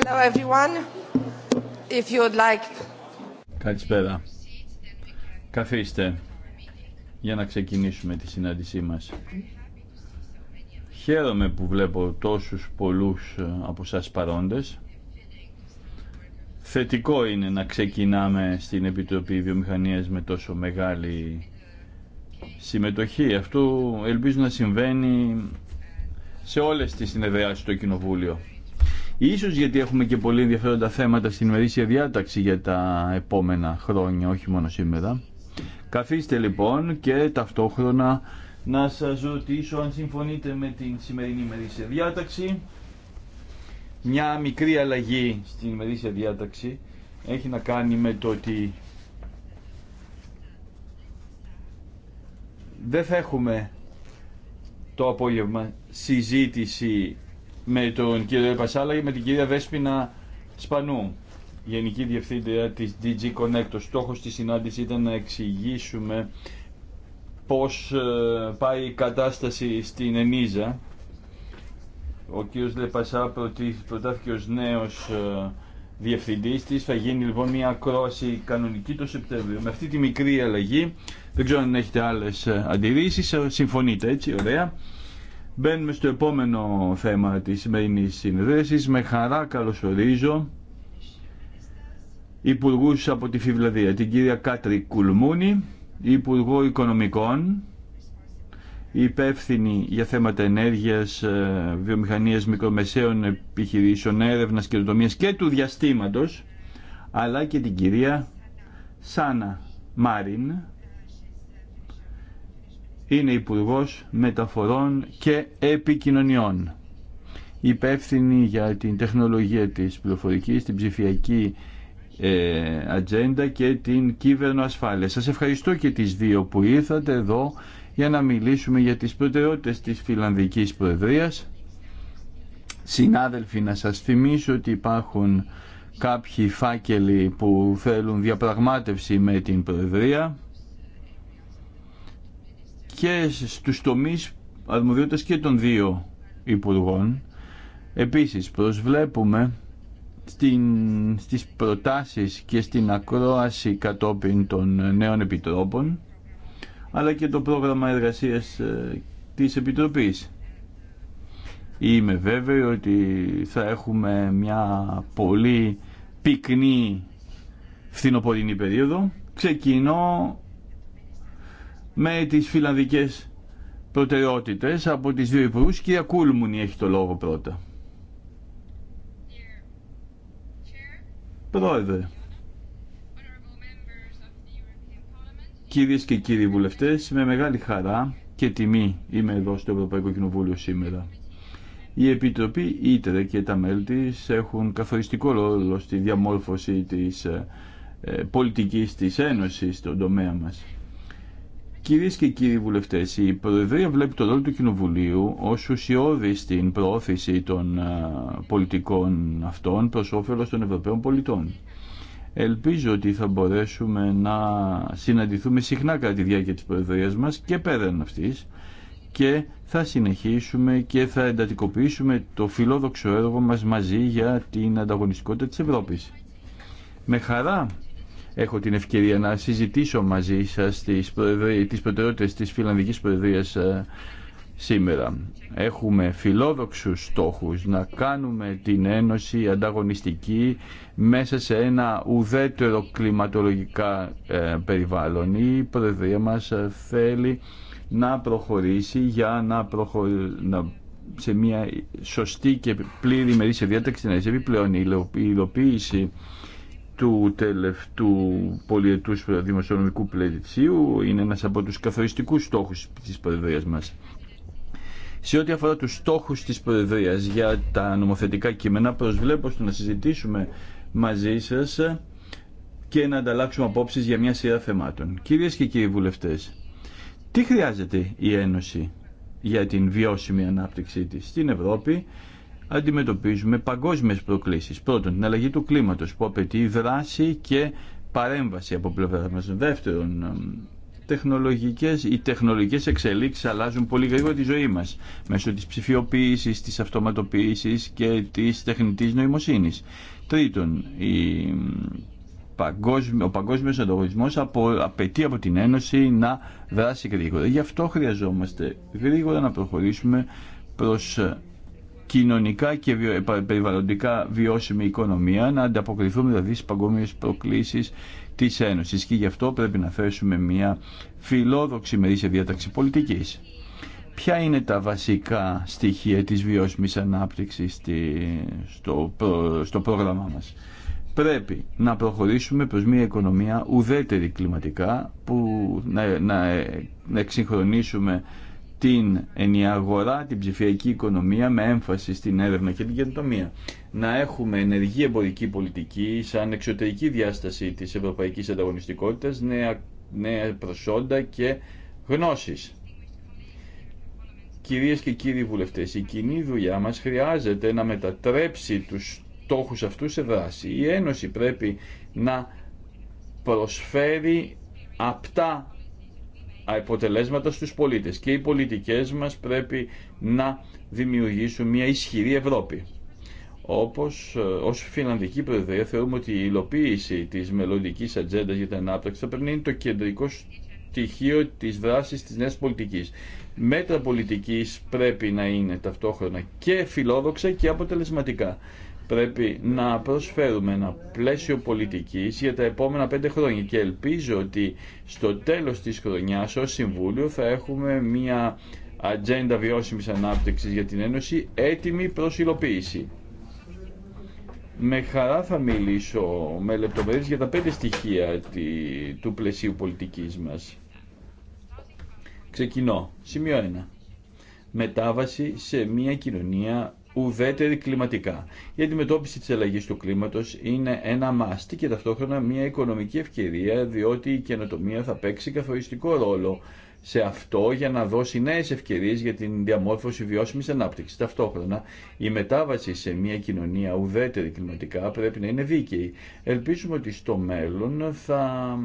Hello everyone. If like... Καλησπέρα. Καθίστε για να ξεκινήσουμε τη συνάντησή μας. Χαίρομαι που βλέπω τόσους πολλούς ε, από σας παρόντες. Θετικό είναι να ξεκινάμε στην Επιτροπή Βιομηχανίας με τόσο μεγάλη συμμετοχή. Αυτό ελπίζω να συμβαίνει σε όλες τις συνεδριάσεις στο Κοινοβούλιο. Ίσως γιατί έχουμε και πολύ ενδιαφέροντα θέματα στην ημερήσια διάταξη για τα επόμενα χρόνια, όχι μόνο σήμερα. Καθίστε λοιπόν και ταυτόχρονα να σας ρωτήσω αν συμφωνείτε με την σημερινή ημερήσια διάταξη. Μια μικρή αλλαγή στην ημερήσια διάταξη έχει να κάνει με το ότι δεν θα έχουμε το απόγευμα συζήτηση με τον κύριο Επασάλα και με την κυρία Βέσπινα Σπανού, Γενική Διευθύντρια της DG Connect. Το στόχος της συνάντησης ήταν να εξηγήσουμε πώς ε, πάει η κατάσταση στην Ενίζα. Ο κύριος Λεπασά προτάθηκε ως νέος ε, διευθυντής της. Θα γίνει λοιπόν μια ακρόαση κανονική το Σεπτέμβριο. Με αυτή τη μικρή αλλαγή, δεν ξέρω αν έχετε άλλες ε, αντιρρήσεις, συμφωνείτε έτσι, ωραία. Μπαίνουμε στο επόμενο θέμα της σημερινή συνδέση. Με χαρά καλωσορίζω υπουργού από τη Φιβλαδία, την κυρία Κάτρι Κουλμούνη, υπουργό οικονομικών, υπεύθυνη για θέματα ενέργειας, ε, βιομηχανίας μικρομεσαίων επιχειρήσεων, έρευνας, καινοτομίας και του διαστήματος, αλλά και την κυρία Σάνα Μάριν, είναι υπουργό Μεταφορών και Επικοινωνιών. Υπεύθυνη για την τεχνολογία της πληροφορικής, την ψηφιακή ε, ατζέντα και την κύβερνο ασφάλεια. Σας ευχαριστώ και τις δύο που ήρθατε εδώ για να μιλήσουμε για τις προτεραιότητες της Φιλανδικής Προεδρίας. Συνάδελφοι, να σας θυμίσω ότι υπάρχουν κάποιοι φάκελοι που θέλουν διαπραγμάτευση με την Προεδρία και στους τομείς αρμοδιότητας και των δύο υπουργών. Επίσης προσβλέπουμε στην, στις προτάσεις και στην ακρόαση κατόπιν των νέων επιτρόπων αλλά και το πρόγραμμα εργασίας ε, της Επιτροπής. Είμαι βέβαιο ότι θα έχουμε μια πολύ πυκνή φθινοπορεινή περίοδο. Ξεκινώ με τις φιλανδικές προτεραιότητες από τις δύο υπουργούς. Κυρία Κούλμουνη έχει το λόγο πρώτα. Πρόεδρε, κυρίες και κύριοι βουλευτές, με μεγάλη χαρά και τιμή είμαι εδώ στο Ευρωπαϊκό Κοινοβούλιο σήμερα. Η Επιτροπή Ήτρε και τα μέλη της έχουν καθοριστικό ρόλο στη διαμόρφωση της ε, ε, πολιτικής της Ένωσης στον τομέα μας. Κυρίες και κύριοι βουλευτές, η Προεδρία βλέπει τον ρόλο του Κοινοβουλίου ως ουσιώδη στην πρόθεση των ε, πολιτικών αυτών προ όφελο των Ευρωπαίων πολιτών. Ελπίζω ότι θα μπορέσουμε να συναντηθούμε συχνά κατά τη διάρκεια της Προεδρία μας και πέραν αυτής και θα συνεχίσουμε και θα εντατικοποιήσουμε το φιλόδοξο έργο μας μαζί για την ανταγωνιστικότητα της Ευρώπης. Με χαρά έχω την ευκαιρία να συζητήσω μαζί σας τις, τις προτεραιότητες της Φιλανδικής Προεδρίας ε, σήμερα. Έχουμε φιλόδοξους στόχους να κάνουμε την Ένωση ανταγωνιστική μέσα σε ένα ουδέτερο κλιματολογικά ε, περιβάλλον. Η Προεδρία μας ε, θέλει να προχωρήσει για να, να σε μια σωστή και πλήρη μερίσια διάταξη να η του τελευταίου πολιετούς δημοσιονομικού πλαισίου είναι ένας από τους καθοριστικούς στόχους της Προεδρίας μας. Σε ό,τι αφορά τους στόχους της Προεδρίας για τα νομοθετικά κείμενα προσβλέπω στο να συζητήσουμε μαζί σας και να ανταλλάξουμε απόψεις για μια σειρά θεμάτων. Κυρίες και κύριοι βουλευτές, τι χρειάζεται η Ένωση για την βιώσιμη ανάπτυξή της στην Ευρώπη αντιμετωπίζουμε παγκόσμιες προκλήσεις. Πρώτον, την αλλαγή του κλίματος που απαιτεί δράση και παρέμβαση από πλευρά μας. Δεύτερον, τεχνολογικές, οι τεχνολογικές εξελίξεις αλλάζουν πολύ γρήγορα τη ζωή μας μέσω της ψηφιοποίησης, της αυτοματοποίησης και της τεχνητής νοημοσύνης. Τρίτον, η ο παγκόσμιος ανταγωνισμός απαιτεί από την Ένωση να δράσει γρήγορα. Γι' αυτό χρειαζόμαστε γρήγορα να προχωρήσουμε προς κοινωνικά και ε, περιβαλλοντικά βιώσιμη οικονομία, να ανταποκριθούμε δηλαδή στις παγκόσμιες προκλήσεις της Ένωσης και γι' αυτό πρέπει να θέσουμε μια φιλόδοξη μερίσια διάταξη πολιτικής. Ποια είναι τα βασικά στοιχεία της βιώσιμης ανάπτυξης στο, στο πρόγραμμά μας. Πρέπει να προχωρήσουμε προς μια οικονομία ουδέτερη κλιματικά που να, να, ε, να εξυγχρονίσουμε την ενιαγορά, την ψηφιακή οικονομία με έμφαση στην έρευνα και την καινοτομία. Να έχουμε ενεργή εμπορική πολιτική σαν εξωτερική διάσταση της ευρωπαϊκής ανταγωνιστικότητας, νέα, προσόντα και γνώσεις. Κυρίες και κύριοι βουλευτές, η κοινή δουλειά μας χρειάζεται να μετατρέψει τους στόχους αυτού σε δράση. Η Ένωση πρέπει να προσφέρει απτά αποτελέσματα στους πολίτες και οι πολιτικές μας πρέπει να δημιουργήσουν μια ισχυρή Ευρώπη. Όπως ε, ως Φιλανδική Προεδρία θεωρούμε ότι η υλοποίηση της μελλοντική ατζέντα για την ανάπτυξη θα πρέπει να είναι το κεντρικό στοιχείο της δράσης της νέας πολιτικής. Μέτρα πολιτικής πρέπει να είναι ταυτόχρονα και φιλόδοξα και αποτελεσματικά πρέπει να προσφέρουμε ένα πλαίσιο πολιτικής για τα επόμενα πέντε χρόνια και ελπίζω ότι στο τέλος της χρονιάς ως Συμβούλιο θα έχουμε μια ατζέντα βιώσιμης ανάπτυξης για την Ένωση έτοιμη προς υλοποίηση. Με χαρά θα μιλήσω με λεπτομέρειες για τα πέντε στοιχεία του πλαισίου πολιτικής μας. Ξεκινώ. Σημείο 1. Μετάβαση σε μια κοινωνία ουδέτερη κλιματικά. Η αντιμετώπιση της αλλαγής του κλίματος είναι ένα μάστι και ταυτόχρονα μια οικονομική ευκαιρία διότι η καινοτομία θα παίξει καθοριστικό ρόλο σε αυτό για να δώσει νέες ευκαιρίες για την διαμόρφωση βιώσιμης ανάπτυξης. Ταυτόχρονα η μετάβαση σε μια κοινωνία ουδέτερη κλιματικά πρέπει να είναι δίκαιη. Ελπίζουμε ότι στο μέλλον θα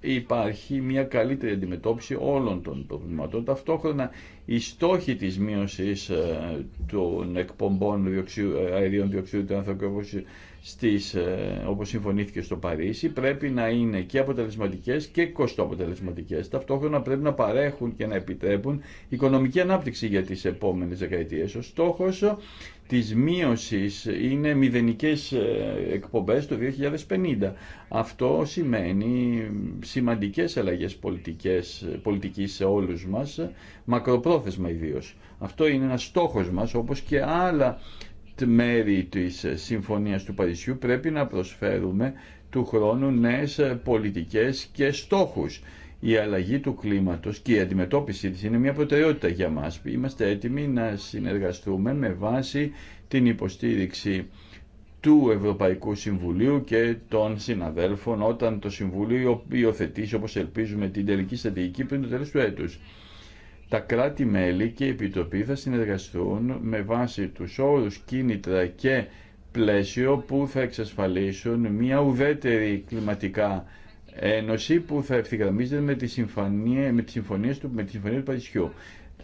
υπάρχει μια καλύτερη αντιμετώπιση όλων των προβλημάτων. Ταυτόχρονα οι στόχοι της μείωσης ε, των εκπομπών ε, αερίων διοξιδίου του άνθρωπου στις, ε, όπως συμφωνήθηκε στο Παρίσι πρέπει να είναι και αποτελεσματικές και κοστοαποτελεσματικές. Ταυτόχρονα πρέπει να παρέχουν και να επιτρέπουν οικονομική ανάπτυξη για τις επόμενες δεκαετίες. Ο στόχος της μείωσης είναι μηδενικές εκπομπές το 2050. Αυτό σημαίνει σημαντικές αλλαγές πολιτικές, πολιτικής σε όλους μας μακροπρόθεσμα ιδίω. Αυτό είναι ένα στόχο μα, όπω και άλλα μέρη τη ε, Συμφωνία του Παρισιού πρέπει να προσφέρουμε του χρόνου νέε πολιτικέ και στόχου. Η αλλαγή του κλίματο και η αντιμετώπιση τη είναι μια προτεραιότητα για μα. Είμαστε έτοιμοι να συνεργαστούμε με βάση την υποστήριξη του Ευρωπαϊκού Συμβουλίου και των συναδέλφων όταν το Συμβούλιο υιοθετήσει όπως ελπίζουμε την τελική στρατηγική πριν το τέλος του έτους. Τα κράτη-μέλη και η Επιτροπή θα συνεργαστούν με βάση τους όρους κίνητρα και πλαίσιο που θα εξασφαλίσουν μια ουδέτερη κλιματικά ένωση που θα ευθυγραμμίζεται με τη συμφωνία με τη συμφωνία του, με του Παρισιού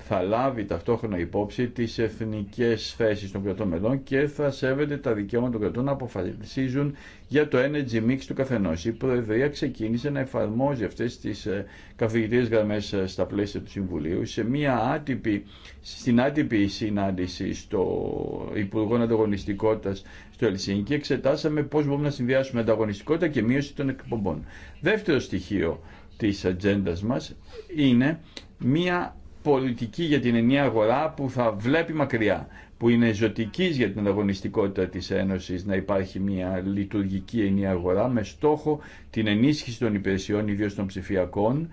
θα λάβει ταυτόχρονα υπόψη τις εθνικές θέσεις των κρατών μελών και θα σέβεται τα δικαιώματα των κρατών να αποφασίζουν για το energy mix του καθενός. Η Προεδρία ξεκίνησε να εφαρμόζει αυτές τις ε, καθηγητές γραμμές ε, στα πλαίσια του Συμβουλίου σε μια άτυπη, στην άτυπη συνάντηση στο Υπουργό ανταγωνιστικότητα στο και εξετάσαμε πώς μπορούμε να συνδυάσουμε ανταγωνιστικότητα και μείωση των εκπομπών. Δεύτερο στοιχείο της ατζέντα μας είναι μία πολιτική για την ενιαία αγορά που θα βλέπει μακριά, που είναι ζωτική για την αγωνιστικότητα της Ένωσης να υπάρχει μια λειτουργική ενιαία αγορά με στόχο την ενίσχυση των υπηρεσιών, ιδίω των ψηφιακών,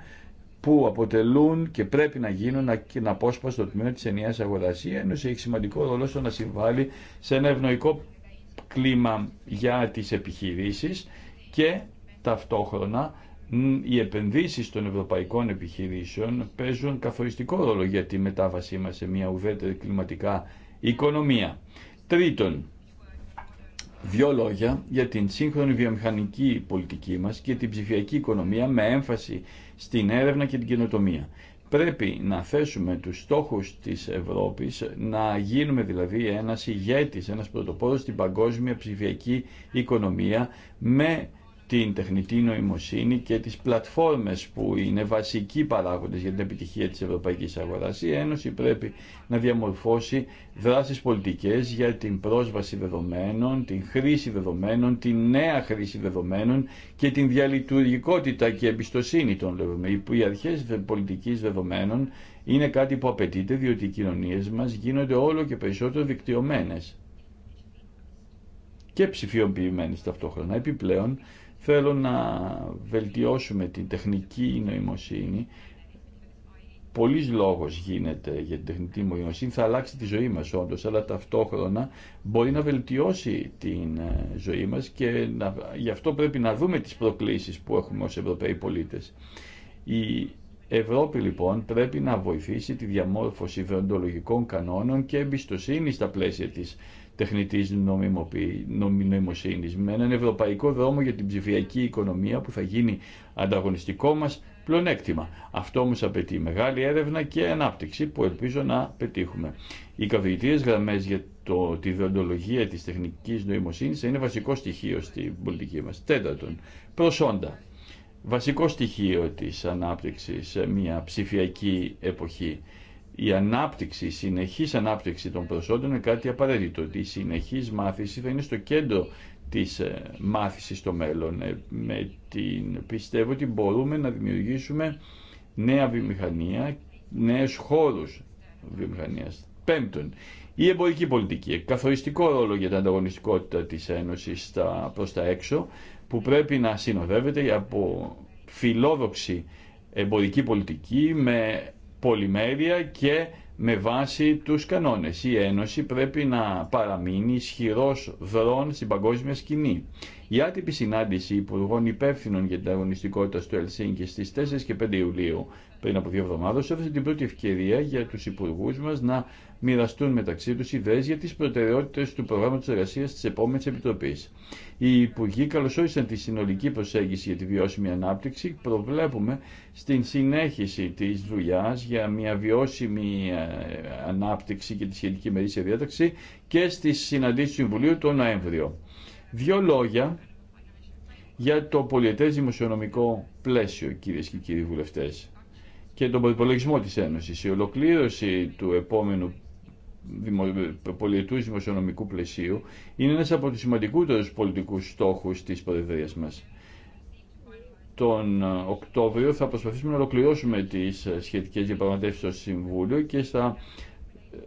που αποτελούν και πρέπει να γίνουν να απόσπαστο τμήμα τη ενιαία αγορά. Η Ένωση έχει σημαντικό ρόλο στο να συμβάλλει σε ένα ευνοϊκό κλίμα για τι επιχειρήσει και ταυτόχρονα οι επενδύσεις των ευρωπαϊκών επιχειρήσεων παίζουν καθοριστικό ρόλο για τη μετάβασή μας σε μια ουδέτερη κλιματικά οικονομία. Τρίτον, δύο λόγια για την σύγχρονη βιομηχανική πολιτική μας και την ψηφιακή οικονομία με έμφαση στην έρευνα και την καινοτομία. Πρέπει να θέσουμε τους στόχους της Ευρώπης, να γίνουμε δηλαδή ένας ηγέτης, ένας πρωτοπόρος στην παγκόσμια ψηφιακή οικονομία με την τεχνητή νοημοσύνη και τις πλατφόρμες που είναι βασικοί παράγοντες για την επιτυχία της ευρωπαϊκής αγοράς. Η Ένωση πρέπει να διαμορφώσει δράσεις πολιτικές για την πρόσβαση δεδομένων, την χρήση δεδομένων, την νέα χρήση δεδομένων και την διαλειτουργικότητα και εμπιστοσύνη των δεδομένων. Οι αρχές πολιτικής δεδομένων είναι κάτι που απαιτείται διότι οι κοινωνίες μας γίνονται όλο και περισσότερο δικτυωμένες και ψηφιοποιημένες ταυτόχρονα. Επιπλέον, Θέλω να βελτιώσουμε την τεχνική νοημοσύνη. Πολλή λόγος γίνεται για την τεχνική νοημοσύνη, θα αλλάξει τη ζωή μας όντως, αλλά ταυτόχρονα μπορεί να βελτιώσει την ε, ζωή μας και να, γι' αυτό πρέπει να δούμε τις προκλήσεις που έχουμε ως Ευρωπαίοι πολίτες. Η Ευρώπη λοιπόν πρέπει να βοηθήσει τη διαμόρφωση βροντολογικών κανόνων και εμπιστοσύνη στα πλαίσια της τεχνητή νοημοσύνη, με έναν ευρωπαϊκό δρόμο για την ψηφιακή οικονομία που θα γίνει ανταγωνιστικό μα πλονέκτημα. Αυτό όμω απαιτεί μεγάλη έρευνα και ανάπτυξη που ελπίζω να πετύχουμε. Οι καθηγητήρε γραμμέ για το, τη διοντολογία της τεχνικής νοημοσύνης είναι βασικό στοιχείο στην πολιτική μα Τέταρτον, προσόντα. Βασικό στοιχείο της ανάπτυξης σε μια ψηφιακή εποχή η ανάπτυξη, η συνεχής ανάπτυξη των προσόντων είναι κάτι απαραίτητο. Η συνεχής μάθηση θα είναι στο κέντρο της ε, μάθησης στο μέλλον. Ε, με την, πιστεύω ότι μπορούμε να δημιουργήσουμε νέα βιομηχανία, νέους χώρους βιομηχανίας. Πέμπτον, η εμπορική πολιτική, καθοριστικό ρόλο για την ανταγωνιστικότητα της Ένωσης στα, προς τα έξω, που πρέπει να συνοδεύεται από φιλόδοξη εμπορική πολιτική με πολυμέρεια και με βάση τους κανόνες. Η Ένωση πρέπει να παραμείνει ισχυρός δρόν στην παγκόσμια σκηνή. Η άτυπη συνάντηση Υπουργών Υπεύθυνων για την Αγωνιστικότητα στο Ελσίνκι στις 4 και 5 Ιουλίου πριν από δύο εβδομάδες έδωσε την πρώτη ευκαιρία για τους υπουργούς μας να μοιραστούν μεταξύ του ιδέε για τι προτεραιότητε του προγράμματος εργασία τη επόμενη επιτροπή. Οι Υπουργοί καλωσόρισαν τη συνολική προσέγγιση για τη βιώσιμη ανάπτυξη. Προβλέπουμε στην συνέχιση τη δουλειά για μια βιώσιμη ε, ανάπτυξη και τη σχετική μερίσια διάταξη και στι συναντήσει του Συμβουλίου τον Νοέμβριο. Δύο λόγια για το πολιετές δημοσιονομικό πλαίσιο, κυρίε και κύριοι βουλευτέ, και τον προπολογισμό της Ένωσης. Η ολοκλήρωση του επόμενου Πολιετού δημοσιονομικού πλαισίου είναι ένας από τους σημαντικότερους πολιτικούς στόχους της Προεδρίας μας. Τον ε, Οκτώβριο θα προσπαθήσουμε να ολοκληρώσουμε τις ε, σχετικές διαπραγματεύσεις στο Συμβούλιο και θα ε,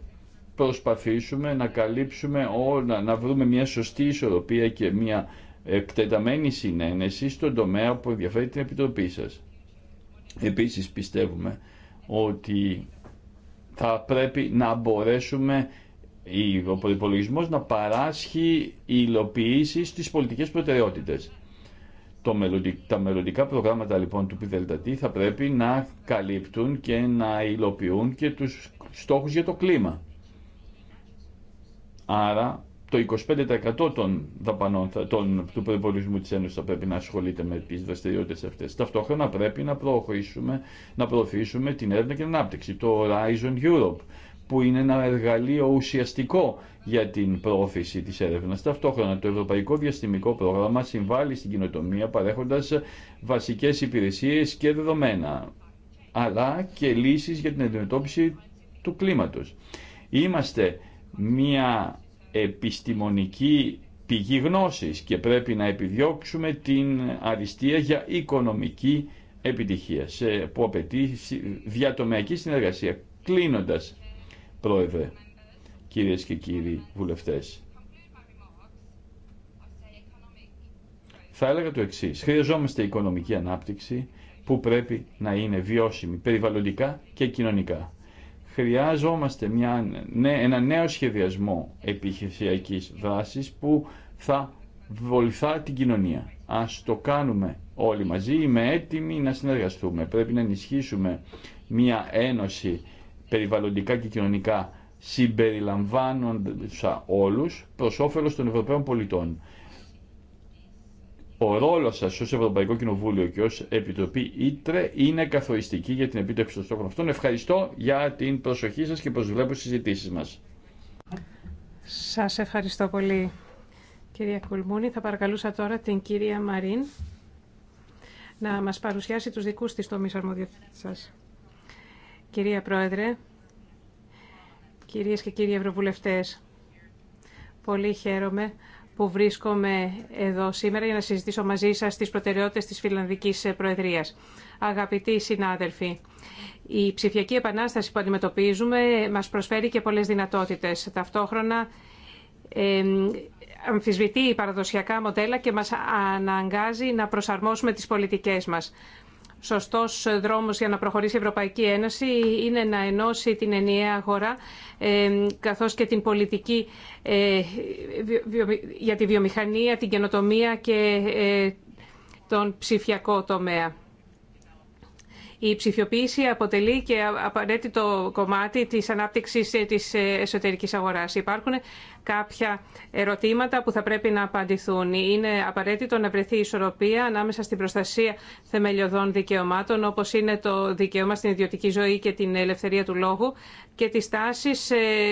προσπαθήσουμε να καλύψουμε όλα, να βρούμε μια σωστή ισορροπία και μια εκτεταμένη συνένεση στον τομέα που ενδιαφέρει την Επιτροπή σας. Επίσης πιστεύουμε ότι θα πρέπει να μπορέσουμε ο προπολογισμό να παράσχει υλοποιήσει στι πολιτικές προτεραιότητες. τα μελλοντικά προγράμματα λοιπόν του ΠΔΤ θα πρέπει να καλύπτουν και να υλοποιούν και τους στόχους για το κλίμα. Άρα το 25% των δαπανών του προπολογισμού της Ένωσης θα πρέπει να ασχολείται με τις δραστηριότητε αυτές. Ταυτόχρονα πρέπει να προωθήσουμε, να προωθήσουμε την έρευνα και την ανάπτυξη, το Horizon Europe, που είναι ένα εργαλείο ουσιαστικό για την προώθηση της έρευνας. Ταυτόχρονα το Ευρωπαϊκό Διαστημικό Πρόγραμμα συμβάλλει στην κοινοτομία παρέχοντας βασικές υπηρεσίες και δεδομένα, αλλά και λύσεις για την αντιμετώπιση του κλίματος. Είμαστε μια επιστημονική πηγή γνώσης και πρέπει να επιδιώξουμε την αριστεία για οικονομική επιτυχία σε, που απαιτεί διατομιακή συνεργασία. Κλείνοντας, Πρόεδρε, κυρίες και κύριοι βουλευτές, θα έλεγα το εξή. Χρειαζόμαστε οικονομική ανάπτυξη που πρέπει να είναι βιώσιμη περιβαλλοντικά και κοινωνικά χρειάζομαστε μια, ναι, ένα νέο σχεδιασμό επιχειρησιακής δράσης που θα βοηθά την κοινωνία. Ας το κάνουμε όλοι μαζί, είμαι έτοιμοι να συνεργαστούμε. Πρέπει να ενισχύσουμε μια ένωση περιβαλλοντικά και κοινωνικά συμπεριλαμβάνοντα όλους προς όφελος των Ευρωπαίων πολιτών ο ρόλο σα ω Ευρωπαϊκό Κοινοβούλιο και ω Επιτροπή Ήτρε είναι καθοριστική για την επίτευξη των στόχων αυτών. Ευχαριστώ για την προσοχή σα και προσβλέπω στι συζητήσει μα. Σα ευχαριστώ πολύ κυρία Κουλμούνη. Θα παρακαλούσα τώρα την κυρία Μαρίν να μας παρουσιάσει τους δικούς της τομείς αρμοδιότητας σας. Κυρία Πρόεδρε, κυρίες και κύριοι Ευρωβουλευτές, πολύ χαίρομαι που βρίσκομαι εδώ σήμερα για να συζητήσω μαζί σας τις προτεραιότητες της Φιλανδικής Προεδρίας. Αγαπητοί συνάδελφοι, η ψηφιακή επανάσταση που αντιμετωπίζουμε μας προσφέρει και πολλές δυνατότητες. Ταυτόχρονα ε, αμφισβητεί η παραδοσιακά μοντέλα και μας αναγκάζει να προσαρμόσουμε τις πολιτικές μας σωστός δρόμο για να προχωρήσει η Ευρωπαϊκή Ένωση είναι να ενώσει την ενιαία αγορά ε, καθώς και την πολιτική ε, για τη βιομηχανία, την καινοτομία και ε, τον ψηφιακό τομέα. Η ψηφιοποίηση αποτελεί και απαραίτητο κομμάτι της ανάπτυξης της εσωτερικής αγοράς. Υπάρχουν κάποια ερωτήματα που θα πρέπει να απαντηθούν. Είναι απαραίτητο να βρεθεί ισορροπία ανάμεσα στην προστασία θεμελιωδών δικαιωμάτων, όπως είναι το δικαίωμα στην ιδιωτική ζωή και την ελευθερία του λόγου και τις τάσεις ε,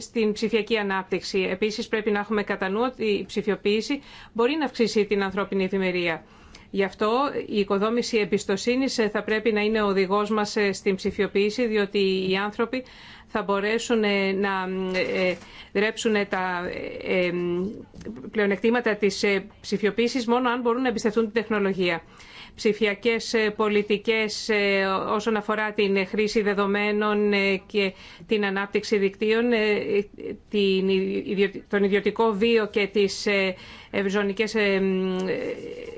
στην ψηφιακή ανάπτυξη. Επίσης, πρέπει να έχουμε κατά νου ότι η ψηφιοποίηση μπορεί να αυξήσει την ανθρώπινη ευημερία. Γι' αυτό η οικοδόμηση εμπιστοσύνη ε, θα πρέπει να είναι ο οδηγός μας ε, στην ψηφιοποίηση, διότι οι άνθρωποι θα μπορέσουν ε, να δρέψουν τα πλεονεκτήματα της ψηφιοποίηση μόνο αν μπορούν να εμπιστευτούν την τεχνολογία ψηφιακές ε, πολιτικές ε, όσον αφορά την χρήση δεδομένων ε, και την ανάπτυξη δικτύων, τον ιδιωτικό βίο και τις ευρυζωνικές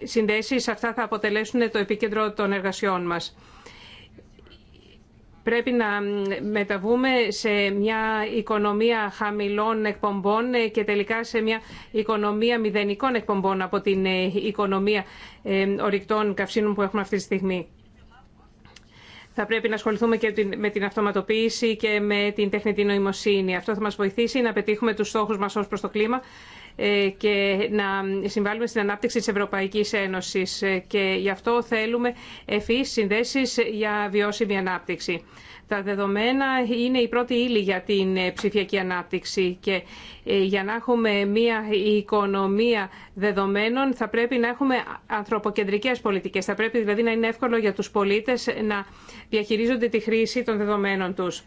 συνδέσεις, αυτά θα αποτελέσουν το επίκεντρο των εργασιών μας. Πρέπει να μεταβούμε σε μια οικονομία χαμηλών εκπομπών και τελικά σε μια οικονομία μηδενικών εκπομπών από την ε, οικονομία ε, ορυκτών καυσίνων που έχουμε αυτή τη στιγμή. Θα πρέπει να ασχοληθούμε και με την αυτοματοποίηση και με την τεχνητή νοημοσύνη. Αυτό θα μας βοηθήσει να πετύχουμε τους στόχους μας ως προς το κλίμα ε, και να συμβάλλουμε στην ανάπτυξη της Ευρωπαϊκής Ένωσης ε, και γι' αυτό θέλουμε ευφύς συνδέσεις για βιώσιμη ανάπτυξη. Τα δεδομένα είναι η πρώτη ύλη για την ε, ψηφιακή ανάπτυξη και για να έχουμε μια οικονομία δεδομένων θα πρέπει να έχουμε ανθρωποκεντρικές πολιτικές. Θα πρέπει δηλαδή να είναι εύκολο για τους πολίτες να διαχειρίζονται τη χρήση των δεδομένων τους.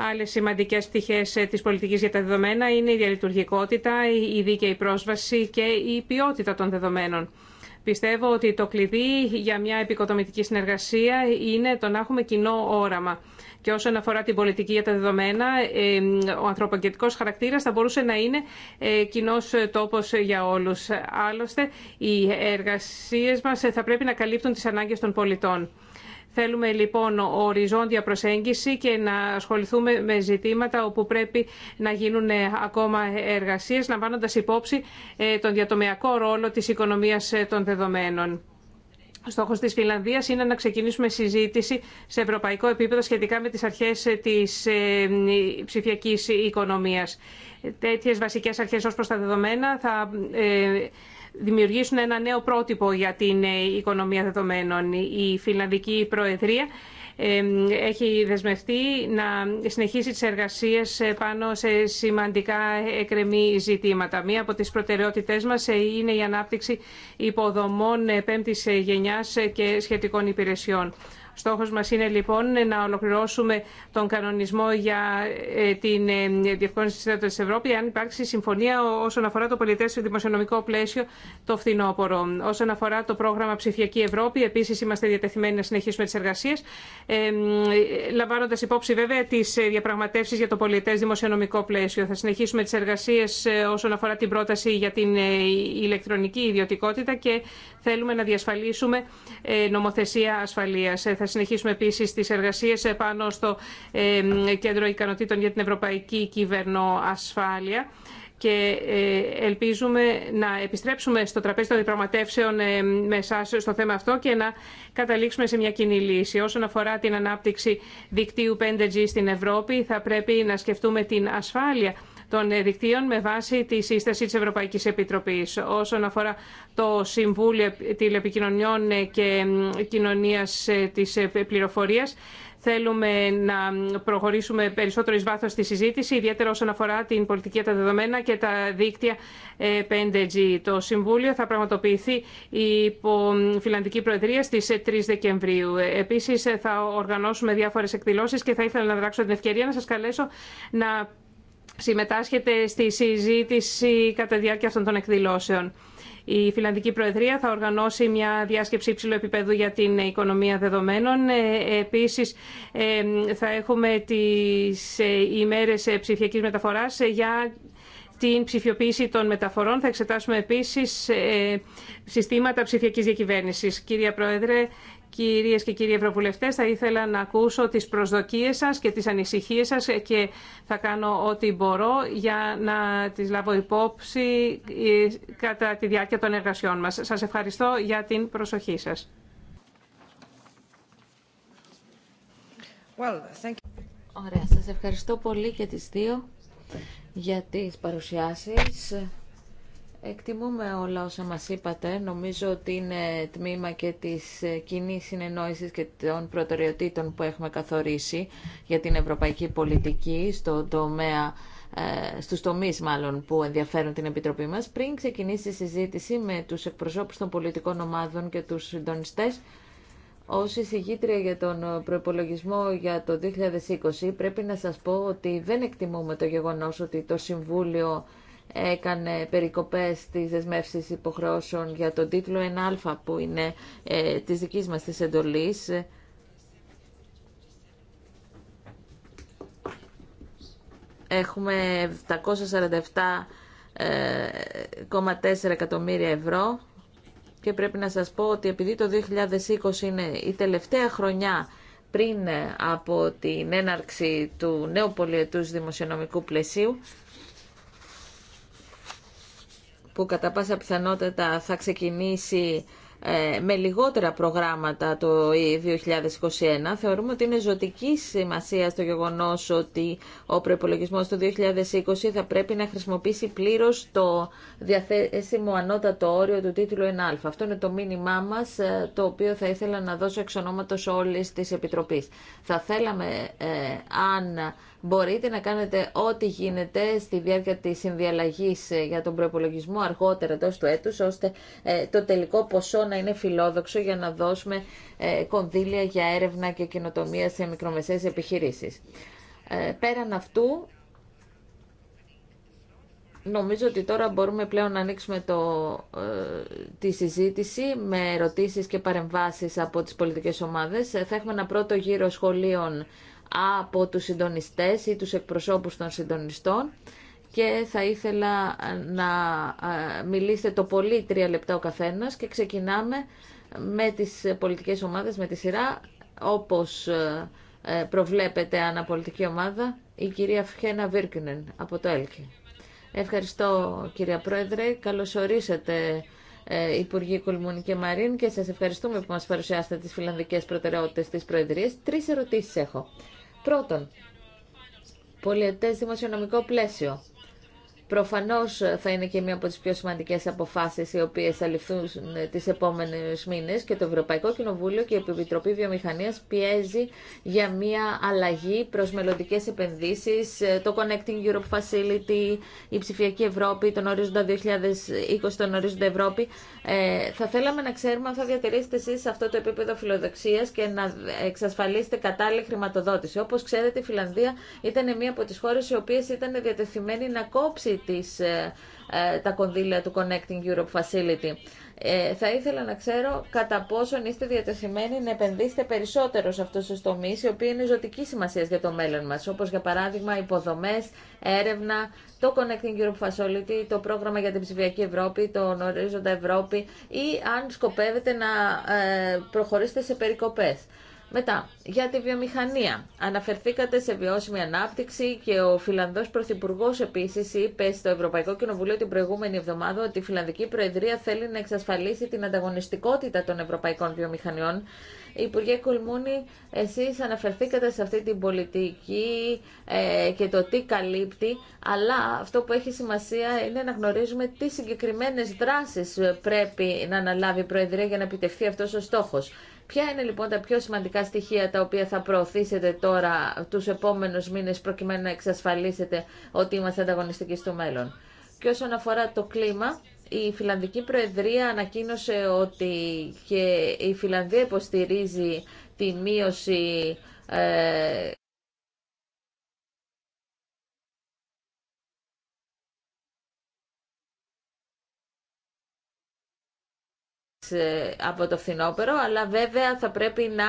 Άλλε σημαντικέ πτυχέ ε, της πολιτικής για τα δεδομένα είναι η διαλειτουργικότητα, η δίκαιη πρόσβαση και η ποιότητα των δεδομένων. Πιστεύω ότι το κλειδί για μια επικοδομητική συνεργασία είναι το να έχουμε κοινό όραμα. Και όσον αφορά την πολιτική για τα δεδομένα, ε, ο ανθρωπογενικός χαρακτήρα θα μπορούσε να είναι ε, κοινό τόπο για όλου. Άλλωστε, οι εργασίε μα θα πρέπει να καλύπτουν τι ανάγκε των πολιτών. Θέλουμε λοιπόν οριζόντια προσέγγιση και να ασχοληθούμε με ζητήματα όπου πρέπει να γίνουν ε, ακόμα εργασίες, λαμβάνοντας υπόψη ε, τον διατομιακό ρόλο της οικονομίας ε, των δεδομένων. Στόχο τη Φιλανδία είναι να ξεκινήσουμε συζήτηση σε ευρωπαϊκό επίπεδο σχετικά με τι αρχέ τη ψηφιακή οικονομία. Τέτοιε βασικέ αρχέ ω προ τα δεδομένα θα δημιουργήσουν ένα νέο πρότυπο για την ε, οικονομία δεδομένων. Η Φιλανδική Προεδρία ε, έχει δεσμευτεί να συνεχίσει τις εργασίες ε, πάνω σε σημαντικά εκρεμή ζητήματα. Μία από τις προτεραιότητές μας είναι η ανάπτυξη υποδομών πέμπτης γενιάς και σχετικών υπηρεσιών. Στόχος μας είναι λοιπόν να ολοκληρώσουμε τον κανονισμό για ε, την ε, διευκόνηση της Ευρώπη της Ευρώπης αν υπάρξει συμφωνία όσον αφορά το πολιτές δημοσιονομικό πλαίσιο το φθινόπωρο. Όσον αφορά το πρόγραμμα Ψηφιακή Ευρώπη, επίσης είμαστε διατεθειμένοι να συνεχίσουμε τις εργασίες, ε, λαμβάνοντας υπόψη βέβαια τις ε, διαπραγματεύσεις για το πολιτές δημοσιονομικό πλαίσιο. Θα συνεχίσουμε τις εργασίες όσον αφορά την πρόταση για την ηλεκτρονική ιδιωτικότητα και θέλουμε να διασφαλίσουμε νομοθεσία ασφαλείας συνεχίσουμε επίση τι εργασίε πάνω στο Κέντρο Ικανοτήτων για την Ευρωπαϊκή Κυβερνοασφάλεια και ε, ελπίζουμε να επιστρέψουμε στο τραπέζι των διαπραγματεύσεων με εσά στο θέμα αυτό και να καταλήξουμε σε μια κοινή λύση. Όσον αφορά την ανάπτυξη δικτύου 5G στην Ευρώπη, θα πρέπει να σκεφτούμε την ασφάλεια των δικτύων με βάση τη σύσταση της Ευρωπαϊκής Επιτροπής. Όσον αφορά το Συμβούλιο Τηλεπικοινωνιών και Κοινωνίας της Πληροφορίας, Θέλουμε να προχωρήσουμε περισσότερο εις βάθος στη συζήτηση, ιδιαίτερα όσον αφορά την πολιτική τα δεδομένα και τα δίκτυα 5G. Ε, το Συμβούλιο θα πραγματοποιηθεί υπό Φιλανδική Προεδρία στις 3 ε, Δεκεμβρίου. Επίσης ε, θα οργανώσουμε διάφορες εκδηλώσεις και θα ήθελα να δράξω την ευκαιρία να σας καλέσω να συμμετάσχετε στη συζήτηση κατά τη διάρκεια αυτών των εκδηλώσεων. Η Φιλανδική Προεδρία θα οργανώσει μια διάσκεψη υψηλού επίπεδου για την οικονομία δεδομένων. Ε, επίσης, ε, θα έχουμε τις ε, ημέρες ψηφιακής μεταφοράς για την ψηφιοποίηση των μεταφορών. Θα εξετάσουμε επίσης συστήματα ψηφιακής διακυβέρνησης. Κυρία Πρόεδρε, Κυρίες και κύριοι Ευρωβουλευτές, θα ήθελα να ακούσω τις προσδοκίες σας και τις ανησυχίες σας και θα κάνω ό,τι μπορώ για να τις λάβω υπόψη ε, κατά τη διάρκεια των εργασιών μας. Σας ευχαριστώ για την προσοχή σας. Well, thank you. Ωραία, σας ευχαριστώ πολύ και τις δύο για τις παρουσιάσεις. Εκτιμούμε όλα όσα μας είπατε. Νομίζω ότι είναι τμήμα και της κοινή συνεννόησης και των προτεραιοτήτων που έχουμε καθορίσει για την ευρωπαϊκή πολιτική στο τομέα ε, στους τομείς μάλλον που ενδιαφέρουν την Επιτροπή μας. Πριν ξεκινήσει η συζήτηση με τους εκπροσώπους των πολιτικών ομάδων και τους συντονιστές, Ω εισηγήτρια για τον προπολογισμό για το 2020, πρέπει να σας πω ότι δεν εκτιμούμε το γεγονός ότι το Συμβούλιο έκανε περικοπές στις δεσμεύσει υποχρεώσεων για τον τίτλο 1α που είναι ε, της δικής μας της εντολής. Έχουμε 747,4 εκατομμύρια ευρώ και πρέπει να σας πω ότι επειδή το 2020 είναι η τελευταία χρονιά πριν από την έναρξη του νέου πολιετούς δημοσιονομικού πλαισίου, που κατά πάσα πιθανότητα θα ξεκινήσει ε, με λιγότερα προγράμματα το 2021. Θεωρούμε ότι είναι ζωτική σημασία στο γεγονός ότι ο προϋπολογισμός του 2020 θα πρέπει να χρησιμοποιήσει πλήρως το διαθέσιμο ανώτατο όριο του τίτλου 1α. Αυτό είναι το μήνυμά μας, ε, το οποίο θα ήθελα να δώσω εξ ονόματος όλης της Επιτροπής. Θα θέλαμε, ε, αν Μπορείτε να κάνετε ό,τι γίνεται στη διάρκεια της συνδιαλλαγής ε, για τον προπολογισμό αργότερα εντό του έτους, ώστε ε, το τελικό ποσό να είναι φιλόδοξο για να δώσουμε ε, κονδύλια για έρευνα και κοινοτομία σε μικρομεσαίες επιχειρήσεις. Πέραν αυτού, Νομίζω ότι τώρα μπορούμε πλέον να ανοίξουμε το, τη συζήτηση με ερωτήσεις και παρεμβάσεις από τις πολιτικές ομάδες. Θα έχουμε ένα πρώτο γύρο σχολείων από τους συντονιστές ή τους εκπροσώπους των συντονιστών και θα ήθελα να ε, μιλήσετε το πολύ τρία λεπτά ο καθένας και ξεκινάμε με τις πολιτικές ομάδες, με τη σειρά, όπως ε, προβλέπεται αναπολιτική ομάδα, η κυρία Φιένα Βίρκυνεν από το ΕΛΚΙ. Ευχαριστώ κυρία Πρόεδρε, καλώς ορίσατε ε, Υπουργή Κολμούνη και Μαρίν και σας ευχαριστούμε που μας παρουσιάσατε τις φιλανδικές προτεραιότητες της Προεδρίας. Τρεις ερωτήσεις έχω. Πρώτον, πολιετές δημοσιονομικό πλαίσιο. Προφανώ ε, θα είναι και μία από τι πιο σημαντικέ αποφάσει οι οποίε θα ληφθούν ε, τις επόμενες μήνες και το Ευρωπαϊκό Κοινοβούλιο και η Επιτροπή Βιομηχανία πιέζει για μία αλλαγή προ μελλοντικέ επενδύσει. Ε, το Connecting Europe Facility, η ψηφιακή Ευρώπη, τον ορίζοντα 2020, τον ορίζοντα Ευρώπη. θα θέλαμε να ξέρουμε αν θα διατηρήσετε εσεί αυτό το επίπεδο φιλοδοξία και να εξασφαλίσετε κατάλληλη χρηματοδότηση. Όπω ξέρετε η Φιλανδία ήταν μία από τι χώρε, οι οποίε ήταν διατεθειμένη να κόψει ε, ε, τα κονδύλια του Connecting Europe Facility. Ε, θα ήθελα να ξέρω κατά πόσον είστε διατεθειμένοι να επενδύσετε περισσότερο σε αυτού του τομεί, οι οποίοι είναι ζωτική σημασία για το μέλλον μα, όπω για παράδειγμα υποδομέ, έρευνα, το Connecting Europe Facility, το πρόγραμμα για την ψηφιακή Ευρώπη, το Ορίζοντα Ευρώπη, ή αν σκοπεύετε να προχωρήσετε σε περικοπές. Μετά, για τη βιομηχανία. Αναφερθήκατε σε βιώσιμη ανάπτυξη και ο Φιλανδό Πρωθυπουργό επίση είπε στο Ευρωπαϊκό Κοινοβούλιο την προηγούμενη εβδομάδα ότι η Φιλανδική Προεδρία θέλει να εξασφαλίσει την ανταγωνιστικότητα των ευρωπαϊκών βιομηχανιών. Υπουργέ Κολμούνη, εσεί αναφερθήκατε σε αυτή την πολιτική ε, και το τι καλύπτει, αλλά αυτό που έχει σημασία είναι να γνωρίζουμε τι συγκεκριμένε δράσει πρέπει να αναλάβει η Προεδρία για να επιτευχθεί αυτό ο στόχο. Ποια είναι λοιπόν τα πιο σημαντικά στοιχεία τα οποία θα προωθήσετε τώρα τους επόμενους μήνες προκειμένου να εξασφαλίσετε ότι είμαστε ανταγωνιστικοί στο μέλλον. Και όσον αφορά το κλίμα, η Φιλανδική Προεδρία ανακοίνωσε ότι και η Φιλανδία υποστηρίζει τη μείωση ε, Ε, από το φθινόπερο, αλλά βέβαια θα πρέπει να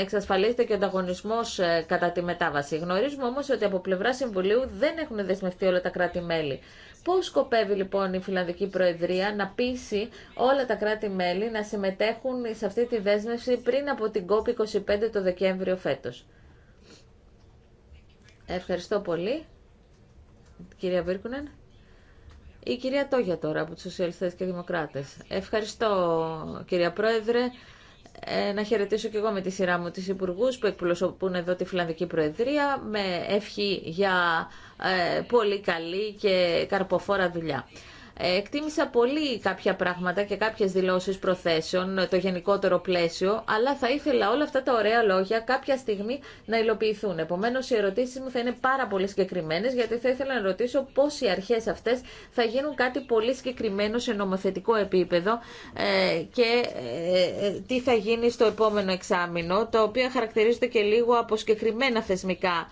εξασφαλίζεται και ο ανταγωνισμό ε, κατά τη μετάβαση. Γνωρίζουμε όμω ότι από πλευρά Συμβουλίου δεν έχουν δεσμευτεί όλα τα κράτη-μέλη. Πώ σκοπεύει λοιπόν η Φιλανδική Προεδρία να πείσει όλα τα κράτη-μέλη να συμμετέχουν σε αυτή τη δέσμευση πριν από την COP25 το Δεκέμβριο φέτο. Ευχαριστώ πολύ. Κυρία Βίρκουνεν. Η κυρία Τόγια τώρα από τους Σοσιαλιστές και Δημοκράτες. Ευχαριστώ κυρία Πρόεδρε. Ε, να χαιρετήσω και εγώ με τη σειρά μου τις υπουργούς που εκπροσωπούν εδώ τη Φιλανδική Προεδρία με ευχή για ε, πολύ καλή και καρποφόρα δουλειά. Ε, εκτίμησα πολύ κάποια πράγματα και κάποιε δηλώσει προθέσεων, το γενικότερο πλαίσιο, αλλά θα ήθελα όλα αυτά τα ωραία λόγια κάποια στιγμή να υλοποιηθούν. Επομένω, οι ερωτήσει μου θα είναι πάρα πολύ συγκεκριμένε, γιατί θα ήθελα να ρωτήσω πώ οι αρχέ αυτέ θα γίνουν κάτι πολύ συγκεκριμένο σε νομοθετικό επίπεδο ε, και ε, τι θα γίνει στο επόμενο εξάμεινο, το οποίο χαρακτηρίζεται και λίγο από συγκεκριμένα θεσμικά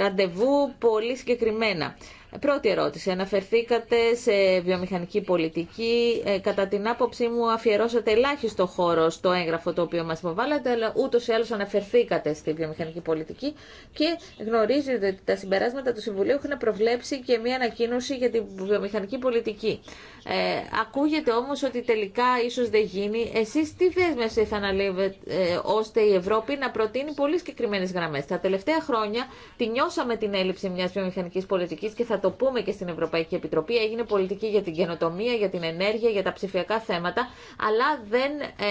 ραντεβού, πολύ συγκεκριμένα. Πρώτη ερώτηση. Αναφερθήκατε σε βιομηχανική πολιτική. Ε, κατά την άποψή μου αφιερώσατε ελάχιστο χώρο στο έγγραφο το οποίο μας υποβάλλατε, αλλά ούτως ή άλλως αναφερθήκατε στη βιομηχανική πολιτική και γνωρίζετε ότι τα συμπεράσματα του Συμβουλίου έχουν προβλέψει και μία ανακοίνωση για τη βιομηχανική πολιτική. Ε, ακούγεται όμως ότι τελικά ίσως δεν γίνει. Εσείς τι δέσμευση θα αναλύετε ε, ώστε η Ευρώπη να προτείνει πολύ συγκεκριμένε γραμμές. Τα τελευταία χρόνια τη νιώσαμε την έλλειψη μιας βιομηχανικής πολιτικής θα το πούμε και στην Ευρωπαϊκή Επιτροπή, έγινε πολιτική για την καινοτομία, για την ενέργεια, για τα ψηφιακά θέματα, αλλά δεν ε,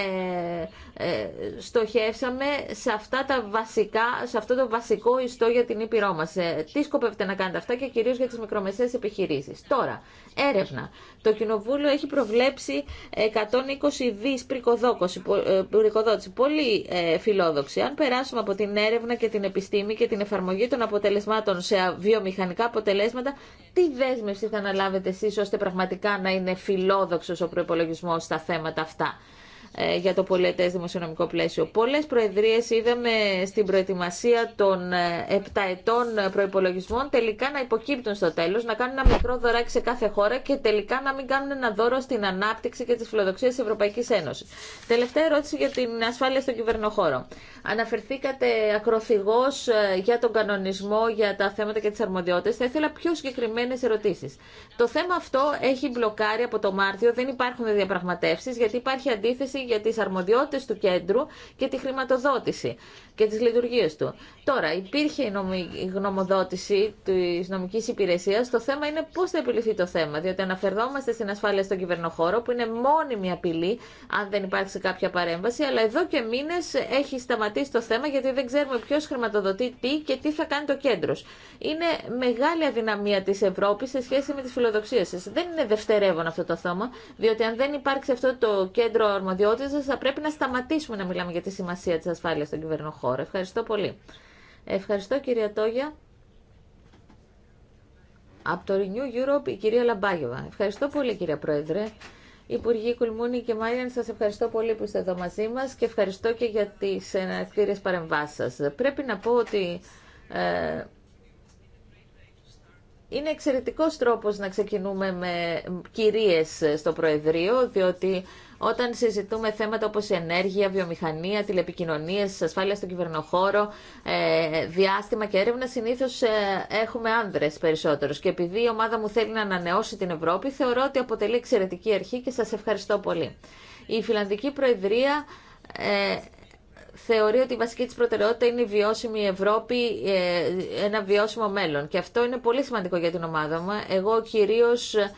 ε στοχεύσαμε σε, αυτά τα βασικά, σε αυτό το βασικό ιστό για την ήπειρό μα. Ε, τι σκοπεύετε να κάνετε αυτά και κυρίω για τι μικρομεσαίες επιχειρήσει. Τώρα, έρευνα. Το Κοινοβούλιο έχει προβλέψει 120 δις ε, πρικοδότηση. Πολύ ε, φιλόδοξη. Αν περάσουμε από την έρευνα και την επιστήμη και την εφαρμογή των αποτελεσμάτων σε βιομηχανικά αποτελέσματα, τι δέσμευση θα αναλάβετε εσείς ώστε πραγματικά να είναι φιλόδοξος ο προπολογισμό στα θέματα αυτά. Ε, για το πολιετές δημοσιονομικό πλαίσιο. Πολλές προεδρίες είδαμε στην προετοιμασία των ε, ετών προϋπολογισμών τελικά να υποκύπτουν στο τέλος, να κάνουν ένα μικρό δωράκι σε κάθε χώρα και τελικά να μην κάνουν ένα δώρο στην ανάπτυξη και τις φιλοδοξίες της Ευρωπαϊκής Ένωσης. Τελευταία ερώτηση για την ασφάλεια στον κυβερνοχώρο. Αναφερθήκατε ακροθυγώς ε, για τον κανονισμό για τα θέματα και τις αρμοδιότητες. Θα ήθελα πιο συγκεκριμένες ερωτήσεις. Το θέμα αυτό έχει μπλοκάρει από το Μάρτιο, δεν υπάρχουν διαπραγματεύσεις γιατί υπάρχει αντίθεση για τις αρμοδιότητες του κέντρου και τη χρηματοδότηση και τις λειτουργίες του. Τώρα, υπήρχε η γνωμοδότηση της νομικής υπηρεσίας. Το θέμα είναι πώς θα επιληθεί το θέμα, διότι αναφερόμαστε στην ασφάλεια στον κυβερνοχώρο, που είναι μόνιμη απειλή, αν δεν υπάρξει κάποια παρέμβαση, αλλά εδώ και μήνες έχει σταματήσει το θέμα, γιατί δεν ξέρουμε ποιος χρηματοδοτεί τι και τι θα κάνει το κέντρο. Είναι μεγάλη αδυναμία της Ευρώπης σε σχέση με τις φιλοδοξίες σας. Δεν είναι δευτερεύον αυτό το θέμα, διότι αν δεν υπάρξει αυτό το κέντρο αρμοδιότητας, θα πρέπει να σταματήσουμε να μιλάμε για τη σημασία της στον κυβερνοχώρο. Ευχαριστώ πολύ. Ευχαριστώ κυρία Τόγια. Από το Renew Europe η κυρία Λαμπάγεβα. Ευχαριστώ πολύ κυρία Πρόεδρε. Υπουργοί Κουλμούνη και Μάριαν, σας ευχαριστώ πολύ που είστε εδώ μαζί μας και ευχαριστώ και για τις εναρκτήριες παρεμβάσεις Πρέπει να πω ότι ε, είναι εξαιρετικός τρόπος να ξεκινούμε με κυρίες στο Προεδρείο, διότι όταν συζητούμε θέματα όπως ενέργεια, βιομηχανία, τηλεπικοινωνίε, ασφάλεια στον κυβερνοχώρο, ε, διάστημα και έρευνα, συνήθως ε, έχουμε άνδρες περισσότερους. Και επειδή η ομάδα μου θέλει να ανανεώσει την Ευρώπη, θεωρώ ότι αποτελεί εξαιρετική αρχή και σας ευχαριστώ πολύ. Η Φιλανδική Προεδρία ε, θεωρεί ότι η βασική της προτεραιότητα είναι η βιώσιμη Ευρώπη, ε, ένα βιώσιμο μέλλον. Και αυτό είναι πολύ σημαντικό για την ομάδα μου. Εγώ κυρίως ε,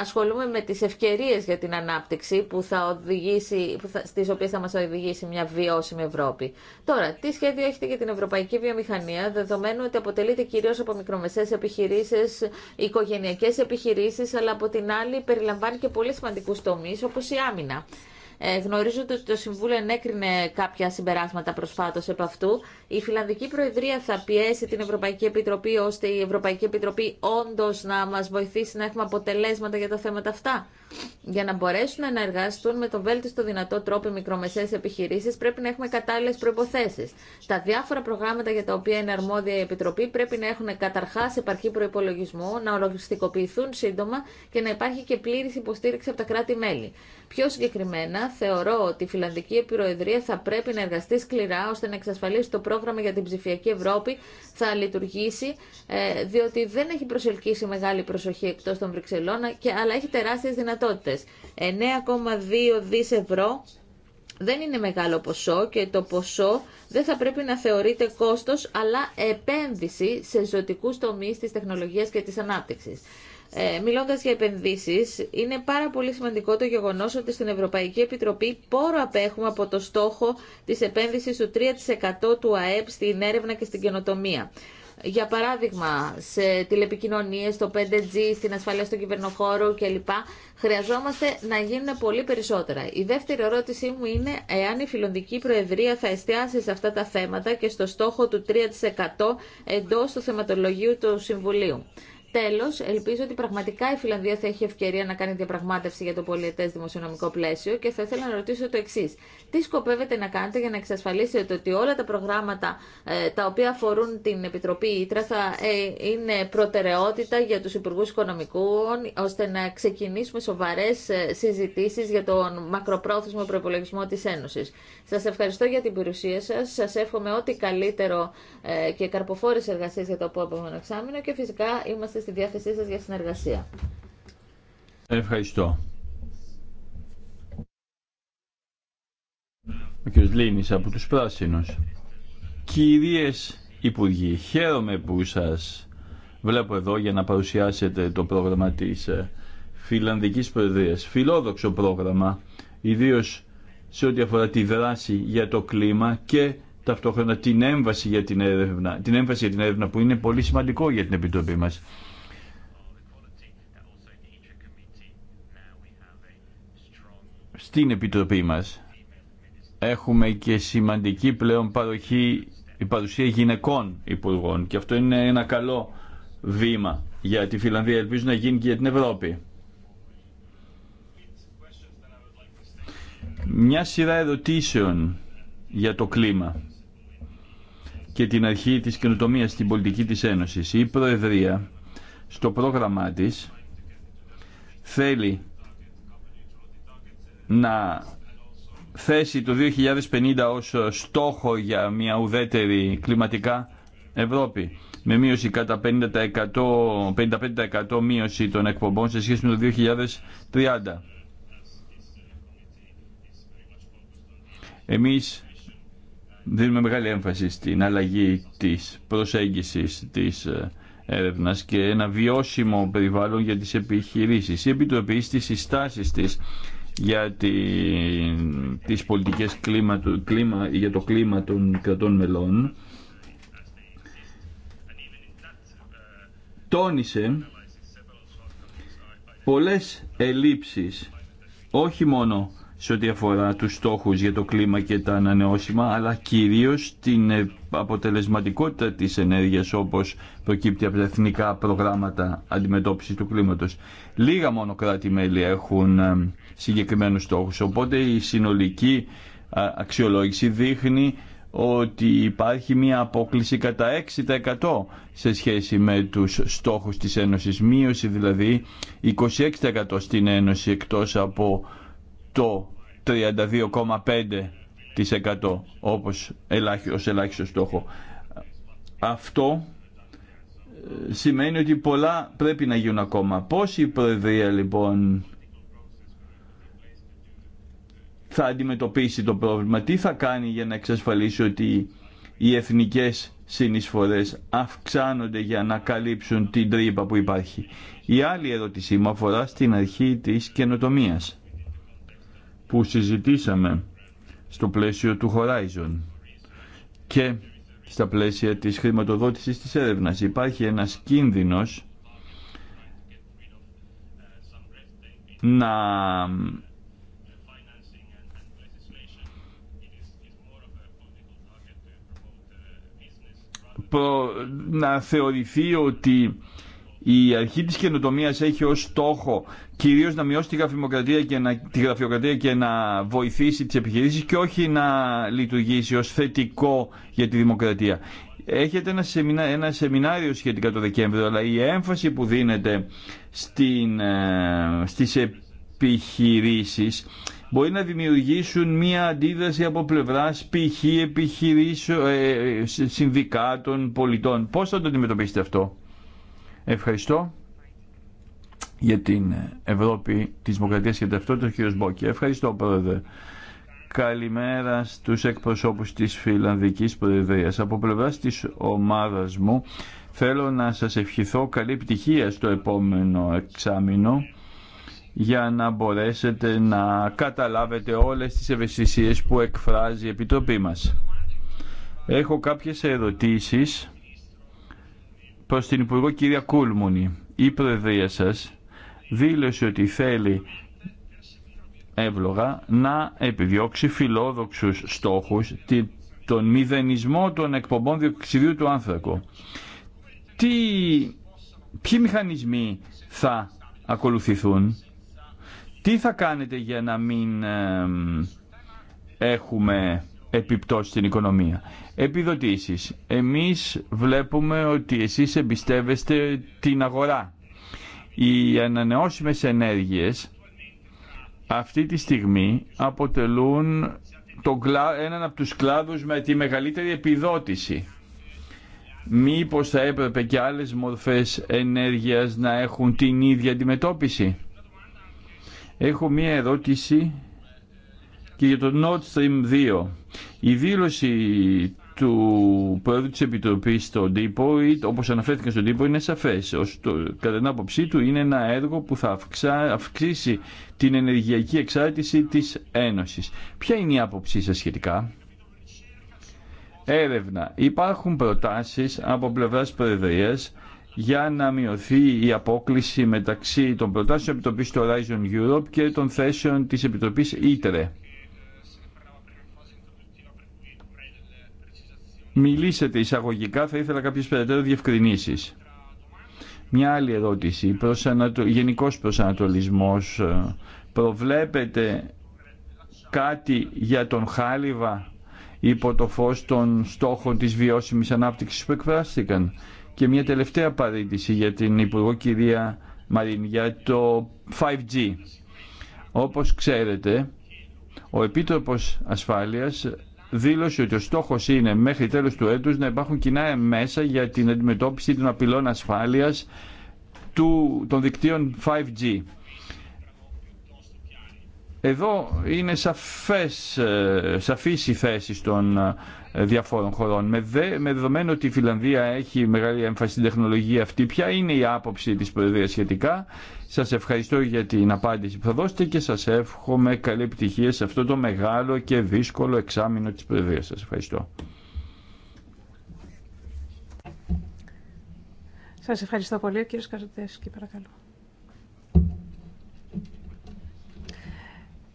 ασχολούμαι με τις ευκαιρίες για την ανάπτυξη που θα οδηγήσει, που θα, στις οποίες θα μας οδηγήσει μια βιώσιμη Ευρώπη. Τώρα, τι σχέδιο έχετε για την ευρωπαϊκή βιομηχανία, δεδομένου ότι αποτελείται κυρίως από μικρομεσαίες επιχειρήσεις, οικογενειακές επιχειρήσεις, αλλά από την άλλη περιλαμβάνει και πολύ σημαντικούς τομείς, όπως η άμυνα. Ε, γνωρίζετε ότι το Συμβούλιο ενέκρινε κάποια συμπεράσματα προσφάτω επ' αυτού. Η Φιλανδική Προεδρία θα πιέσει την Ευρωπαϊκή Επιτροπή ώστε η Ευρωπαϊκή Επιτροπή όντω να μα βοηθήσει να έχουμε αποτελέσματα για τα θέματα αυτά. Για να μπορέσουν να εργαστούν με το βέλτιστο δυνατό τρόπο οι μικρομεσαίε επιχειρήσει, πρέπει να έχουμε κατάλληλε προποθέσει. Τα διάφορα προγράμματα για τα οποία είναι αρμόδια η Επιτροπή πρέπει να έχουν καταρχά επαρκή προπολογισμό, να σύντομα και να υπάρχει και πλήρη υποστήριξη από τα κράτη-μέλη. Πιο συγκεκριμένα, θεωρώ ότι η Φιλανδική Επιροεδρία θα πρέπει να εργαστεί σκληρά ώστε να εξασφαλίσει το πρόγραμμα για την ψηφιακή Ευρώπη θα λειτουργήσει, ε, διότι δεν έχει προσελκύσει μεγάλη προσοχή εκτό των Βρυξελών, αλλά έχει τεράστιε δυνατότητε. 9,2 δι ευρώ δεν είναι μεγάλο ποσό και το ποσό δεν θα πρέπει να θεωρείται κόστος αλλά επένδυση σε ζωτικούς τομείς της τεχνολογίας και της ανάπτυξης. Ε, μιλώντας για επενδύσει, είναι πάρα πολύ σημαντικό το γεγονό ότι στην Ευρωπαϊκή Επιτροπή πόρο απέχουμε από το στόχο τη επένδυση του 3% του ΑΕΠ στην έρευνα και στην καινοτομία. Για παράδειγμα, σε τηλεπικοινωνίες, στο 5G, στην ασφάλεια στον κυβερνοχώρο κλπ. Χρειαζόμαστε να γίνουν πολύ περισσότερα. Η δεύτερη ερώτησή μου είναι εάν η Φιλονδική Προεδρία θα εστιάσει σε αυτά τα θέματα και στο στόχο του 3% εντό του θεματολογίου του Συμβουλίου. Τέλο, ελπίζω ότι πραγματικά η Φιλανδία θα έχει ευκαιρία να κάνει διαπραγμάτευση για το πολιετέ δημοσιονομικό πλαίσιο και θα ήθελα να ρωτήσω το εξή. Τι σκοπεύετε να κάνετε για να εξασφαλίσετε ότι όλα τα προγράμματα ε, τα οποία αφορούν την Επιτροπή Ήτρα θα ε, είναι προτεραιότητα για του Υπουργού Οικονομικών ώστε να ξεκινήσουμε σοβαρέ ε, συζητήσει για τον μακροπρόθεσμο προπολογισμό τη Ένωση. Σα ευχαριστώ για την περιουσία σα, σα εύχομαι ό,τι καλύτερο και καρποφόρε εργασίε για το επόμενο εξάμεινο και φυσικά είμαστε στη διάθεσή σας για συνεργασία. Ευχαριστώ. Ο κ. Λίνης από τους Πράσινους. Κυρίες Υπουργοί, χαίρομαι που σας βλέπω εδώ για να παρουσιάσετε το πρόγραμμα της ε, Φιλανδικής Προεδρίας. Φιλόδοξο πρόγραμμα, ιδίως σε ό,τι αφορά τη δράση για το κλίμα και ταυτόχρονα την έμβαση για την έρευνα, την έμβαση για την έρευνα που είναι πολύ σημαντικό για την Επιτροπή μας. στην Επιτροπή μας. Έχουμε και σημαντική πλέον παροχή, η παρουσία γυναικών υπουργών και αυτό είναι ένα καλό βήμα για τη Φιλανδία. Ελπίζω να γίνει και για την Ευρώπη. Μια σειρά ερωτήσεων για το κλίμα και την αρχή της καινοτομίας στην πολιτική της Ένωσης. Η Προεδρία στο πρόγραμμά της θέλει να θέσει το 2050 ως στόχο για μια ουδέτερη κλιματικά Ευρώπη με μείωση κατά 50%, 55% μείωση των εκπομπών σε σχέση με το 2030. Εμείς δίνουμε μεγάλη έμφαση στην αλλαγή της προσέγγισης της ε, έρευνας και ένα βιώσιμο περιβάλλον για τις επιχειρήσεις. Η Επιτροπή στις συστάσεις της για, τη, τις πολιτικές κλίμα, κλίμα, για το κλίμα των κρατών μελών τόνισε πολλές ελλείψεις όχι μόνο σε ό,τι αφορά τους στόχους για το κλίμα και τα ανανεώσιμα, αλλά κυρίως την αποτελεσματικότητα της ενέργειας όπως προκύπτει από τα εθνικά προγράμματα αντιμετώπισης του κλίματος. Λίγα μόνο κράτη-μέλη έχουν ε, συγκεκριμένους στόχους, οπότε η συνολική ε, αξιολόγηση δείχνει ότι υπάρχει μια απόκληση κατά 6% σε σχέση με τους στόχους της Ένωσης, μείωση δηλαδή 26% στην Ένωση εκτός από το 32,5% όπως ελάχιστος, ελάχιστο στόχο. Αυτό σημαίνει ότι πολλά πρέπει να γίνουν ακόμα. Πώς η Προεδρία λοιπόν θα αντιμετωπίσει το πρόβλημα, τι θα κάνει για να εξασφαλίσει ότι οι εθνικές συνεισφορές αυξάνονται για να καλύψουν την τρύπα που υπάρχει. Η άλλη ερώτησή μου αφορά στην αρχή της καινοτομίας που συζητήσαμε στο πλαίσιο του Horizon και στα πλαίσια της χρηματοδότησης της έρευνας. Υπάρχει ένας κίνδυνος να να θεωρηθεί ότι η αρχή της καινοτομίας έχει ως στόχο κυρίως να μειώσει τη, γραφειοκρατία και να, τη γραφειοκρατία και να βοηθήσει τις επιχειρήσεις και όχι να λειτουργήσει ως θετικό για τη δημοκρατία. Έχετε ένα, ένα σεμινάριο σχετικά το Δεκέμβριο, αλλά η έμφαση που δίνεται στην, ε, στις επιχειρήσεις μπορεί να δημιουργήσουν μία αντίδραση από πλευράς π.χ. επιχειρήσεων, ε, ε, συνδικάτων, πολιτών. Πώς θα το αντιμετωπίσετε αυτό. Ευχαριστώ για την Ευρώπη, τη Δημοκρατία και ταυτότητα, ο κ. Μπόκη. Ευχαριστώ, Πρόεδρε. Καλημέρα στους εκπροσώπους της Φιλανδικής Προεδρίας. Από πλευράς της ομάδας μου θέλω να σας ευχηθώ καλή επιτυχία στο επόμενο εξάμεινο για να μπορέσετε να καταλάβετε όλες τις ευαισθησίες που εκφράζει η Επιτροπή μας. Έχω κάποιες ερωτήσεις προς την Υπουργό κυρία Κούλμουνη. Η Προεδρία δήλωσε ότι θέλει εύλογα να επιδιώξει φιλόδοξους στόχους τον μηδενισμό των εκπομπών διοξιδίου του άνθρακου. Τι, ποιοι μηχανισμοί θα ακολουθηθούν, τι θα κάνετε για να μην έχουμε επιπτώσει στην οικονομία. Επιδοτήσεις. Εμείς βλέπουμε ότι εσείς εμπιστεύεστε την αγορά οι ανανεώσιμες ενέργειες αυτή τη στιγμή αποτελούν τον έναν από τους κλάδους με τη μεγαλύτερη επιδότηση. Μήπως θα έπρεπε και άλλες μορφές ενέργειας να έχουν την ίδια αντιμετώπιση. Έχω μία ερώτηση και για το Nord Stream 2. Η δήλωση του πρόεδρου της Επιτροπής στον τύπο, όπω όπως αναφέρθηκε στον τύπο, είναι σαφές. Ωστόσο, κατά την άποψή του είναι ένα έργο που θα αυξήσει την ενεργειακή εξάρτηση της Ένωσης. Ποια είναι η άποψή σας σχετικά? Έρευνα. Υπάρχουν προτάσεις από πλευράς Προεδρίας για να μειωθεί η απόκληση μεταξύ των προτάσεων Επιτροπής του Horizon Europe και των θέσεων της Επιτροπής Ήτρε. Μιλήσετε εισαγωγικά, θα ήθελα κάποιε περαιτέρω διευκρινήσει. Μια άλλη ερώτηση, προσανατο... γενικός προσανατολισμός, ε, προβλέπετε κάτι για τον Χάλιβα υπό το φως των στόχων της βιώσιμης ανάπτυξης που εκφράστηκαν. Και μια τελευταία παρήτηση για την Υπουργό κυρία Μαρίν, για το 5G. Όπως ξέρετε, ο Επίτροπος Ασφάλειας δήλωσε ότι ο στόχος είναι μέχρι τέλος του έτους να υπάρχουν κοινά μέσα για την αντιμετώπιση των απειλών ασφάλειας του, των δικτύων 5G. Εδώ είναι σαφές, ε, σαφής η θέση των ε, διαφόρων χωρών. Με, δε, με δεδομένο ότι η Φιλανδία έχει μεγάλη έμφαση στην τεχνολογία αυτή, ποια είναι η άποψη της Προεδρίας σχετικά. Σας ευχαριστώ για την απάντηση που θα δώσετε και σας εύχομαι καλή επιτυχία σε αυτό το μεγάλο και δύσκολο εξάμεινο της Προεδρίας. Σας ευχαριστώ. Σας ευχαριστώ πολύ, κύριε παρακαλώ.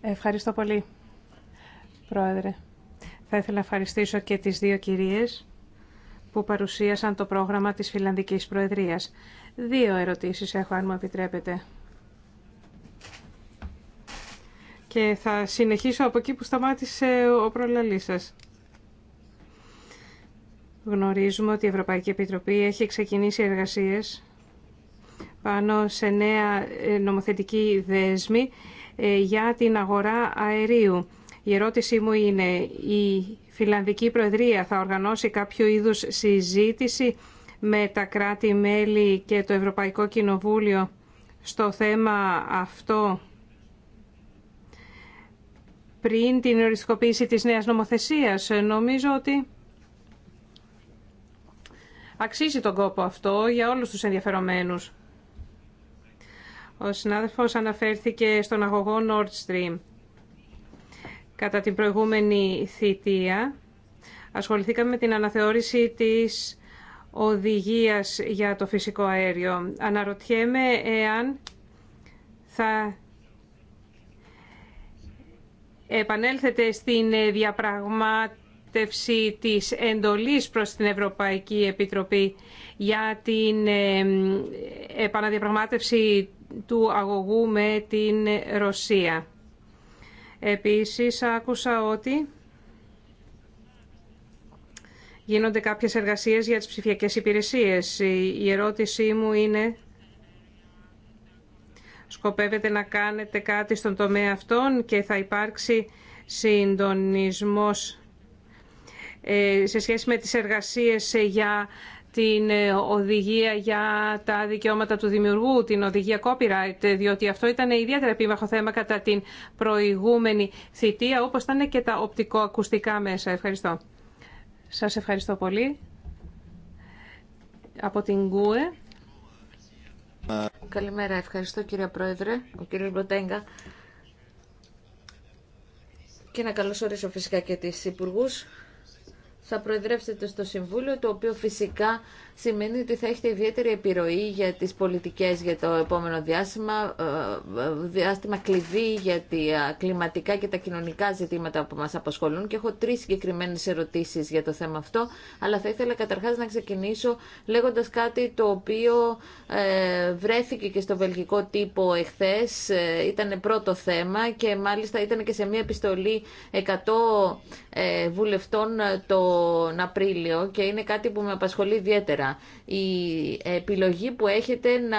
Ευχαριστώ πολύ, Πρόεδρε. Θα ήθελα να ευχαριστήσω και τις δύο κυρίες που παρουσίασαν το πρόγραμμα της Φιλανδικής Προεδρίας. Δύο ερωτήσεις έχω, αν μου επιτρέπετε. Και θα συνεχίσω από εκεί που σταμάτησε ο προλαλής σας. Γνωρίζουμε ότι η Ευρωπαϊκή Επιτροπή έχει ξεκινήσει εργασίες πάνω σε νέα νομοθετική δέσμη ε, για την αγορά αερίου. Η ερώτησή μου είναι, η Φιλανδική Προεδρία θα οργανώσει κάποιο είδους συζήτηση με τα κράτη-μέλη και το Ευρωπαϊκό Κοινοβούλιο στο θέμα αυτό πριν την οριστικοποίηση της νέας νομοθεσίας. Νομίζω ότι αξίζει τον κόπο αυτό για όλους τους ενδιαφερομένους. Ο συνάδελφος αναφέρθηκε στον αγωγό Nord Stream. Κατά την προηγούμενη θητεία ασχοληθήκαμε με την αναθεώρηση της οδηγίας για το φυσικό αέριο. Αναρωτιέμαι εάν θα επανέλθετε στην διαπραγμάτευση της εντολής προς την Ευρωπαϊκή Επιτροπή για την ε, επαναδιαπραγμάτευση του αγωγού με την Ρωσία. Επίσης, άκουσα ότι γίνονται κάποιες εργασίες για τις ψηφιακές υπηρεσίες. Η ερώτησή μου είναι, σκοπεύετε να κάνετε κάτι στον τομέα αυτόν και θα υπάρξει συντονισμός ε, σε σχέση με τις εργασίες για την ε, οδηγία για τα δικαιώματα του δημιουργού, την οδηγία copyright, διότι αυτό ήταν ιδιαίτερα επίμαχο θέμα κατά την προηγούμενη θητεία, όπως ήταν και τα οπτικοακουστικά μέσα. Ευχαριστώ. Σας ευχαριστώ πολύ. Από την ΚΟΕ. Καλημέρα. Ευχαριστώ κύριε Πρόεδρε, ο κύριο Μποτέγκα. Και να καλωσορίσω φυσικά και τις υπουργούς θα προεδρεύσετε στο Συμβούλιο, το οποίο φυσικά σημαίνει ότι θα έχετε ιδιαίτερη επιρροή για τις πολιτικές για το επόμενο διάστημα, ε, ε, διάστημα κλειδί για τα ε, κλιματικά και τα κοινωνικά ζητήματα που μας απασχολούν και έχω τρεις συγκεκριμένε ερωτήσεις για το θέμα αυτό, αλλά θα ήθελα καταρχάς να ξεκινήσω λέγοντας κάτι το οποίο βρέθηκε και στο βελγικό τύπο εχθές, ήταν πρώτο θέμα και μάλιστα ήταν και σε μια επιστολή 100 βουλευτών το τον Απρίλιο και είναι κάτι που με απασχολεί ιδιαίτερα. Η επιλογή που έχετε να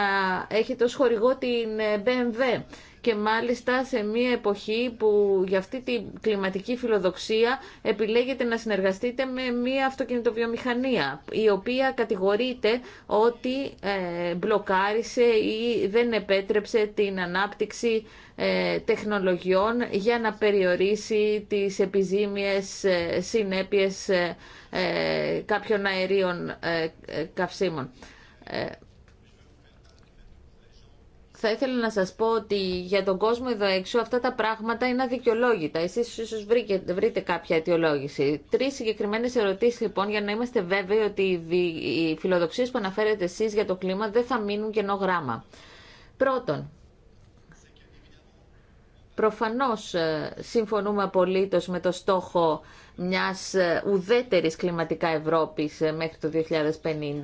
έχετε ως χορηγό την BMW και μάλιστα σε μια εποχή που για αυτή την κλιματική φιλοδοξία επιλέγετε να συνεργαστείτε με μια αυτοκινητοβιομηχανία η οποία κατηγορείται ότι ε, μπλοκάρισε ή δεν επέτρεψε την ανάπτυξη ε, τεχνολογιών για να περιορίσει τις επιζήμιες ε, συνέπειες κάποιων αερίων καυσίμων θα ήθελα να σας πω ότι για τον κόσμο εδώ έξω αυτά τα πράγματα είναι αδικαιολόγητα. Εσείς ίσως βρείτε, βρείτε κάποια αιτιολόγηση. Τρεις συγκεκριμένες ερωτήσεις λοιπόν για να είμαστε βέβαιοι ότι οι φιλοδοξίες που αναφέρετε εσείς για το κλίμα δεν θα μείνουν κενό γράμμα. Πρώτον, προφανώς ε, συμφωνούμε απολύτως με το στόχο μιας ε, ουδέτερης κλιματικά Ευρώπης ε, μέχρι το 2050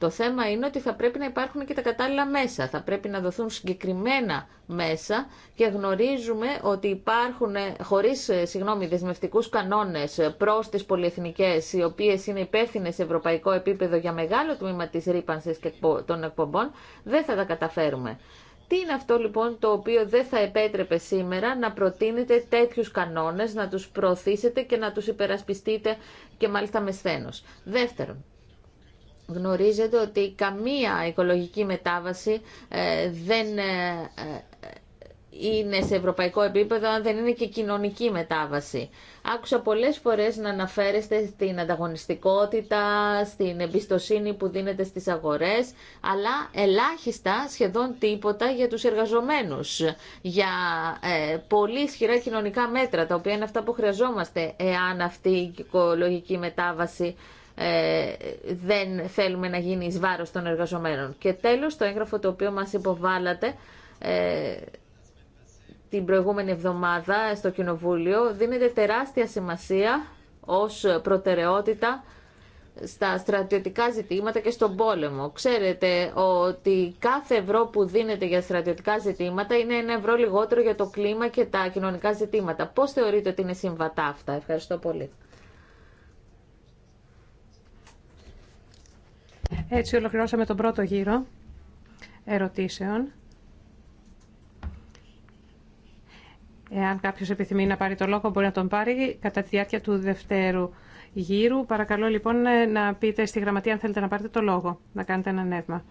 το θέμα είναι ότι θα πρέπει να υπάρχουν και τα κατάλληλα μέσα. Θα πρέπει να δοθούν συγκεκριμένα μέσα και γνωρίζουμε ότι υπάρχουν, ε, χωρίς ε, συγγνώμη, δεσμευτικούς κανόνες προς τις πολυεθνικές, οι οποίες είναι υπεύθυνε σε ευρωπαϊκό επίπεδο για μεγάλο τμήμα της ρήπανσης και των εκπομπών, δεν θα τα καταφέρουμε. Τι είναι αυτό λοιπόν το οποίο δεν θα επέτρεπε σήμερα να προτείνετε τέτοιους κανόνες, να τους προωθήσετε και να τους υπερασπιστείτε και μάλιστα με σθένος. Δεύτερον, Γνωρίζετε ότι καμία οικολογική μετάβαση ε, δεν ε, ε, είναι σε ευρωπαϊκό επίπεδο αν δεν είναι και κοινωνική μετάβαση. Άκουσα πολλές φορές να αναφέρεστε στην ανταγωνιστικότητα, στην εμπιστοσύνη που δίνεται στις αγορές, αλλά ελάχιστα σχεδόν τίποτα για τους εργαζομένους, για ε, πολύ ισχυρά κοινωνικά μέτρα, τα οποία είναι αυτά που χρειαζόμαστε εάν αυτή η οικολογική μετάβαση ε, δεν θέλουμε να γίνει εις βάρος των εργαζομένων. Και τέλος, το έγγραφο το οποίο μας υποβάλλατε ε, την προηγούμενη εβδομάδα στο Κοινοβούλιο δίνεται τεράστια σημασία ως προτεραιότητα στα στρατιωτικά ζητήματα και στον πόλεμο. Ξέρετε ότι κάθε ευρώ που δίνεται για στρατιωτικά ζητήματα είναι ένα ευρώ λιγότερο για το κλίμα και τα κοινωνικά ζητήματα. Πώς θεωρείτε ότι είναι συμβατά αυτά. Ευχαριστώ πολύ. Έτσι ολοκληρώσαμε τον πρώτο γύρο ερωτήσεων. Εάν κάποιος επιθυμεί να πάρει το λόγο, μπορεί να τον πάρει κατά τη διάρκεια του δευτέρου γύρου. Παρακαλώ λοιπόν να πείτε στη γραμματεία αν θέλετε να πάρετε το λόγο, να κάνετε ένα νεύμα.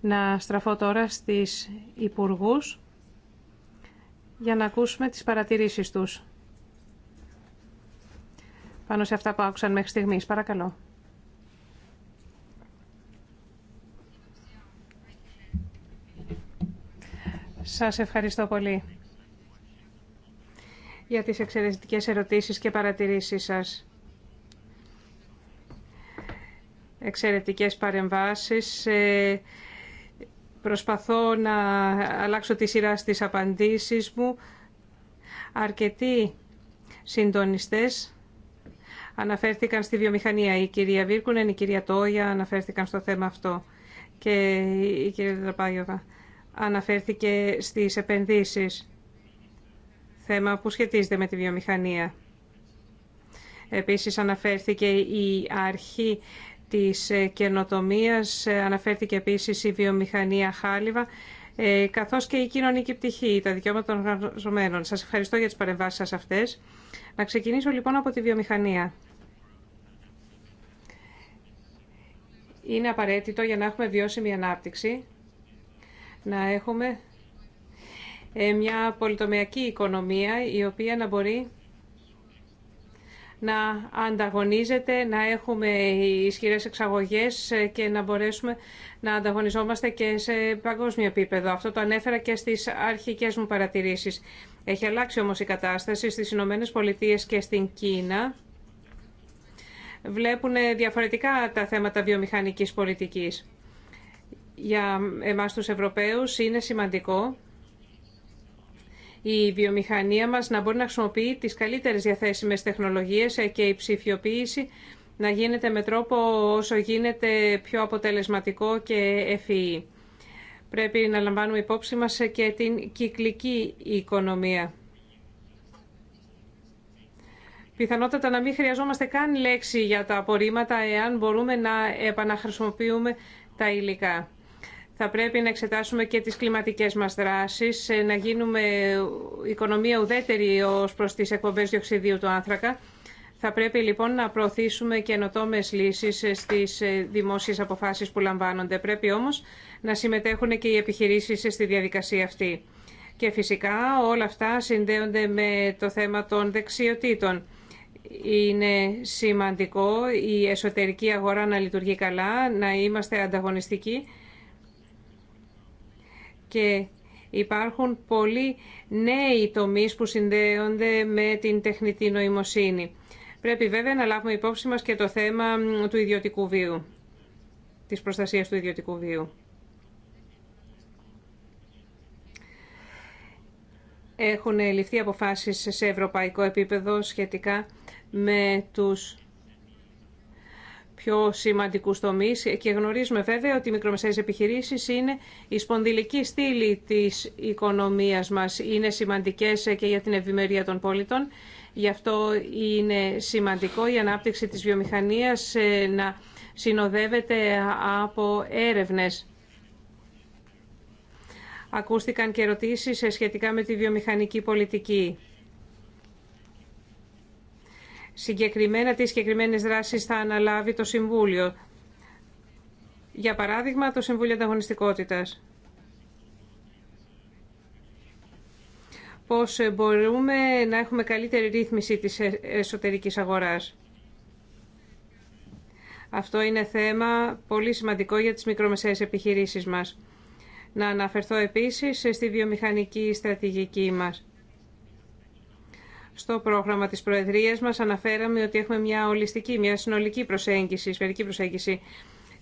Να στραφώ τώρα στις Υπουργούς για να ακούσουμε τις παρατηρήσεις τους πάνω σε αυτά που άκουσαν μέχρι στιγμής. Παρακαλώ. Σας ευχαριστώ πολύ για τις εξαιρετικές ερωτήσεις και παρατηρήσεις σας. Εξαιρετικές παρεμβάσεις. Ε, προσπαθώ να αλλάξω τη σειρά στις απαντήσεις μου. Αρκετοί συντονιστές αναφέρθηκαν στη βιομηχανία. Η κυρία Βίρκουνεν, η κυρία Τόγια αναφέρθηκαν στο θέμα αυτό και η κυρία Δραπάγιοβα αναφέρθηκε στις επενδύσεις, θέμα που σχετίζεται με τη βιομηχανία. Επίσης αναφέρθηκε η αρχή της καινοτομίας, αναφέρθηκε επίσης η βιομηχανία χάλιβα, ε, καθώς και η κοινωνική πτυχή, τα δικαιώματα των εργαζομένων. Σας ευχαριστώ για τις παρεμβάσεις σας αυτές. Να ξεκινήσω λοιπόν από τη βιομηχανία. Είναι απαραίτητο για να έχουμε βιώσιμη ανάπτυξη να έχουμε ε, μια πολυτομιακή οικονομία η οποία να μπορεί να ανταγωνίζεται, να έχουμε ισχυρές εξαγωγές ε, και να μπορέσουμε να ανταγωνιζόμαστε και σε παγκόσμιο επίπεδο. Αυτό το ανέφερα και στις αρχικές μου παρατηρήσεις. Έχει αλλάξει όμως η κατάσταση στις Ηνωμένες Πολιτείες και στην Κίνα. Βλέπουν ε, διαφορετικά τα θέματα βιομηχανικής πολιτικής για εμάς τους Ευρωπαίους είναι σημαντικό η βιομηχανία μας να μπορεί να χρησιμοποιεί τις καλύτερες διαθέσιμες τεχνολογίες και η ψηφιοποίηση να γίνεται με τρόπο όσο γίνεται πιο αποτελεσματικό και ευφυή. Πρέπει να λαμβάνουμε υπόψη μας και την κυκλική οικονομία. Πιθανότατα να μην χρειαζόμαστε καν λέξη για τα απορρίμματα εάν μπορούμε να επαναχρησιμοποιούμε τα υλικά θα πρέπει να εξετάσουμε και τις κλιματικές μας δράσεις, ε, να γίνουμε οικονομία ουδέτερη ως προς τις εκπομπές διοξιδίου του άνθρακα. Θα πρέπει λοιπόν να προωθήσουμε καινοτόμε λύσεις ε, στις ε, δημόσιες αποφάσεις που λαμβάνονται. Πρέπει όμως να συμμετέχουν και οι επιχειρήσεις στη διαδικασία αυτή. Και φυσικά όλα αυτά συνδέονται με το θέμα των δεξιοτήτων. Είναι σημαντικό η εσωτερική αγορά να λειτουργεί καλά, να είμαστε ανταγωνιστικοί και υπάρχουν πολλοί νέοι τομείς που συνδέονται με την τεχνητή νοημοσύνη. Πρέπει βέβαια να λάβουμε υπόψη μας και το θέμα του ιδιωτικού βίου, της προστασίας του ιδιωτικού βίου. Έχουν ληφθεί αποφάσεις σε ευρωπαϊκό επίπεδο σχετικά με τους πιο σημαντικούς τομείς και γνωρίζουμε βέβαια ότι οι μικρομεσαίες επιχειρήσει είναι η σπονδυλική στήλη της οικονομία μας. Είναι σημαντικές και για την ευημερία των πολιτών. Γι' αυτό είναι σημαντικό η ανάπτυξη της βιομηχανίας ε, να συνοδεύεται από έρευνες. Ακούστηκαν και ερωτήσεις ε, σχετικά με τη βιομηχανική πολιτική συγκεκριμένα τι συγκεκριμένες δράσεις θα αναλάβει το Συμβούλιο. Για παράδειγμα, το Συμβούλιο Ανταγωνιστικότητας. Πώς μπορούμε να έχουμε καλύτερη ρύθμιση της ε, εσωτερικής αγοράς. Αυτό είναι θέμα πολύ σημαντικό για τις μικρομεσαίες επιχειρήσεις μας. Να αναφερθώ επίσης στη βιομηχανική στρατηγική μας. Στο πρόγραμμα της Προεδρίας μας αναφέραμε ότι έχουμε μια ολιστική, μια συνολική προσέγγιση, σφαιρική προσέγγιση.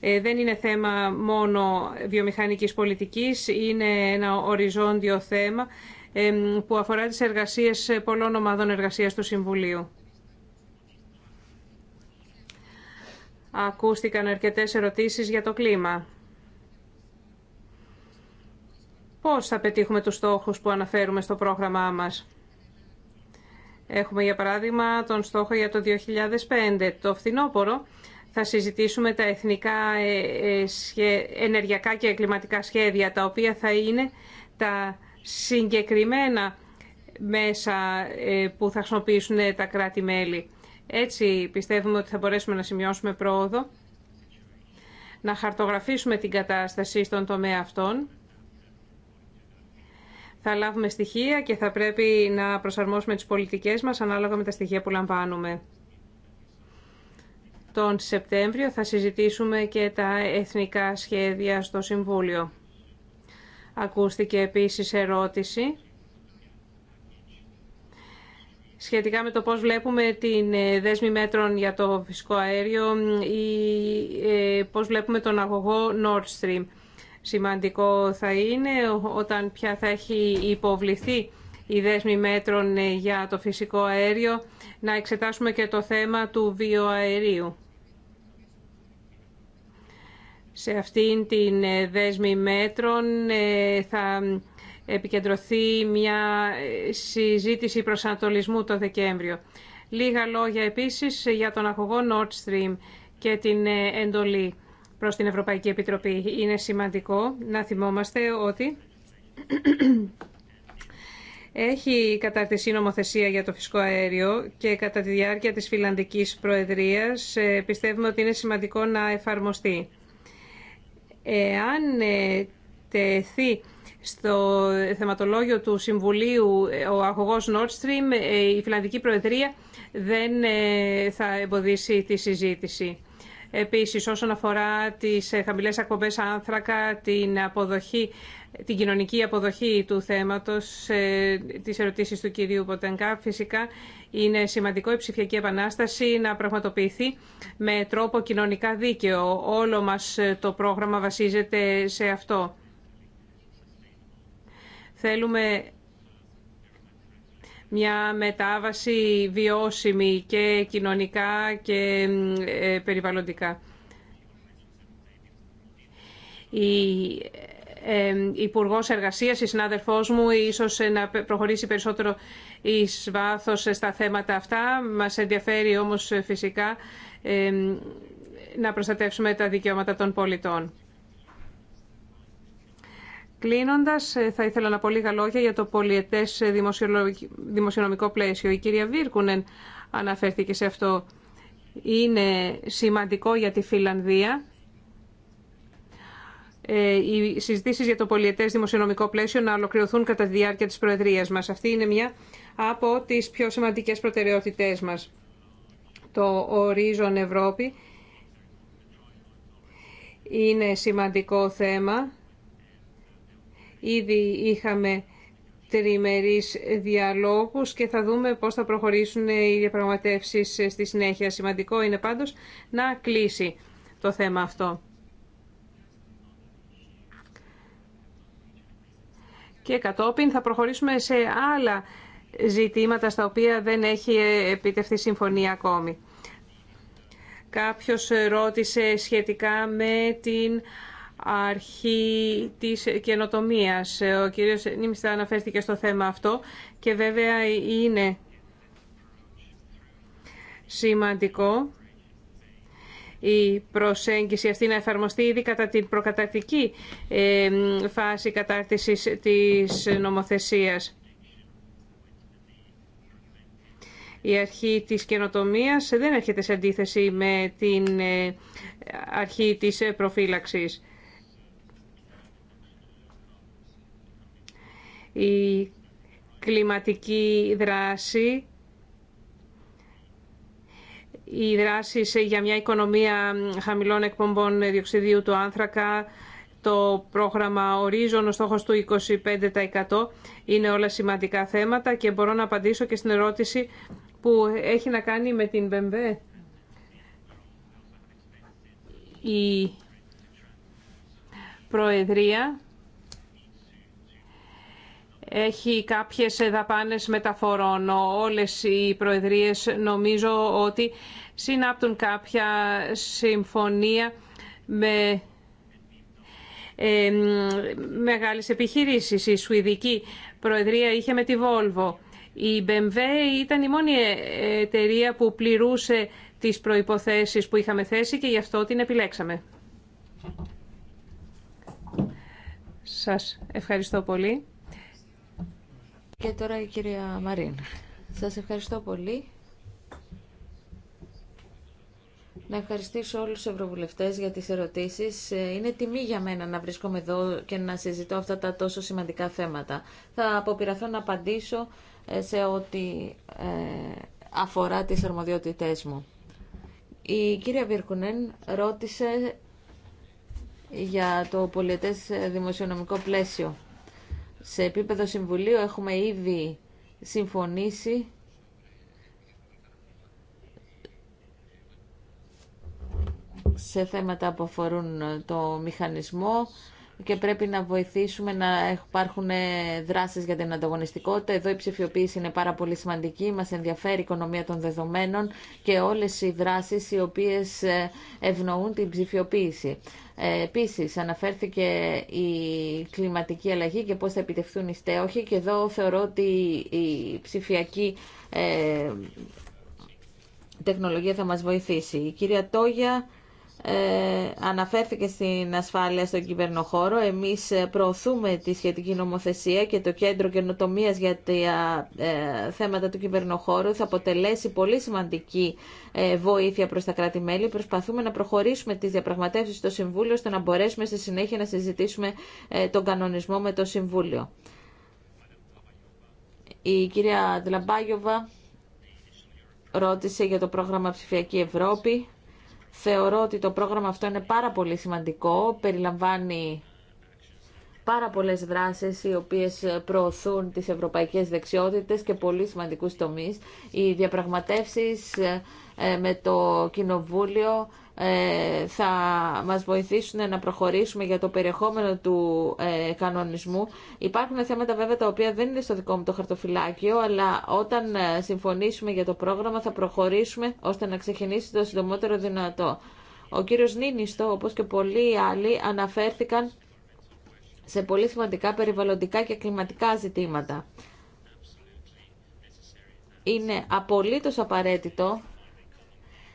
Ε, δεν είναι θέμα μόνο βιομηχανικής πολιτικής, είναι ένα οριζόντιο θέμα που αφορά τις εργασίες πολλών ομάδων εργασίας του Συμβουλίου. Ακούστηκαν αρκετές ερωτήσεις για το κλίμα. Πώς θα πετύχουμε τους στόχους που αναφέρουμε στο πρόγραμμά μας. Έχουμε για παράδειγμα τον στόχο για το 2005. Το φθινόπωρο θα συζητήσουμε τα εθνικά ε, ε, ενεργειακά και κλιματικά σχέδια, τα οποία θα είναι τα συγκεκριμένα μέσα ε, που θα χρησιμοποιήσουν τα κράτη-μέλη. Έτσι πιστεύουμε ότι θα μπορέσουμε να σημειώσουμε πρόοδο, να χαρτογραφήσουμε την κατάσταση στον τομέα αυτών θα λάβουμε στοιχεία και θα πρέπει να προσαρμόσουμε τις πολιτικές μας ανάλογα με τα στοιχεία που λαμβάνουμε. Τον Σεπτέμβριο θα συζητήσουμε και τα εθνικά σχέδια στο Συμβούλιο. Ακούστηκε επίσης ερώτηση σχετικά με το πώς βλέπουμε την ε, δέσμη μέτρων για το φυσικό αέριο ή ε, πώς βλέπουμε τον αγωγό Nord Stream. Σημαντικό θα είναι όταν πια θα έχει υποβληθεί η δέσμη μέτρων ε, για το φυσικό αέριο να εξετάσουμε και το θέμα του βιοαερίου. Σε αυτήν την ε, δέσμη μέτρων ε, θα επικεντρωθεί μια συζήτηση προσανατολισμού το Δεκέμβριο. Λίγα λόγια επίσης για τον αγωγό Nord Stream και την εντολή. Προ την Ευρωπαϊκή Επιτροπή. Είναι σημαντικό να θυμόμαστε ότι έχει καταρτισει νομοθεσία για το φυσικό αέριο και κατά τη διάρκεια της Φιλανδικής Προεδρίας ε, πιστεύουμε ότι είναι σημαντικό να εφαρμοστεί. Εάν ε, τεθεί στο θεματολόγιο του Συμβουλίου ε, ο αγωγός Nord Stream, η Φιλανδική Προεδρία δεν θα εμποδίσει τη συζήτηση. Επίσης, όσον αφορά τις ε, χαμηλέ εκπομπέ άνθρακα, την, αποδοχή, την κοινωνική αποδοχή του θέματος, ε, τις ερωτήσεις του κυρίου Ποτενκά, φυσικά είναι σημαντικό η ψηφιακή επανάσταση να πραγματοποιηθεί με τρόπο κοινωνικά δίκαιο. Όλο μας ε, το πρόγραμμα βασίζεται σε αυτό. Θέλουμε μια μετάβαση βιώσιμη και κοινωνικά και ε, περιβαλλοντικά. Η ε, Υπουργό Εργασία, η συνάδελφό μου, ίσω να προχωρήσει περισσότερο ει βάθο στα θέματα αυτά. Μας ενδιαφέρει όμως φυσικά ε, να προστατεύσουμε τα δικαιώματα των πολιτών. Κλείνοντα, ε, θα ήθελα να πω λίγα λόγια για το πολιετέ ε, δημοσιονομικό πλαίσιο. Η κυρία Βίρκουνεν αναφέρθηκε σε αυτό. Είναι σημαντικό για τη Φιλανδία ε, οι συζητήσεις για το πολιετές δημοσιονομικό πλαίσιο να ολοκληρωθούν κατά τη διάρκεια της Προεδρίας μας. Αυτή είναι μια από τις πιο σημαντικές προτεραιότητές μας. Το ορίζον Ευρώπη είναι σημαντικό θέμα Ήδη είχαμε τριμερείς διαλόγους και θα δούμε πώς θα προχωρήσουν οι διαπραγματεύσεις στη συνέχεια. Σημαντικό είναι πάντως να κλείσει το θέμα αυτό. Και κατόπιν θα προχωρήσουμε σε άλλα ζητήματα στα οποία δεν έχει επιτευχθεί συμφωνία ακόμη. Κάποιος ρώτησε σχετικά με την αρχή της καινοτομίας. Ο κύριος Νίμιστα αναφέρθηκε στο θέμα αυτό και βέβαια είναι σημαντικό η προσέγγιση αυτή να εφαρμοστεί ήδη κατά την προκατακτική ε, φάση κατάρτισης της νομοθεσίας. Η αρχή της καινοτομίας δεν έρχεται σε αντίθεση με την ε, αρχή της προφύλαξης. Η κλιματική δράση, οι σε, για μια οικονομία χαμηλών εκπομπών διοξιδίου του άνθρακα, το πρόγραμμα ορίζων, ο στόχος του 25% είναι όλα σημαντικά θέματα και μπορώ να απαντήσω και στην ερώτηση που έχει να κάνει με την ΒΜΒ. Η Προεδρία έχει κάποιες δαπάνες μεταφορών. Όλες οι προεδρίες νομίζω ότι συνάπτουν κάποια συμφωνία με ε, μεγάλες επιχειρήσεις. Η Σουηδική Προεδρία είχε με τη Βόλβο. Η BMW ήταν η μόνη εταιρεία που πληρούσε τις προϋποθέσεις που είχαμε θέσει και γι' αυτό την επιλέξαμε. Σας ευχαριστώ πολύ. Και τώρα η κυρία Μαρίν. Σας ευχαριστώ πολύ. Να ευχαριστήσω όλους τους ευρωβουλευτές για τις ερωτήσεις. Ε, είναι τιμή για μένα να βρίσκομαι εδώ και να συζητώ αυτά τα τόσο σημαντικά θέματα. Θα αποπειραθώ να απαντήσω ε, σε ό,τι ε, αφορά τις αρμοδιότητές μου. Η κυρία Βιρκουνέν ρώτησε για το πολιτές δημοσιονομικό πλαίσιο. Σε επίπεδο Συμβουλίου έχουμε ήδη συμφωνήσει σε θέματα που αφορούν ε, το μηχανισμό και πρέπει να βοηθήσουμε να υπάρχουν ε, δράσεις για την ανταγωνιστικότητα. Εδώ η ψηφιοποίηση είναι πάρα πολύ σημαντική, μας ενδιαφέρει η οικονομία των δεδομένων και όλες οι δράσεις οι οποίες ε, ευνοούν την ψηφιοποίηση. Ε, επίσης, αναφέρθηκε η κλιματική αλλαγή και πώς θα επιτευχθούν οι στέοχοι και εδώ θεωρώ ότι η ψηφιακή ε, τεχνολογία θα μας βοηθήσει. Η κυρία Τόγια ε, αναφέρθηκε στην ασφάλεια στον κυβερνοχώρο. Εμείς ε, προωθούμε τη σχετική νομοθεσία και το Κέντρο καινοτομία για τα ε, θέματα του κυβερνοχώρου θα αποτελέσει πολύ σημαντική βοήθεια προς τα κράτη-μέλη. Προσπαθούμε να προχωρήσουμε τις διαπραγματεύσεις στο Συμβούλιο ώστε να μπορέσουμε στη συνέχεια να συζητήσουμε τον κανονισμό με το Συμβούλιο. Η κυρία Δλαμπάγιοβα ρώτησε για το πρόγραμμα Ψηφιακή Ευρώπη. Θεωρώ ότι το πρόγραμμα αυτό είναι πάρα πολύ σημαντικό, περιλαμβάνει πάρα πολλές δράσεις οι οποίες προωθούν τις ευρωπαϊκές δεξιότητες και πολύ σημαντικούς τομείς. Οι διαπραγματεύσεις ε, με το Κοινοβούλιο ε, θα μας βοηθήσουν να προχωρήσουμε για το περιεχόμενο του ε, κανονισμού. Υπάρχουν θέματα βέβαια τα οποία δεν είναι στο δικό μου το χαρτοφυλάκιο, αλλά όταν ε, συμφωνήσουμε για το πρόγραμμα θα προχωρήσουμε ώστε να ξεκινήσει το συντομότερο δυνατό. Ο κύριος Νίνιστο, όπως και πολλοί άλλοι, αναφέρθηκαν σε πολύ σημαντικά περιβαλλοντικά και κλιματικά ζητήματα. Είναι απολύτως απαραίτητο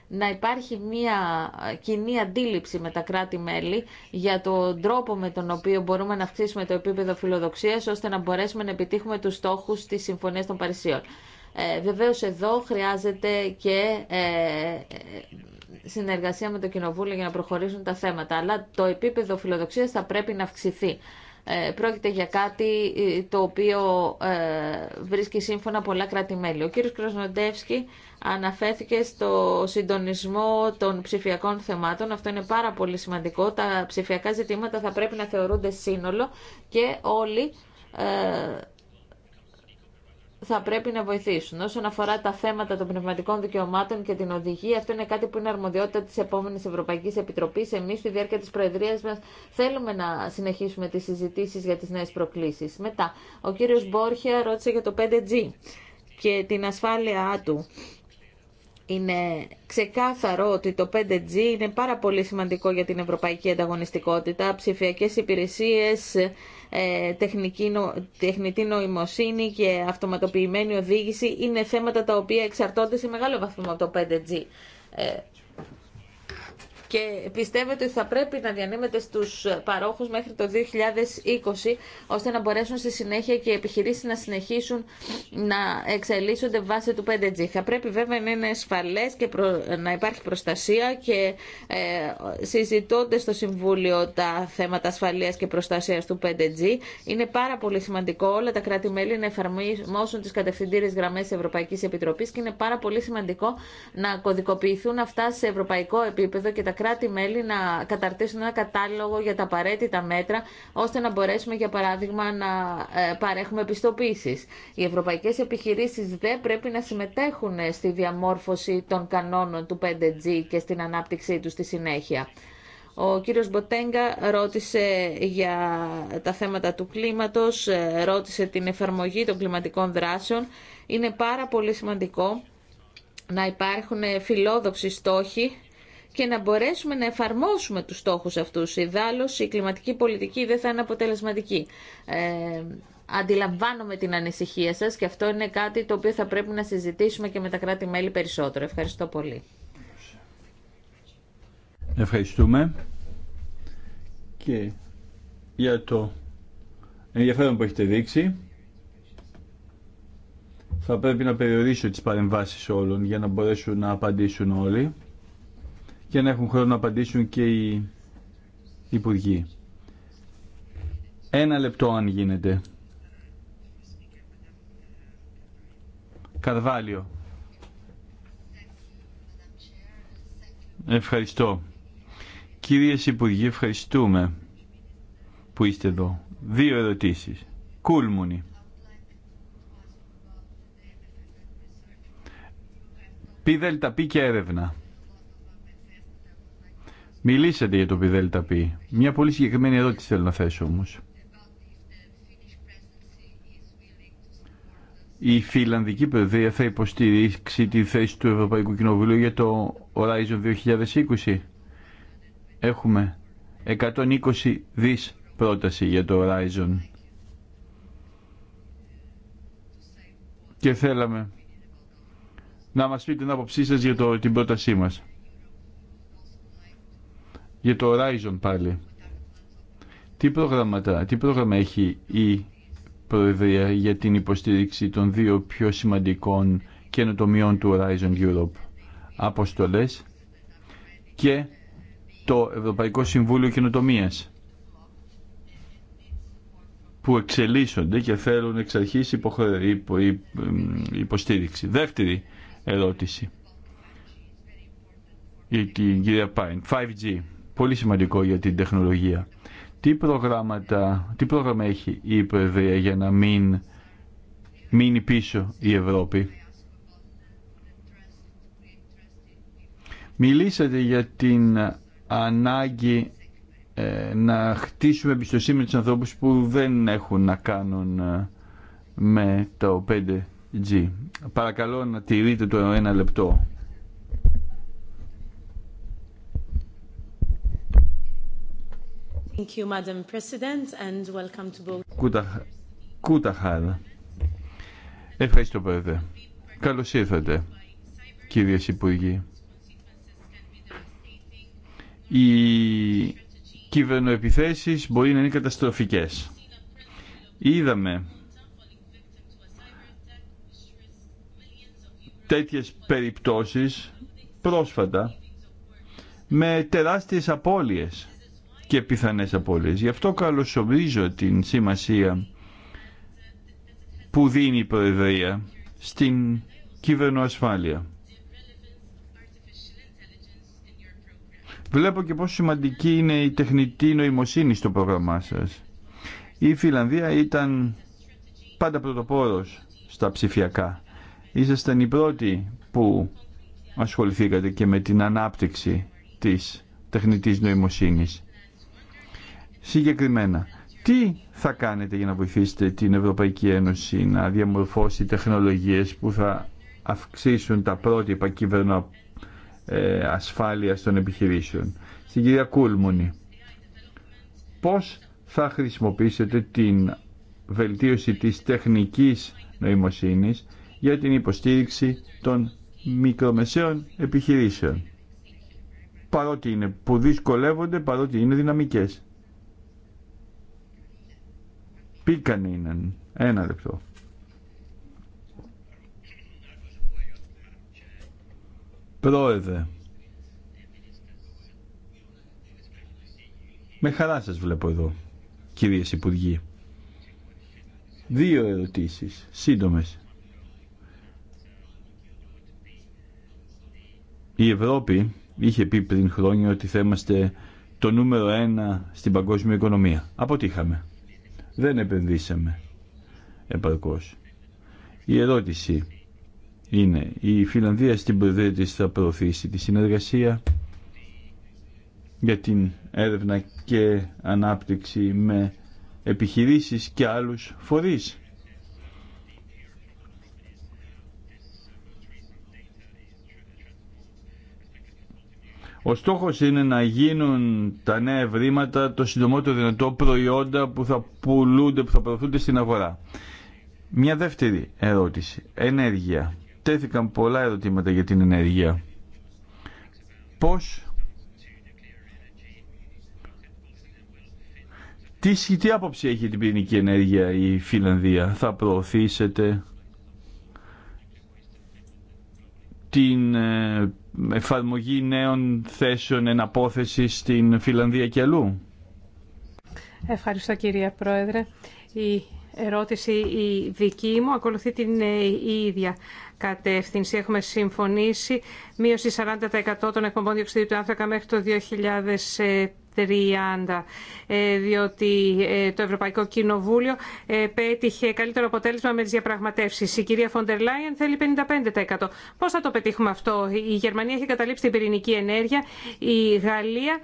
να υπάρχει μια κοινή αντίληψη με τα κράτη-μέλη για τον τρόπο με τον οποίο μπορούμε να αυξήσουμε το επίπεδο φιλοδοξίας ώστε να μπορέσουμε να επιτύχουμε τους στόχους τη Συμφωνία των Παρισίων. Ε, βεβαίως εδώ χρειάζεται και ε, συνεργασία με το Κοινοβούλιο για να προχωρήσουν τα θέματα, αλλά το επίπεδο φιλοδοξία θα πρέπει να αυξηθεί. Ε, πρόκειται για κάτι ε, το οποίο ε, βρίσκει σύμφωνα πολλά κράτη-μέλη. Ο κύριος Κροσνοντεύσκη αναφέθηκε στο συντονισμό των ψηφιακών θεμάτων. Αυτό είναι πάρα πολύ σημαντικό. Τα ψηφιακά ζητήματα θα πρέπει να θεωρούνται σύνολο και όλοι θα πρέπει να βοηθήσουν. Όσον αφορά τα θέματα των πνευματικών δικαιωμάτων και την οδηγία, αυτό είναι κάτι που είναι αρμοδιότητα τη επόμενη Ευρωπαϊκή Επιτροπή. Εμεί, στη διάρκεια τη Προεδρία μα, θέλουμε να συνεχίσουμε τι συζητήσει για τι νέε προκλήσει. Μετά, ο κύριο Μπόρχια ρώτησε για το 5G και την ασφάλειά του. Είναι ξεκάθαρο ότι το 5G είναι πάρα πολύ σημαντικό για την ευρωπαϊκή ανταγωνιστικότητα, ψηφιακές υπηρεσίες, ε, τεχνική, τεχνητή νοημοσύνη και αυτοματοποιημένη οδήγηση είναι θέματα τα οποία εξαρτώνται σε μεγάλο βαθμό από το 5G και πιστεύετε ότι θα πρέπει να διανύμετε στους παρόχους μέχρι το 2020 ώστε να μπορέσουν στη συνέχεια και οι επιχειρήσεις να συνεχίσουν να εξελίσσονται βάσει του 5G. Θα πρέπει βέβαια να είναι ασφαλές και να υπάρχει προστασία και ε, συζητώνται στο Συμβούλιο τα θέματα ασφαλείας και προστασίας του 5G. Είναι πάρα πολύ σημαντικό όλα τα κράτη-μέλη να εφαρμόσουν τις κατευθυντήρες γραμμές της Ευρωπαϊκής Επιτροπής και είναι πάρα πολύ σημαντικό να κωδικοποιηθούν αυτά σε ευρωπαϊκό επίπεδο κράτη-μέλη να καταρτήσουν ένα κατάλογο για τα απαραίτητα μέτρα, ώστε να μπορέσουμε, για παράδειγμα, να ε, παρέχουμε επιστοπίσεις. Οι ευρωπαϊκές επιχειρήσεις δεν πρέπει να συμμετέχουν ε, στη διαμόρφωση των κανόνων του 5G και στην ανάπτυξή του στη συνέχεια. Ο κύριος Μποτέγκα ρώτησε για τα θέματα του κλίματος, ε, ρώτησε την εφαρμογή των κλιματικών δράσεων. Είναι πάρα πολύ σημαντικό να υπάρχουν φιλόδοξοι στόχοι και να μπορέσουμε να εφαρμόσουμε τους στόχους αυτούς. Ιδάλλως η κλιματική πολιτική δεν θα είναι αποτελεσματική. Ε, αντιλαμβάνομαι την ανησυχία σας και αυτό είναι κάτι το οποίο θα πρέπει να συζητήσουμε και με τα κράτη-μέλη περισσότερο. Ευχαριστώ πολύ. Ευχαριστούμε και για το ενδιαφέρον που έχετε δείξει. Θα πρέπει να περιορίσω τις παρεμβάσεις όλων για να μπορέσουν να απαντήσουν όλοι για να έχουν χρόνο να απαντήσουν και οι υπουργοί. Ένα λεπτό αν γίνεται. Καρβάλιο. Ευχαριστώ. Κυρίες Υπουργοί, ευχαριστούμε που είστε εδώ. Δύο ερωτήσεις. Κούλμουνη. πίδελτα τα και έρευνα. Μιλήσατε για το ΠΔΠ. Μια πολύ συγκεκριμένη ερώτηση θέλω να θέσω όμως. Η Φιλανδική Προεδρία θα υποστηρίξει τη θέση του Ευρωπαϊκού Κοινοβουλίου για το Horizon 2020. Έχουμε 120 δις πρόταση για το Horizon. Και θέλαμε να μας πείτε την άποψή σας για το, την πρότασή μας για το Horizon πάλι. Τι, προγράμματα, τι πρόγραμμα έχει η Προεδρία για την υποστήριξη των δύο πιο σημαντικών καινοτομιών του Horizon Europe. Αποστολές και το Ευρωπαϊκό Συμβούλιο Καινοτομίας που εξελίσσονται και θέλουν εξ αρχής υποστήριξη. Δεύτερη ερώτηση για την κυρία Πάιν. 5G πολύ σημαντικό για την τεχνολογία. Τι, προγράμματα, τι πρόγραμμα έχει η Προεδρία για να μην μείνει πίσω η Ευρώπη. Μιλήσατε για την ανάγκη ε, να χτίσουμε εμπιστοσύνη με τους ανθρώπους που δεν έχουν να κάνουν ε, με το 5G. Παρακαλώ να τηρείτε το ένα λεπτό Thank you, Madam President, and welcome to both. Ευχαριστώ, Πρόεδρε. Καλώ ήρθατε, Κύριε Υπουργοί. Οι κυβερνοεπιθέσει μπορεί να είναι καταστροφικέ. Είδαμε τέτοιες περιπτώσεις πρόσφατα με τεράστιες απώλειες και πιθανές απώλειες. Γι' αυτό καλωσορίζω την σημασία που δίνει η Προεδρία στην κυβερνοασφάλεια. Βλέπω και πόσο σημαντική είναι η τεχνητή νοημοσύνη στο πρόγραμμά σας. Η Φιλανδία ήταν πάντα πρωτοπόρος στα ψηφιακά. Ήσασταν οι πρώτοι που ασχοληθήκατε και με την ανάπτυξη της τεχνητής νοημοσύνης συγκεκριμένα. Τι θα κάνετε για να βοηθήσετε την Ευρωπαϊκή Ένωση να διαμορφώσει τεχνολογίες που θα αυξήσουν τα πρότυπα κυβερνό ε, ασφάλειας των επιχειρήσεων. Στην κυρία Κούλμουνη, πώς θα χρησιμοποιήσετε την βελτίωση της τεχνικής νοημοσύνης για την υποστήριξη των μικρομεσαίων επιχειρήσεων παρότι που δυσκολεύονται, παρότι είναι δυναμικές. Πίκανινεν. Ένα λεπτό. Πρόεδρε. Με χαρά σας βλέπω εδώ, κυρίες Υπουργοί. Δύο ερωτήσεις, σύντομες. Η Ευρώπη είχε πει πριν χρόνια ότι θα είμαστε το νούμερο ένα στην παγκόσμια οικονομία. Αποτύχαμε δεν επενδύσαμε επαρκώς. Η ερώτηση είναι η Φιλανδία στην Προεδρία της θα προωθήσει τη συνεργασία για την έρευνα και ανάπτυξη με επιχειρήσεις και άλλους φορείς. Ο στόχος είναι να γίνουν τα νέα ευρήματα το συντομότερο δυνατό προϊόντα που θα πουλούνται, που θα προωθούνται στην αγορά. Μια δεύτερη ερώτηση. Ενέργεια. Τέθηκαν πολλά ερωτήματα για την ενέργεια. Πώς... Τι, τι άποψη έχει την πυρηνική ενέργεια η Φιλανδία. Θα προωθήσετε την ε, εφαρμογή νέων θέσεων εναπόθεση στην Φιλανδία και αλλού. Ευχαριστώ κυρία Πρόεδρε. Η ερώτηση η δική μου ακολουθεί την ε, ίδια κατεύθυνση. Έχουμε συμφωνήσει μείωση 40% των εκπομπών διοξιδίου του άνθρακα μέχρι το 30, ε, διότι ε, το Ευρωπαϊκό Κοινοβούλιο ε, πέτυχε καλύτερο αποτέλεσμα με τις διαπραγματεύσεις. Η κυρία Φοντερ Λάιεν θέλει 55%. Πώς θα το πετύχουμε αυτό. Η Γερμανία έχει καταλήψει την πυρηνική ενέργεια. Η Γαλλία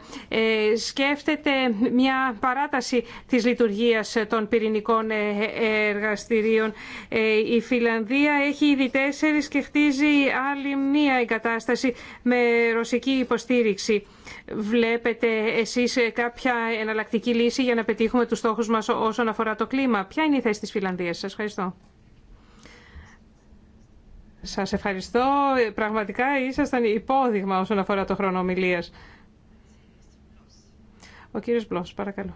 σκέφτεται μια παράταση της λειτουργίας των πυρηνικών εργαστηρίων. Η Φιλανδία έχει ήδη τέσσερις και χτίζει άλλη μία εγκατάσταση με ρωσική υποστήριξη. Βλέπετε εσείς κάποια εναλλακτική λύση για να πετύχουμε τους στόχους μας όσον αφορά το κλίμα. Ποια είναι η θέση της Φιλανδίας. Σας ευχαριστώ. Σας ευχαριστώ. Πραγματικά ήσασταν υπόδειγμα όσον αφορά το χρόνο ομιλίας. Ο κύριος Μπλος, παρακαλώ.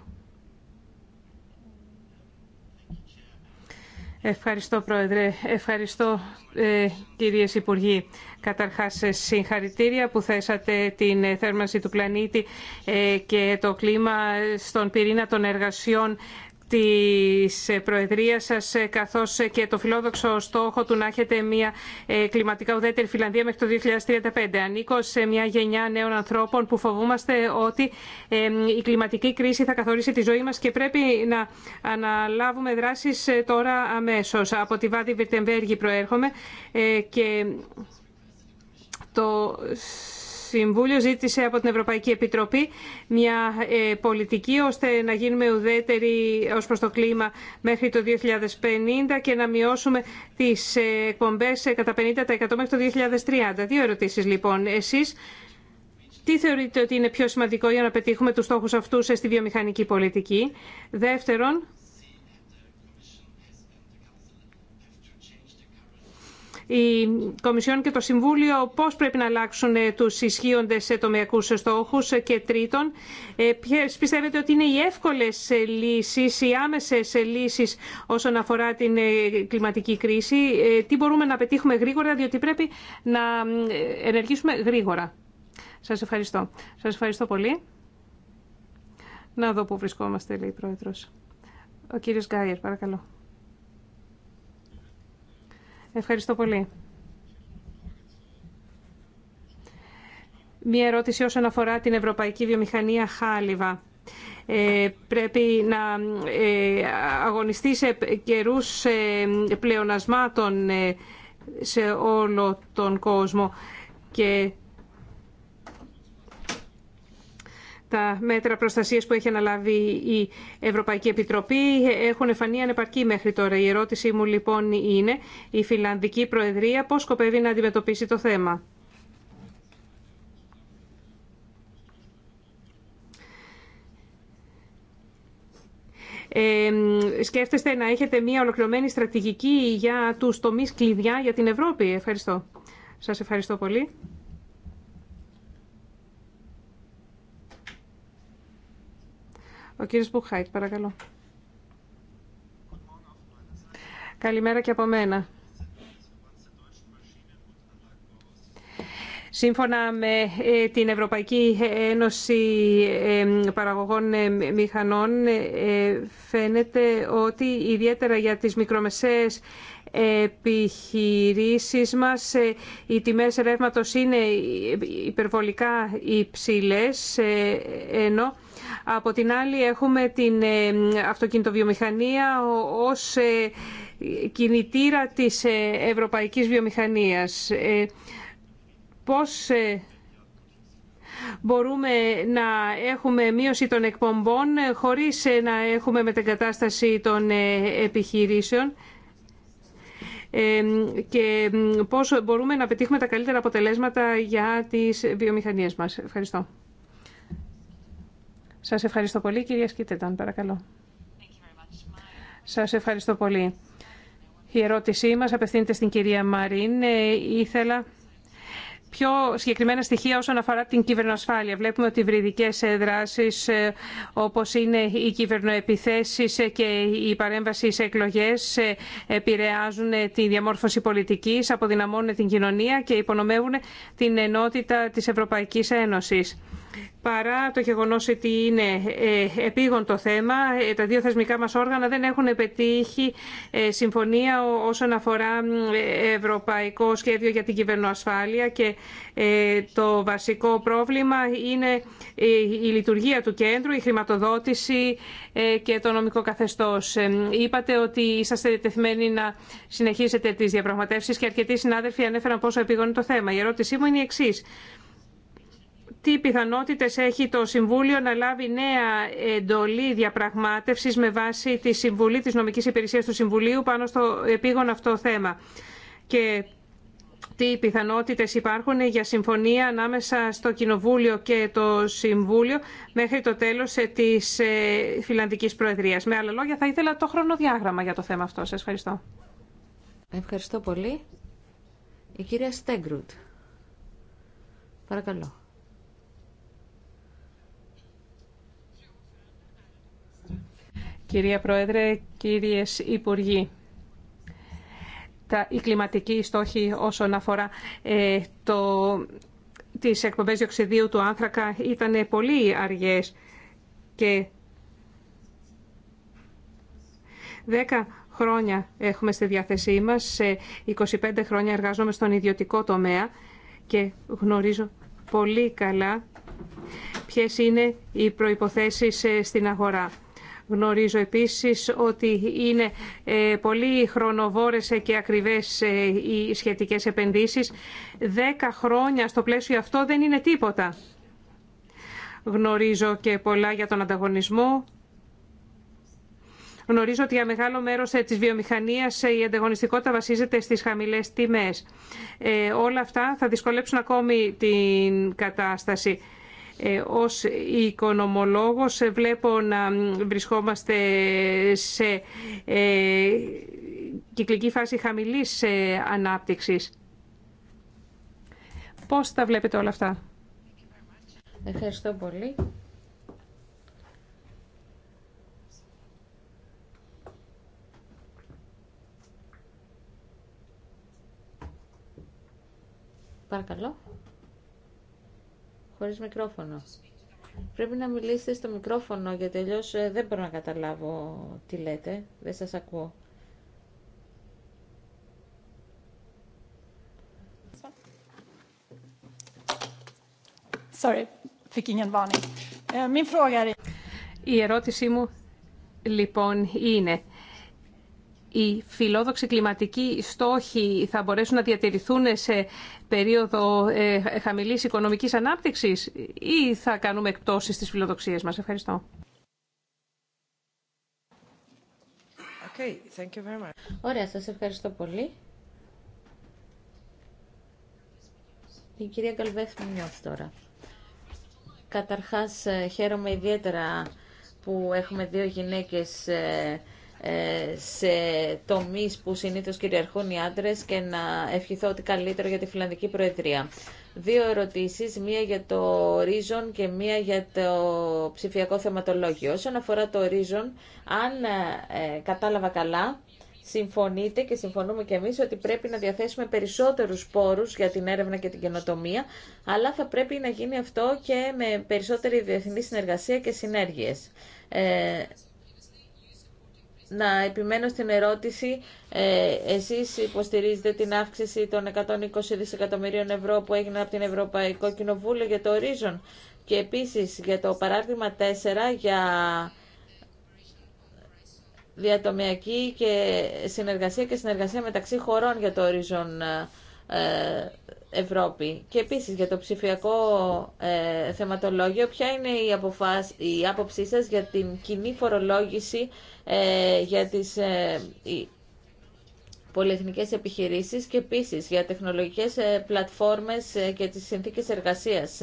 Ευχαριστώ, Πρόεδρε. Ευχαριστώ, ε, κυρίες Υπουργοί. Καταρχάς, ε, συγχαρητήρια που θέσατε την ε, θέρμανση του πλανήτη ε, και το κλίμα στον πυρήνα των εργασιών της προεδρία σας καθώς και το φιλόδοξο στόχο του να έχετε μια ε, κλιματικά ουδέτερη Φιλανδία μέχρι το 2035. Ανήκω σε μια γενιά νέων ανθρώπων που φοβούμαστε ότι η κλιματική κρίση θα καθορίσει τη ζωή μας και πρέπει να αναλάβουμε δράσεις ε, τώρα αμέσως. Από τη Βάδη Βιρτεμβέργη προέρχομαι ε, και το Συμβούλιο ζήτησε από την Ευρωπαϊκή Επιτροπή μια ε, πολιτική ώστε να γίνουμε ουδέτεροι ως προς το κλίμα μέχρι το 2050 και να μειώσουμε τις ε, εκπομπές ε, κατά 50% μέχρι το 2030. Δύο ερωτήσεις λοιπόν. Εσείς τι θεωρείτε ότι είναι πιο σημαντικό για να πετύχουμε τους στόχους αυτούς στη βιομηχανική πολιτική. Δεύτερον, η Κομισιόν και το Συμβούλιο πώς πρέπει να αλλάξουν ε, τους ισχύοντε τομεακού στόχου ε, και τρίτον, ε, ποιε πιστεύετε ότι είναι οι εύκολε λύσει, οι άμεσε λύσει όσον αφορά την κλιματική κρίση, τι μπορούμε να πετύχουμε γρήγορα, διότι πρέπει να ενεργήσουμε γρήγορα. Σα ευχαριστώ. Σα ευχαριστώ πολύ. Να δω πού βρισκόμαστε, λέει η Πρόεδρος. Ο κύριος Γκάιερ, παρακαλώ. Ευχαριστώ πολύ. Μία ερώτηση όσον αφορά την Ευρωπαϊκή Βιομηχανία Χάλιβα. Ε, πρέπει να ε, αγωνιστεί σε καιρούς ε, πλεονασμάτων ε, σε όλο τον κόσμο και τα μέτρα προστασίας που έχει αναλάβει η Ευρωπαϊκή Επιτροπή έχουν φανεί ανεπαρκή μέχρι τώρα. Η ερώτησή μου λοιπόν είναι η Φιλανδική Προεδρία πώς σκοπεύει να αντιμετωπίσει το θέμα. Ε, σκέφτεστε να έχετε μια ολοκληρωμένη στρατηγική για τους τομείς κλειδιά για την Ευρώπη. Ευχαριστώ. Σας ευχαριστώ πολύ. Ο κύριος Μπουχάιτ, παρακαλώ. Καλημέρα και από μένα. Σύμφωνα με ε, την Ευρωπαϊκή Ένωση ε, Παραγωγών ε, Μηχανών φαίνεται ότι ιδιαίτερα για τις μικρομεσαίες επιχειρήσεις μας ε, οι τιμές ρεύματος είναι υπερβολικά υψηλές ε, ενώ από την άλλη έχουμε την ε, αυτοκινητοβιομηχανία ως κινητήρα της ευρωπαϊκής βιομηχανίας. Πώς μπορούμε να έχουμε μείωση των εκπομπών χωρίς να έχουμε μετεγκατάσταση των επιχειρήσεων και πώς μπορούμε να πετύχουμε τα καλύτερα αποτελέσματα για τις βιομηχανίες μας. Ευχαριστώ. Σας ευχαριστώ πολύ, κυρία Σκίτεταν, παρακαλώ. Σας ευχαριστώ πολύ. Η ερώτησή μας απευθύνεται στην κυρία Μαρίν. Ε, ήθελα πιο συγκεκριμένα στοιχεία όσον αφορά την κυβερνοασφάλεια. Βλέπουμε ότι βρυδικέ ε, δράσει ε, όπω είναι οι κυβερνοεπιθέσει ε, και η παρέμβαση σε εκλογέ επηρεάζουν τη διαμόρφωση πολιτική, αποδυναμώνουν την κοινωνία και υπονομεύουν την ενότητα τη Ευρωπαϊκή Ένωση. Παρά το γεγονό ότι είναι ε, επίγον το θέμα, ε, τα δύο θεσμικά μα όργανα δεν έχουν πετύχει ε, συμφωνία όσον αφορά ευρωπαϊκό σχέδιο για την κυβερνοασφάλεια και το βασικό πρόβλημα είναι η λειτουργία του κέντρου, η χρηματοδότηση και το νομικό καθεστώς. Είπατε ότι είσαστε τεθμένοι να συνεχίσετε τις διαπραγματεύσει και αρκετοί συνάδελφοι ανέφεραν πόσο επίγον είναι το θέμα. Η ερώτησή μου είναι η εξή τι πιθανότητες έχει το Συμβούλιο να λάβει νέα εντολή διαπραγμάτευσης με βάση τη Συμβουλή της Νομικής Υπηρεσίας του Συμβουλίου πάνω στο επίγον αυτό θέμα. Και τι πιθανότητες υπάρχουν για συμφωνία ανάμεσα στο Κοινοβούλιο και το Συμβούλιο μέχρι το τέλος ε, της ε, Φιλανδικής Προεδρίας. Με άλλα λόγια, θα ήθελα το χρονοδιάγραμμα για το θέμα αυτό. Σας ευχαριστώ. Ευχαριστώ πολύ. Η κυρία Στέγκρουτ. Παρακαλώ. Κυρία Πρόεδρε, κύριες Υπουργοί, τα, οι κλιματικοί στόχοι όσον αφορά ε, το, τις εκπομπές διοξιδίου του άνθρακα ήταν πολύ αργές και δέκα χρόνια έχουμε στη διάθεσή μας, σε 25 χρόνια εργάζομαι στον ιδιωτικό τομέα και γνωρίζω πολύ καλά ποιες είναι οι προϋποθέσεις ε, στην αγορά. Γνωρίζω επίσης ότι είναι ε, πολύ χρονοβόρες και ακριβές ε, οι σχετικές επενδύσεις. Δέκα χρόνια στο πλαίσιο αυτό δεν είναι τίποτα. Γνωρίζω και πολλά για τον ανταγωνισμό. Γνωρίζω ότι για μεγάλο μέρος ε, της βιομηχανίας η ανταγωνιστικότητα βασίζεται στις χαμηλές τιμές. όλα αυτά θα δυσκολέψουν ακόμη την κατάσταση. Ε, ως οικονομολόγος ε, βλέπω να βρισκόμαστε σε ε, κυκλική φάση χαμηλής ανάπτυξης. Πώς τα βλέπετε όλα αυτά. Ευχαριστώ πολύ. Παρακαλώ χωρί μικρόφωνο. Πρέπει να μιλήσετε στο μικρόφωνο, γιατί αλλιώ ε, δεν μπορώ να καταλάβω τι λέτε. Δεν σα ακούω. Sorry, eh, Η ερώτησή μου λοιπόν είναι οι φιλόδοξοι κλιματικοί στόχοι θα μπορέσουν να διατηρηθούν σε περίοδο ε, χαμηλής οικονομικής ανάπτυξης ή θα κάνουμε εκπτώσεις στις φιλοδοξίες μας. Ευχαριστώ. Ωραία, σας ευχαριστώ πολύ. Η κυρία Καλβέθ νιώθει τώρα. Καταρχάς, ε, χαίρομαι ιδιαίτερα που έχουμε δύο γυναίκες ε, ε, σε τομείς που συνήθως κυριαρχούν οι άντρες και να ευχηθώ ότι καλύτερο για τη Φιλανδική Προεδρία. Δύο ερωτήσεις, μία για το ορίζον και μία για το ψηφιακό θεματολόγιο. Όσον αφορά το ορίζον, αν ε, κατάλαβα καλά, συμφωνείτε και συμφωνούμε και εμείς ότι πρέπει να διαθέσουμε περισσότερους πόρους για την έρευνα και την καινοτομία, αλλά θα πρέπει να γίνει αυτό και με περισσότερη διεθνή συνεργασία και συνέργειες. Ε, να επιμένω στην ερώτηση, ε, εσείς υποστηρίζετε την αύξηση των 120 δισεκατομμυρίων ευρώ που έγιναν από την Ευρωπαϊκό Κοινοβούλιο για το ορίζον και επίσης για το παράδειγμα 4 για διατομιακή και συνεργασία και συνεργασία μεταξύ χωρών για το ορίζον ε, Ευρώπη. Και επίσης για το ψηφιακό ε, θεματολόγιο, ποια είναι η, η άποψή σας για την κοινή φορολόγηση ε, για τις ε, πολυεθνικές επιχειρήσεις και επίσης για τεχνολογικές ε, πλατφόρμες και τις συνθήκες εργασίας.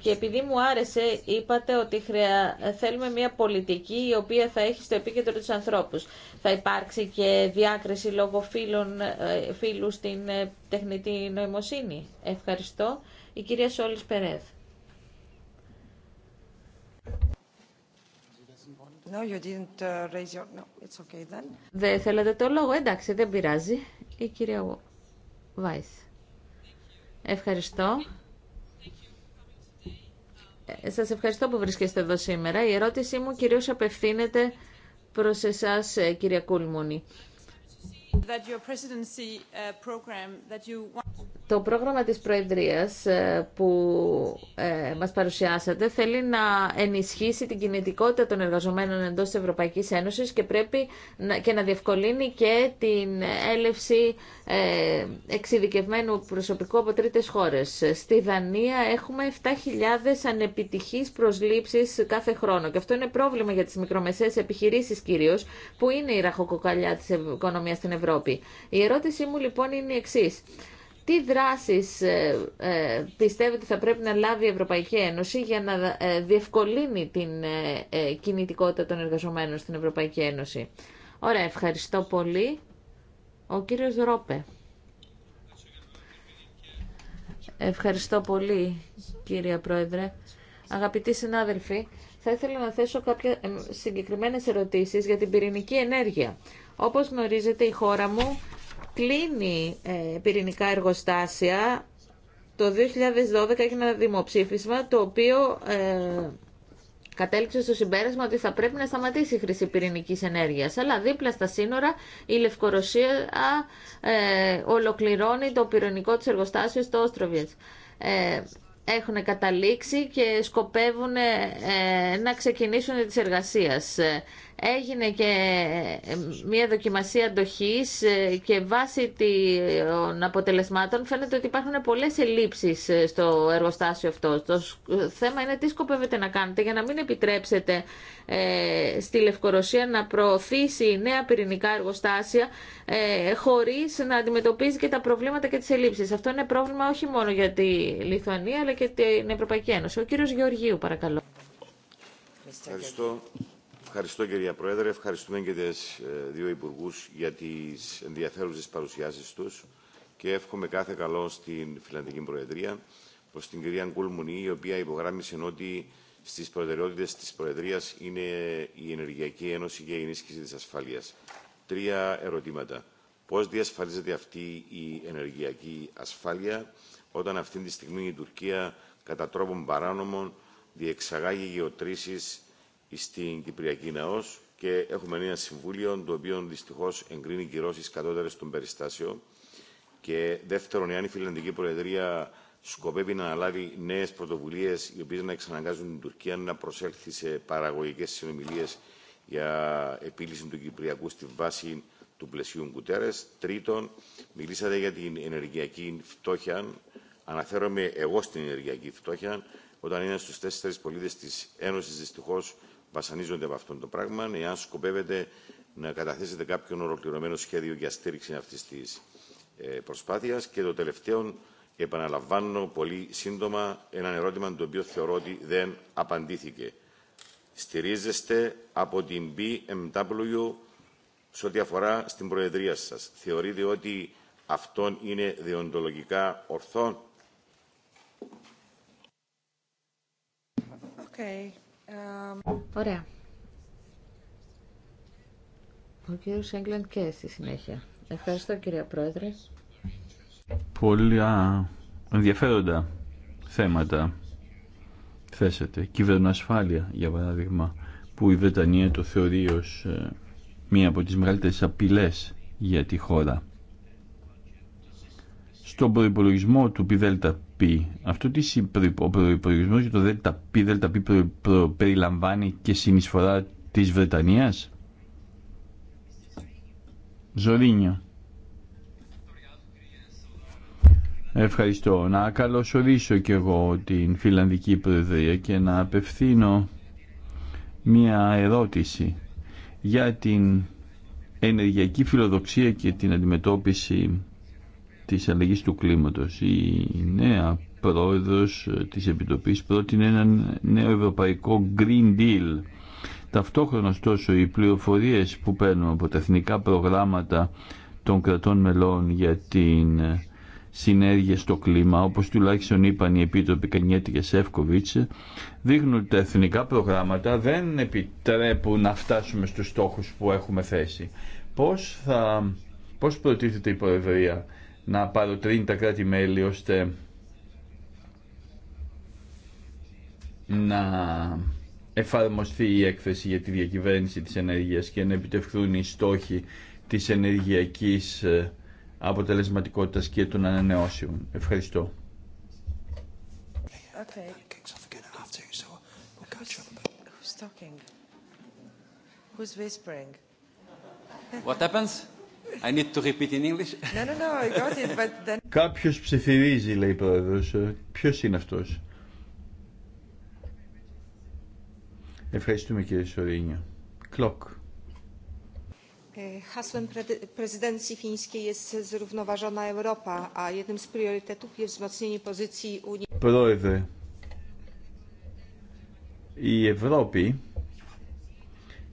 Και επειδή μου άρεσε, είπατε ότι χρεια... θέλουμε μια πολιτική η οποία θα έχει στο επίκεντρο τους ανθρώπους. Θα υπάρξει και διάκριση λόγω φίλων, φίλου στην τεχνητή νοημοσύνη. Ευχαριστώ. Η κυρία Σόλης Περέδ. No, you didn't uh, raise your... No, it's okay then. Δεν θέλετε το λόγο. Εντάξει, δεν πειράζει. Η κυρία Βάιθ. Ευχαριστώ. Ε, σας ευχαριστώ που βρίσκεστε εδώ σήμερα. Η ερώτησή μου κυρίως απευθύνεται προς εσάς, ε, κυρία Κούλμονη. Uh, Το πρόγραμμα της Προεδρίας ε, που ε, μας παρουσιάσατε θέλει να ενισχύσει την κινητικότητα των εργαζομένων εντός της Ευρωπαϊκής Ένωσης και πρέπει και να διευκολύνει και την έλευση ε, εξειδικευμένου προσωπικού από τρίτες χώρες. Στη Δανία έχουμε 7.000 ανεπιτυχείς προσλήψεις κάθε χρόνο και αυτό είναι πρόβλημα για τις μικρομεσαίες επιχειρήσεις κυρίως που είναι η ραχοκοκαλιά της οικονομίας στην Ευρωπαϊκή η ερώτησή μου λοιπόν είναι η εξή. Τι δράσεις ε, ε, πιστεύετε ότι θα πρέπει να λάβει η Ευρωπαϊκή Ένωση για να ε, διευκολύνει την ε, κινητικότητα των εργαζομένων στην Ευρωπαϊκή Ένωση. Ωραία, ευχαριστώ πολύ. Ο κύριος Ρόπε. Ευχαριστώ πολύ, κύριε Πρόεδρε. Αγαπητοί συνάδελφοι, θα ήθελα να θέσω κάποιες συγκεκριμένες ερωτήσεις για την πυρηνική ενέργεια. Όπως γνωρίζετε η χώρα μου κλείνει ε, πυρηνικά εργοστάσια. Το 2012 έγινε ένα δημοψήφισμα το οποίο ε, κατέληξε στο συμπέρασμα ότι θα πρέπει να σταματήσει η χρήση πυρηνικής ενέργειας. Αλλά δίπλα στα σύνορα η Λευκορωσία ε, ολοκληρώνει το πυρηνικό της εργοστάσιο στο Όστροβιες. Ε, έχουν καταλήξει και σκοπεύουν ε, να ξεκινήσουν τις εργασίες έγινε και ε, μια δοκιμασία αντοχής ε, και βάσει των αποτελεσμάτων φαίνεται ότι υπάρχουν πολλές ελλείψεις ε, στο εργοστάσιο αυτό. Το θέμα είναι τι σκοπεύετε να κάνετε για να μην επιτρέψετε στη Λευκορωσία να προωθήσει νέα πυρηνικά εργοστάσια χωρίς να αντιμετωπίζει και τα προβλήματα και τις ελλείψεις. Αυτό είναι πρόβλημα όχι μόνο για τη Λιθουανία αλλά και την Ευρωπαϊκή Ένωση. Ο κύριος Γεωργίου παρακαλώ. Ευχαριστώ. Ευχαριστώ κυρία Πρόεδρε. Ευχαριστούμε και τις ε, δύο υπουργούς για τις ενδιαφέρουσες παρουσιάσεις τους και εύχομαι κάθε καλό στην Φιλανδική Προεδρία προς την κυρία Κουλμουνή η οποία υπογράμμισε ότι στις προτεραιότητες της Προεδρίας είναι η Ενεργειακή Ένωση και η ενίσχυση της ασφάλειας. Τρία ερωτήματα. Πώς διασφαλίζεται αυτή η ενεργειακή ασφάλεια όταν αυτή τη στιγμή η Τουρκία κατά τρόπον παράνομων διεξαγάγει γεωτρήσεις στην Κυπριακή Ναό και έχουμε ένα συμβούλιο το οποίο δυστυχώ εγκρίνει κυρώσει κατώτερε των περιστάσεων. Και δεύτερον, εάν η Φιλανδική Προεδρία σκοπεύει να αναλάβει νέε πρωτοβουλίε οι οποίε να εξαναγκάζουν την Τουρκία να προσέλθει σε παραγωγικέ συνομιλίε για επίλυση του Κυπριακού στη βάση του πλαισίου Κουτέρε. Τρίτον, μιλήσατε για την ενεργειακή φτώχεια. Αναφέρομαι εγώ στην ενεργειακή φτώχεια, όταν είναι στου τέσσερι πολίτε τη Ένωση δυστυχώ βασανίζονται από αυτό το πράγμα, εάν σκοπεύετε να καταθέσετε κάποιον ολοκληρωμένο σχέδιο για στήριξη αυτή τη ε, προσπάθεια. Και το τελευταίο, επαναλαμβάνω πολύ σύντομα ένα ερώτημα το οποίο θεωρώ ότι δεν απαντήθηκε. Στηρίζεστε από την BMW σε ό,τι αφορά στην Προεδρία σας. Θεωρείτε ότι αυτό είναι διοντολογικά ορθό. Okay. Ωραία. Ο κύριος Έγκλαντ και στη συνέχεια. Ευχαριστώ κύριε Πρόεδρε. Πολύ ενδιαφέροντα θέματα θέσατε. Κυβερνοασφάλεια για παράδειγμα που η Βρετανία το θεωρεί ως ε, μία από τις μεγαλύτερες απειλές για τη χώρα. Στον προϋπολογισμό του ΠΙΔΕΛΤΑ ΔΕΛΤΑΠ. αυτό ότι ο προπολογισμό για το ΔΠΠ ΔΕΛΤΑΠ περιλαμβάνει και συνεισφορά της Βρετανίας. Ζωρίνιο. Ευχαριστώ. Να καλωσορίσω και εγώ την Φιλανδική Προεδρία και να απευθύνω μία ερώτηση για την ενεργειακή φιλοδοξία και την αντιμετώπιση της αλλαγής του κλίματος. Η νέα πρόεδρος της Επιτροπής πρότεινε έναν νέο ευρωπαϊκό Green Deal. Ταυτόχρονα ωστόσο οι πληροφορίες που παίρνουμε από τα εθνικά προγράμματα των κρατών μελών για την συνέργεια στο κλίμα, όπως τουλάχιστον είπαν οι επίτροποι Κανιέτη και δείχνουν ότι τα εθνικά προγράμματα δεν επιτρέπουν να φτάσουμε στους στόχους που έχουμε θέσει. Πώς, θα, πώς προτίθεται η Προεδρία να παροτρύνει τα κράτη-μέλη ώστε να εφαρμοστεί η έκθεση για τη διακυβέρνηση της ενέργειας και να επιτευχθούν οι στόχοι της ενεργειακής ε, αποτελεσματικότητας και των ανανεώσεων. Ευχαριστώ. I need to repeat in English. No, no, no, I got it, but then... Κάποιος ψηφιρίζει, λέει η πρόεδρος. Ποιος είναι αυτός. Ευχαριστούμε κύριε Σωρίνιο. Κλοκ. Hasłem prezydencji fińskiej jest zrównoważona Europa, a jednym z priorytetów jest wzmocnienie pozycji Unii. Πρόεδρε, I Europy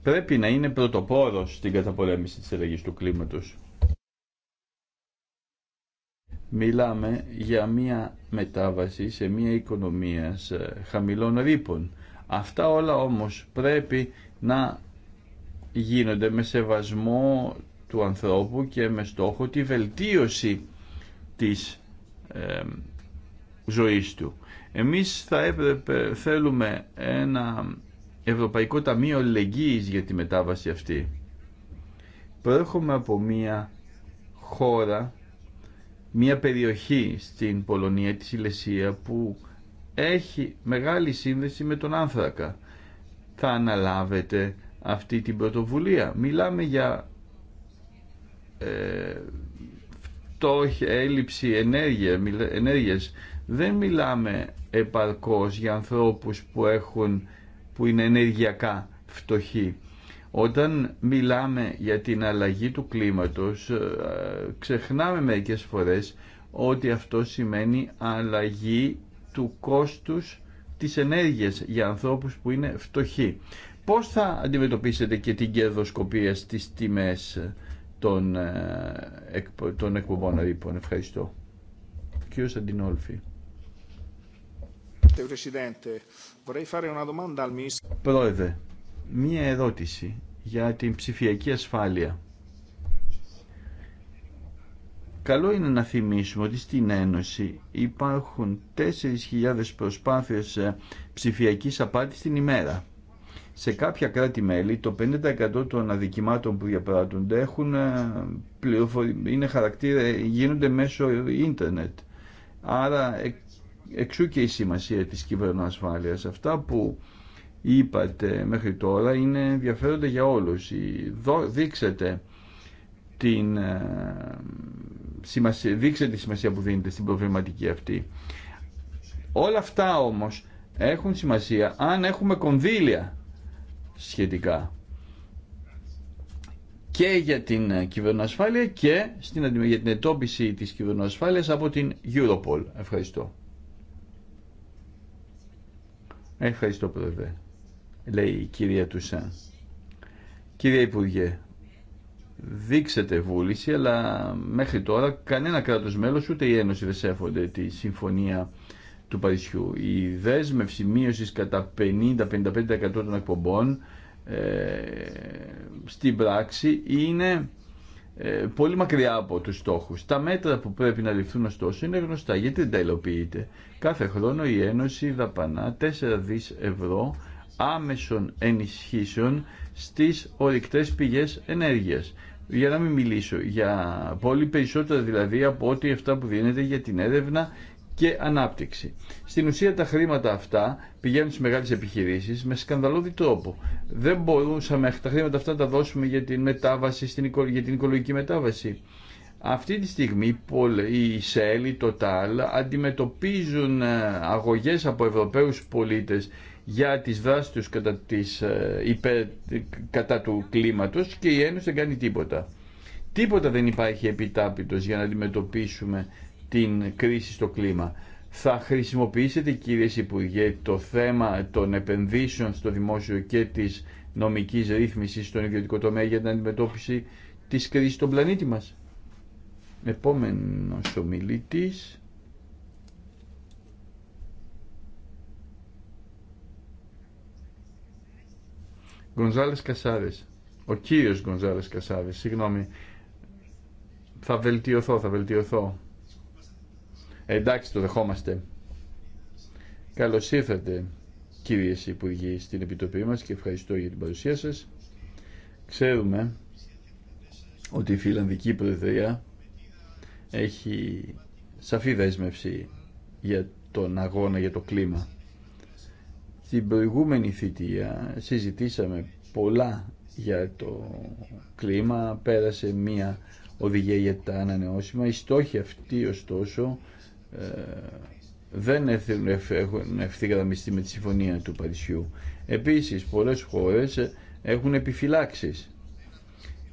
πρέπει να είναι πρωτοπόρος στην καταπολέμηση της αλλαγής του κλίματος. Μιλάμε για μια μετάβαση σε μια οικονομία χαμηλών ρήπων. Αυτά όλα όμως πρέπει να γίνονται με σεβασμό του ανθρώπου και με στόχο τη βελτίωση της ε, ζωής του. Εμείς θα έπρεπε, θέλουμε ένα Ευρωπαϊκό Ταμείο Λεγγύης για τη μετάβαση αυτή. Προέρχομαι από μια χώρα, μια περιοχή στην Πολωνία, τη Σιλεσία, που έχει μεγάλη σύνδεση με τον άνθρακα. Θα αναλάβετε αυτή την πρωτοβουλία. Μιλάμε για ε, φτώχεια, έλλειψη ενέργεια, ενέργειας. Δεν μιλάμε επαρκώς για ανθρώπους που έχουν που είναι ενεργειακά φτωχοί. Όταν μιλάμε για την αλλαγή του κλίματος, ε, ξεχνάμε μερικές φορές ότι αυτό σημαίνει αλλαγή του κόστους της ενέργειας για ανθρώπους που είναι φτωχοί. Πώς θα αντιμετωπίσετε και την κερδοσκοπία στις τιμές των, ε, των εκπομπών ρήπων. Ευχαριστώ. Κύριος Αντινόλφη. Πρόεδρε, μία ερώτηση για την ψηφιακή ασφάλεια. Καλό είναι να θυμίσουμε ότι στην Ένωση υπάρχουν 4.000 προσπάθειες ε, ψηφιακής απάτης την ημέρα. Σε κάποια κράτη-μέλη το 50% των αδικημάτων που διαπράττονται έχουν ε, είναι χαρακτήρα, γίνονται μέσω ίντερνετ. Άρα ε, Εξού και η σημασία της κυβερνοασφάλειας. Αυτά που είπατε μέχρι τώρα είναι ενδιαφέροντα για όλους. Δείξατε την ε, σημασία, τη σημασία που δίνετε στην προβληματική αυτή. Όλα αυτά όμως έχουν σημασία αν έχουμε κονδύλια σχετικά και για την ε, κυβερνοασφάλεια και στην, για την ετόπιση της κυβερνοασφάλειας από την Europol. Ευχαριστώ. Ευχαριστώ πρόεδρε, λέει η κυρία Τουσάν. Κυρία Υπουργέ, δείξετε βούληση, αλλά μέχρι τώρα κανένα κράτος μέλος ούτε η Ένωση δεν σέφονται τη συμφωνία του Παρισιού. Η δέσμευση μείωσης κατά 50-55% των εκπομπών ε, στην πράξη είναι ε, πολύ μακριά από τους στόχους. Τα μέτρα που πρέπει να ληφθούν ωστόσο είναι γνωστά. Γιατί δεν τα υλοποιείται. Κάθε χρόνο η Ένωση δαπανά 4 δις ευρώ άμεσων ενισχύσεων στις ορυκτές πηγές ενέργειας. Για να μην μιλήσω για πολύ περισσότερα δηλαδή από ό,τι αυτά που δίνεται για την έρευνα και ανάπτυξη. Στην ουσία τα χρήματα αυτά πηγαίνουν στις μεγάλες επιχειρήσεις με σκανδαλώδη τρόπο. Δεν μπορούσαμε τα χρήματα αυτά να τα δώσουμε για την, μετάβαση, για την οικολογική μετάβαση. Αυτή τη στιγμή η ΣΕΛ, η ΤΟΤΑΛ αντιμετωπίζουν ε, αγωγές από Ευρωπαίους πολίτες για τις δράσεις τους κατά, ε, κατά του κλίματος και η Ένωση δεν κάνει τίποτα. Τίποτα δεν υπάρχει επιτάπητος για να αντιμετωπίσουμε την κρίση στο κλίμα. Θα χρησιμοποιήσετε κύριε Υπουργέ το θέμα των επενδύσεων στο δημόσιο και της νομικής ρύθμισης στον ιδιωτικό τομέα για την αντιμετώπιση της κρίσης στον πλανήτη μας. Επόμενος ομιλητής. Γκονζάλες Κασάρες. Ο κύριος Γκονζάλες Κασάρες, συγγνώμη. Θα βελτιωθώ, θα βελτιωθώ. Εντάξει, το δεχόμαστε. Καλώ ήρθατε κύριε Υπουργοί στην Επιτροπή μας και ευχαριστώ για την παρουσία σας. Ξέρουμε ότι η Φιλανδική Προεδρία έχει σαφή δέσμευση για τον αγώνα για το κλίμα. Στην προηγούμενη θητεία συζητήσαμε πολλά για το κλίμα, πέρασε μία οδηγία για τα ανανεώσιμα. Οι στόχοι αυτοί ωστόσο ε, δεν έχουν να ευθυγραμμιστεί με τη συμφωνία του Παρισιού. Επίσης, πολλές χώρες έχουν επιφυλάξεις,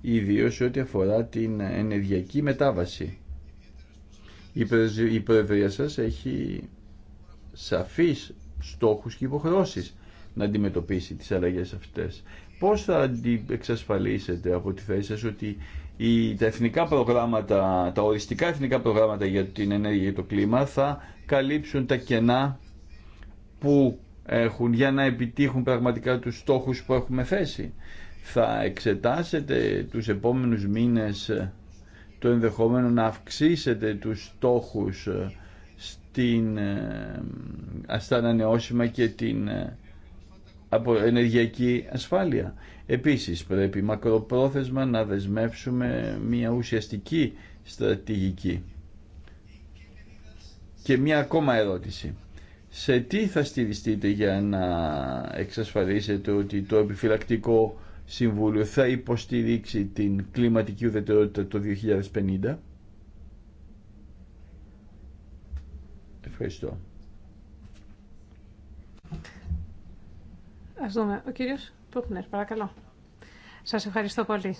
ιδίως ό,τι αφορά την ενεργειακή μετάβαση. Η Προεδρία σας έχει σαφείς στόχους και υποχρεώσεις να αντιμετωπίσει τις αλλαγές αυτές. Πώς θα εξασφαλίσετε από τη θέση σας ότι οι, τα εθνικά προγράμματα, τα οριστικά εθνικά προγράμματα για την ενέργεια και το κλίμα θα καλύψουν τα κενά που έχουν για να επιτύχουν πραγματικά τους στόχους που έχουμε θέσει. Θα εξετάσετε τους επόμενους μήνες το ενδεχόμενο να αυξήσετε τους στόχους στην, ε, στα ανανεώσιμα και την ε, από ενεργειακή ασφάλεια. Επίσης πρέπει μακροπρόθεσμα να δεσμεύσουμε μια ουσιαστική στρατηγική. Και μια ακόμα ερώτηση. Σε τι θα στηριστείτε για να εξασφαλίσετε ότι το επιφυλακτικό Συμβούλιο θα υποστηρίξει την κλιματική ουδετερότητα το 2050. Ευχαριστώ. Ας δούμε. Ο κύριος παρακαλώ. Σας ευχαριστώ πολύ.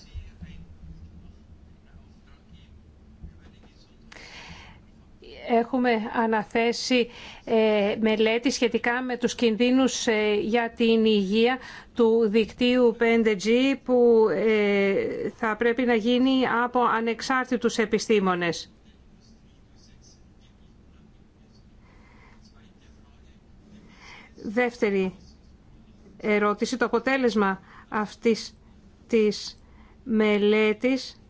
Έχουμε αναθέσει ε, μελέτη σχετικά με τους κινδύνους ε, για την υγεία του δικτύου 5G που ε, θα πρέπει να γίνει από ανεξάρτητους επιστήμονες. Δεύτερη ερώτηση. Το αποτέλεσμα αυτής της μελέτης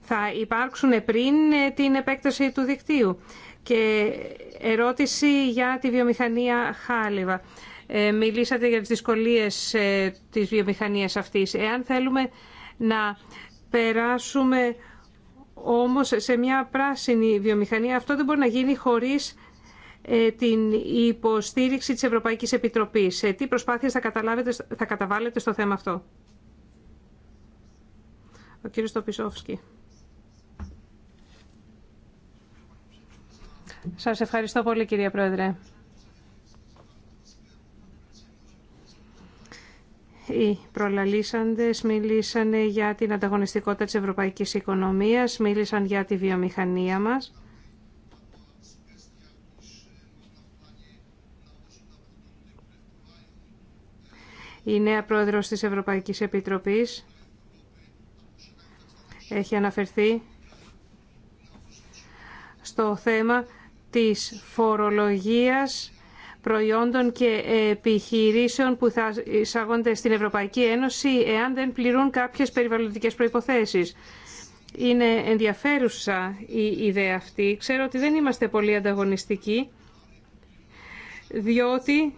θα υπάρξουν πριν την επέκταση του δικτύου. Και ερώτηση για τη βιομηχανία Χάλιβα. Ε, μιλήσατε για τις δυσκολίες ε, της βιομηχανίας αυτής. Εάν θέλουμε να περάσουμε όμως σε μια πράσινη βιομηχανία, αυτό δεν μπορεί να γίνει χωρίς ε, την υποστήριξη της Ευρωπαϊκής Επιτροπής. Ε, τι προσπάθειες θα, καταλάβετε, θα καταβάλλετε στο θέμα αυτό. Ο κύριος Τοπισόφσκι. Σας ευχαριστώ πολύ κυρία Πρόεδρε. Οι προλαλήσαντες μίλησαν για την ανταγωνιστικότητα της ευρωπαϊκής οικονομίας, μίλησαν για τη βιομηχανία μας. Η νέα πρόεδρος της Ευρωπαϊκής Επιτροπής έχει αναφερθεί στο θέμα της φορολογίας προϊόντων και επιχειρήσεων που θα εισάγονται στην Ευρωπαϊκή Ένωση εάν δεν πληρούν κάποιες περιβαλλοντικές προϋποθέσεις. Είναι ενδιαφέρουσα η ιδέα αυτή. Ξέρω ότι δεν είμαστε πολύ ανταγωνιστικοί, διότι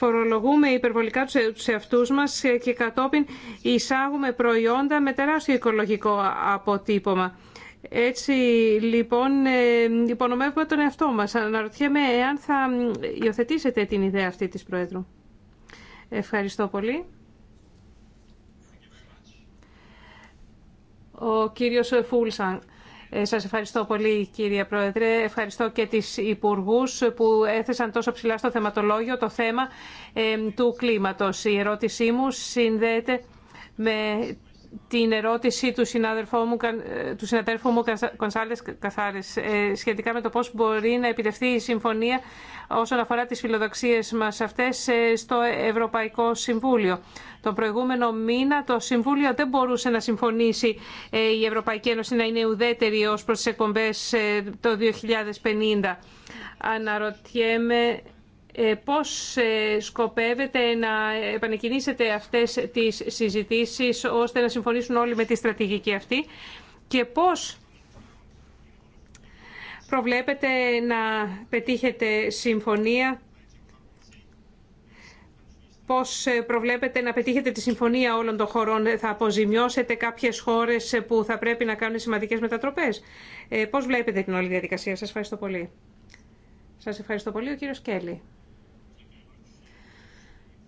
φορολογούμε υπερβολικά τους εαυτούς μας και κατόπιν εισάγουμε προϊόντα με τεράστιο οικολογικό αποτύπωμα. Έτσι λοιπόν ε, υπονομεύουμε τον εαυτό μας. Αναρωτιέμαι εάν θα υιοθετήσετε την ιδέα αυτή της Πρόεδρου. Ευχαριστώ πολύ. Ο κύριος Φούλσανγκ. Ε, Σα ευχαριστώ πολύ κύριε Πρόεδρε. Ευχαριστώ και τις υπουργού που έθεσαν τόσο ψηλά στο θεματολόγιο το θέμα ε, του κλίματος. Η ερώτησή μου συνδέεται με την ερώτηση του, μου, του συναδέλφου μου Κονσάλες Καθάρης ε, σχετικά με το πώς μπορεί να επιτευχθεί η συμφωνία όσον αφορά τις φιλοδοξίες μας αυτές ε, στο Ευρωπαϊκό Συμβούλιο. Τον προηγούμενο μήνα το Συμβούλιο δεν μπορούσε να συμφωνήσει ε, η Ευρωπαϊκή Ένωση να είναι ουδέτερη ως προς τις εκπομπές το 2050. Αναρωτιέμαι ε, πώς ε, σκοπεύετε να επανεκκινήσετε αυτές τις συζητήσεις ώστε να συμφωνήσουν όλοι με τη στρατηγική αυτή και πώς προβλέπετε να πετύχετε συμφωνία πώς ε, προβλέπετε να πετύχετε τη συμφωνία όλων των χωρών. Θα αποζημιώσετε κάποιες χώρες που θα πρέπει να κάνουν σημαντικές μετατροπές. Πώς βλέπετε την όλη διαδικασία. Σας ευχαριστώ πολύ. Σας ευχαριστώ πολύ ο κύριος Κέλλη.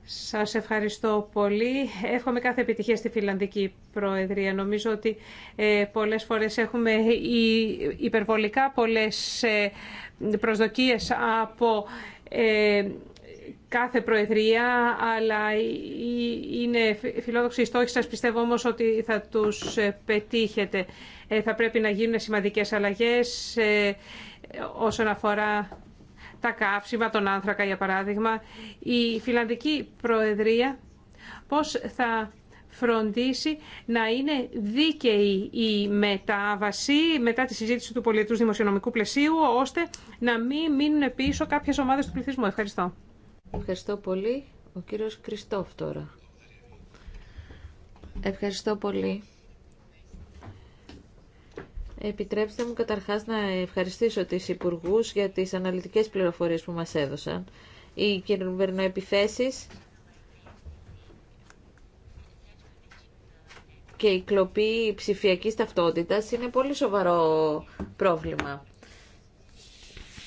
Σας ευχαριστώ πολύ. Εύχομαι κάθε επιτυχία στη Φιλανδική Προεδρία. Νομίζω ότι ε, πολλές φορές έχουμε υπερβολικά πολλές ε, προσδοκίες από ε, κάθε Προεδρία, αλλά είναι φιλόδοξη η στόχη σας. Πιστεύω όμως ότι θα τους πετύχετε. Θα πρέπει να γίνουν σημαντικές αλλαγές όσον αφορά τα καύσιμα, τον άνθρακα για παράδειγμα, η Φιλανδική Προεδρία πώς θα φροντίσει να είναι δίκαιη η μετάβαση μετά τη συζήτηση του πολιτού δημοσιονομικού πλαισίου, ώστε να μην μείνουν πίσω κάποιες ομάδες του πληθυσμού. Ευχαριστώ. Ευχαριστώ πολύ. Ο κύριος Κριστόφ τώρα. Ευχαριστώ πολύ. Επιτρέψτε μου καταρχάς να ευχαριστήσω τις Υπουργούς για τις αναλυτικές πληροφορίες που μας έδωσαν. Οι κυβερνοεπιθέσεις και η κλοπή ψηφιακής ταυτότητας είναι πολύ σοβαρό πρόβλημα.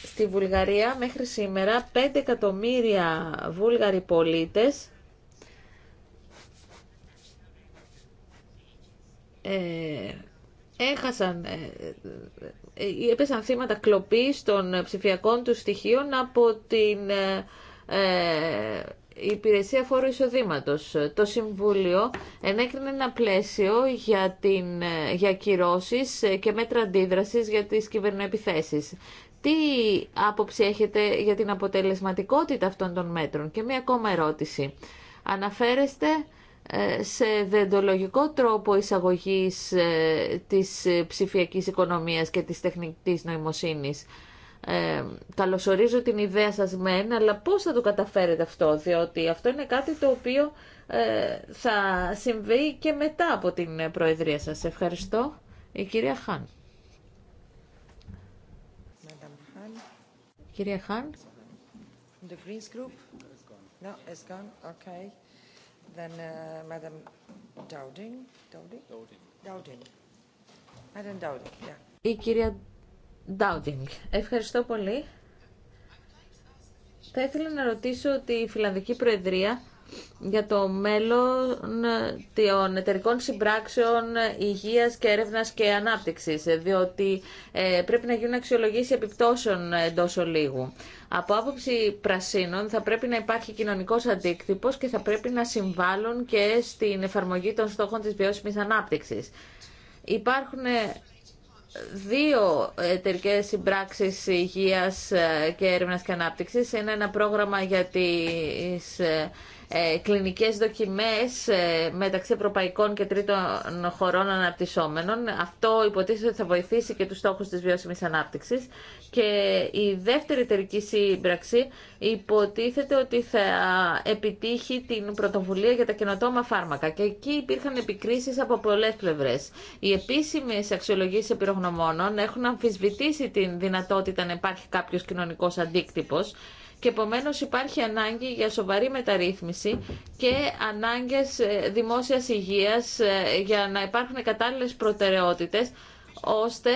Στη Βουλγαρία μέχρι σήμερα 5 εκατομμύρια Βούλγαροι πολίτες ε, έχασαν, ε, ε, ε, έπεσαν θύματα κλοπής των ψηφιακών του στοιχείων από την Υπηρεσία Φόρου Εισοδήματος. Το Συμβούλιο ενέκρινε ένα πλαίσιο για, την, για κυρώσεις και μέτρα αντίδρασης για τις κυβερνοεπιθέσεις. Τι άποψη έχετε για την αποτελεσματικότητα αυτών των μέτρων. Και μία ακόμα ερώτηση. Αναφέρεστε ε, σε δεντολογικό τρόπο εισαγωγής ε, της ψηφιακής οικονομίας και της τεχνητής νοημοσύνης. Ε, καλωσορίζω την ιδέα σας μεν, αλλά πώς θα το καταφέρετε αυτό, διότι αυτό είναι κάτι το οποίο ε, θα συμβεί και μετά από την Προεδρία σας. Ευχαριστώ. Η κυρία Χάν. Κυρία Χάν. The Then uh, yeah. Η κυρία Dowding. Ευχαριστώ πολύ. Θα ήθελα να ρωτήσω ότι η Φιλανδική Προεδρία για το μέλλον των εταιρικών συμπράξεων υγείας και έρευνας και ανάπτυξης, διότι ε, πρέπει να γίνουν αξιολογήσει επιπτώσεων εντός ολίγου. Από άποψη πρασίνων θα πρέπει να υπάρχει κοινωνικός αντίκτυπος και θα πρέπει να συμβάλλουν και στην εφαρμογή των στόχων της βιώσιμης ανάπτυξης. Υπάρχουν ε, δύο εταιρικέ συμπράξει υγεία ε, και έρευνα και ανάπτυξη. Είναι ένα πρόγραμμα για τις ε, κλινικές δοκιμές ε, μεταξύ ευρωπαϊκών και τρίτων χωρών αναπτυσσόμενων. Αυτό υποτίθεται ότι θα βοηθήσει και τους στόχους της βιώσιμης ανάπτυξης. Και η δεύτερη εταιρική σύμπραξη υποτίθεται ότι θα επιτύχει την πρωτοβουλία για τα καινοτόμα φάρμακα. Και εκεί υπήρχαν επικρίσεις από πολλές πλευρές. Οι επίσημες αξιολογήσεις επιρογνωμόνων έχουν αμφισβητήσει την δυνατότητα να υπάρχει κάποιος κοινωνικός αντίκτυπος και επομένω υπάρχει ανάγκη για σοβαρή μεταρρύθμιση και ανάγκες ε, δημόσιας υγείας ε, για να υπάρχουν κατάλληλες προτεραιότητες ώστε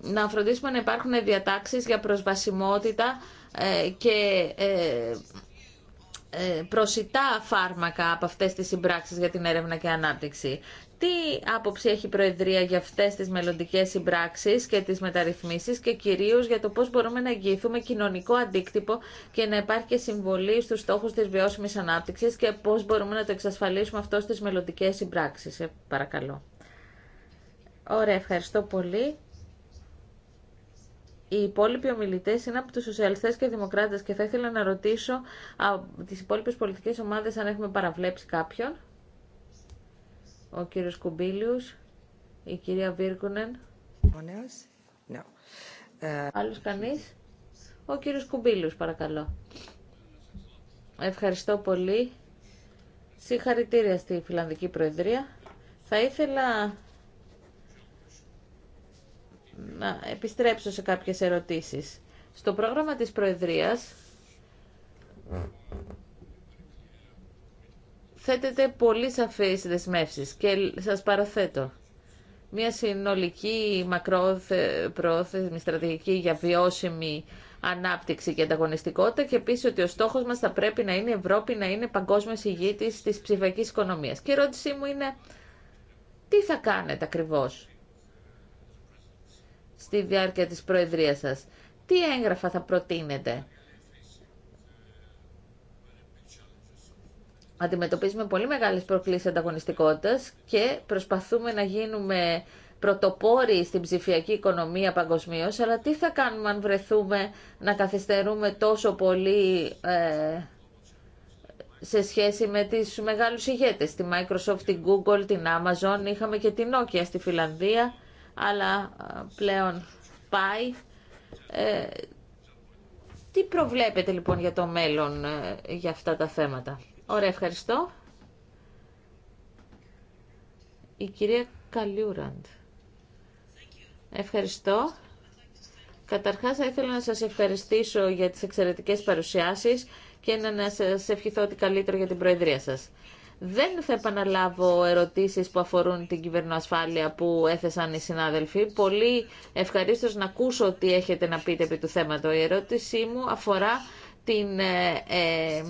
να φροντίσουμε να υπάρχουν διατάξεις για προσβασιμότητα ε, και προσιτά φάρμακα από αυτές τις συμπράξεις για την έρευνα και ανάπτυξη τι άποψη έχει η Προεδρία για αυτέ τι μελλοντικέ συμπράξει και τι μεταρρυθμίσει και κυρίω για το πώ μπορούμε να εγγυηθούμε κοινωνικό αντίκτυπο και να υπάρχει και συμβολή στου στόχου τη βιώσιμη ανάπτυξη και πώ μπορούμε να το εξασφαλίσουμε αυτό στι μελλοντικέ συμπράξει. Ε, παρακαλώ. Ωραία, ευχαριστώ πολύ. Οι υπόλοιποι ομιλητέ είναι από του σοσιαλιστέ και δημοκράτε και θα ήθελα να ρωτήσω από τι υπόλοιπε πολιτικέ ομάδε αν έχουμε παραβλέψει κάποιον ο κύριος Κουμπίλιους, η κυρία Βίρκουνεν. Άλλο ναι. ε, Άλλος κανείς. Ο κύριος Κουμπίλιους, παρακαλώ. Ευχαριστώ πολύ. Συγχαρητήρια στη Φιλανδική Προεδρία. Θα ήθελα να επιστρέψω σε κάποιες ερωτήσεις. Στο πρόγραμμα της Προεδρίας θέτετε πολύ σαφείς δεσμεύσεις και σας παραθέτω. Μια συνολική μακροπρόθεσμη στρατηγική για βιώσιμη ανάπτυξη και ανταγωνιστικότητα και επίσης ότι ο στόχος μας θα πρέπει να είναι η Ευρώπη να είναι παγκόσμιο ηγέτης της ψηφιακή οικονομίας. Και η ερώτησή μου είναι τι θα κάνετε ακριβώς στη διάρκεια της προεδρία σας. Τι έγγραφα θα προτείνετε αντιμετωπίζουμε πολύ μεγάλες προκλήσεις ανταγωνιστικότητας και προσπαθούμε να γίνουμε πρωτοπόροι στην ψηφιακή οικονομία παγκοσμίω, αλλά τι θα κάνουμε αν βρεθούμε να καθυστερούμε τόσο πολύ ε, σε σχέση με τις μεγάλους ηγέτες, τη Microsoft, την Google, την Amazon, είχαμε και την Nokia στη Φιλανδία, αλλά ε, πλέον πάει. Ε, τι προβλέπετε λοιπόν για το μέλλον για αυτά τα θέματα. Ωραία, ευχαριστώ. Η κυρία Καλιούραντ. Ευχαριστώ. Καταρχάς θα ήθελα να σας ευχαριστήσω για τις εξαιρετικές παρουσιάσεις και να σας ευχηθώ ότι καλύτερο για την Προεδρία σας. Δεν θα επαναλάβω ερωτήσεις που αφορούν την κυβερνοασφάλεια που έθεσαν οι συνάδελφοι. Πολύ ευχαρίστω να ακούσω τι έχετε να πείτε επί του θέματο. Η ερώτησή μου αφορά την ε, ε,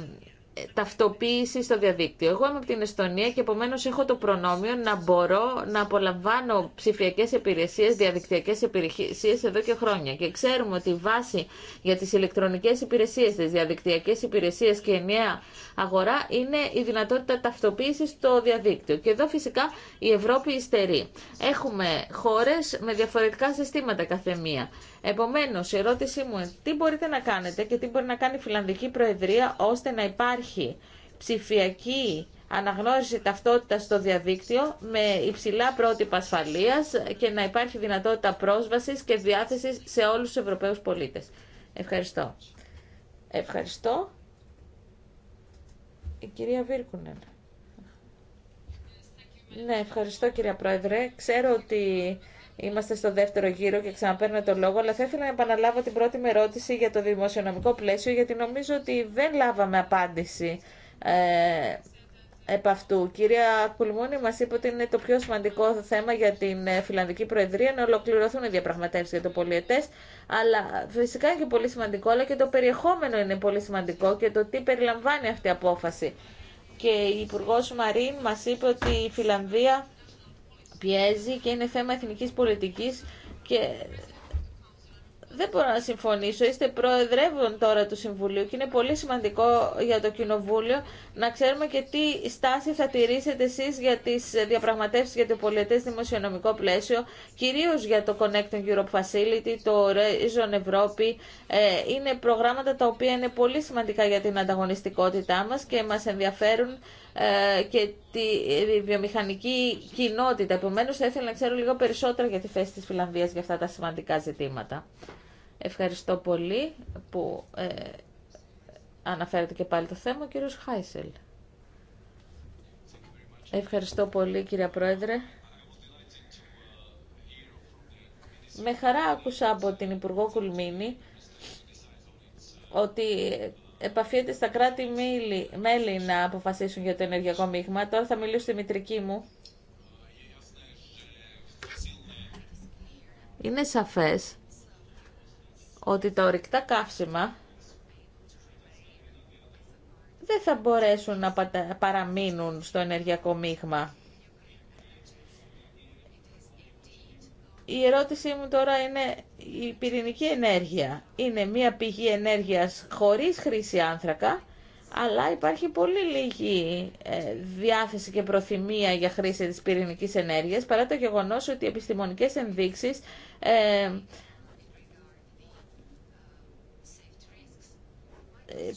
ταυτοποίηση στο διαδίκτυο. Εγώ είμαι από την Εστονία και επομένω έχω το προνόμιο να μπορώ να απολαμβάνω ψηφιακέ υπηρεσίε διαδικτυακέ υπηρεσίε εδώ και χρόνια. Και ξέρουμε ότι η βάση για τι ηλεκτρονικέ υπηρεσίε, τι διαδικτυακέ υπηρεσίε και νέα αγορά είναι η δυνατότητα ταυτοποίηση στο διαδίκτυο. Και εδώ φυσικά η Ευρώπη υστερεί. Έχουμε χώρε με διαφορετικά συστήματα καθεμία. Επομένως, η ερώτησή μου είναι τι μπορείτε να κάνετε και τι μπορεί να κάνει η Φιλανδική Προεδρία ώστε να υπάρχει ψηφιακή αναγνώριση ταυτότητας στο διαδίκτυο με υψηλά πρότυπα ασφαλεία και να υπάρχει δυνατότητα πρόσβασης και διάθεση σε όλους τους Ευρωπαίους πολίτες. Ευχαριστώ. Ευχαριστώ. Η κυρία Βίρκουνεν. Ναι, ευχαριστώ κυρία Πρόεδρε. Ξέρω ότι Είμαστε στο δεύτερο γύρο και ξαναπαίρνω το λόγο, αλλά θα ήθελα να επαναλάβω την πρώτη με ερώτηση για το δημοσιονομικό πλαίσιο, γιατί νομίζω ότι δεν λάβαμε απάντηση ε, επ' αυτού. Κυρία Κουλμούνη, μας είπε ότι είναι το πιο σημαντικό θέμα για την ε, Φιλανδική Προεδρία να ολοκληρωθούν οι διαπραγματεύσεις για το πολιετές, αλλά φυσικά είναι και πολύ σημαντικό, αλλά και το περιεχόμενο είναι πολύ σημαντικό και το τι περιλαμβάνει αυτή η απόφαση. Και η Υπουργό Μαρίν μας είπε ότι η Φιλανδία πιέζει και είναι θέμα εθνικής πολιτικής και δεν μπορώ να συμφωνήσω. Είστε προεδρεύον τώρα του Συμβουλίου και είναι πολύ σημαντικό για το Κοινοβούλιο να ξέρουμε και τι στάση θα τηρήσετε εσείς για τις διαπραγματεύσεις για το πολιτές δημοσιονομικό πλαίσιο, κυρίως για το Connecting Europe Facility, το Horizon Ευρώπη. Ε, είναι προγράμματα τα οποία είναι πολύ σημαντικά για την ανταγωνιστικότητά μας και μας ενδιαφέρουν ε, και τη βιομηχανική κοινότητα. Επομένω, θα ήθελα να ξέρω λίγο περισσότερα για τη θέση τη Φιλανδία για αυτά τα σημαντικά ζητήματα. Ευχαριστώ πολύ που ε, αναφέρετε και πάλι το θέμα, ο κύριος Χάισελ. Ευχαριστώ πολύ, κύριε Πρόεδρε. Με χαρά άκουσα από την Υπουργό Κουλμίνη ότι επαφείται στα κράτη-μέλη να αποφασίσουν για το ενεργειακό μείγμα. Τώρα θα μιλήσω στη μητρική μου. Είναι σαφές ότι τα ορυκτά καύσιμα δεν θα μπορέσουν να παραμείνουν στο ενεργειακό μείγμα. Η ερώτησή μου τώρα είναι η πυρηνική ενέργεια. Είναι μια πηγή ενέργειας χωρίς χρήση άνθρακα, αλλά υπάρχει πολύ λίγη ε, διάθεση και προθυμία για χρήση της πυρηνικής ενέργειας, παρά το γεγονός ότι οι επιστημονικές ενδείξεις ε,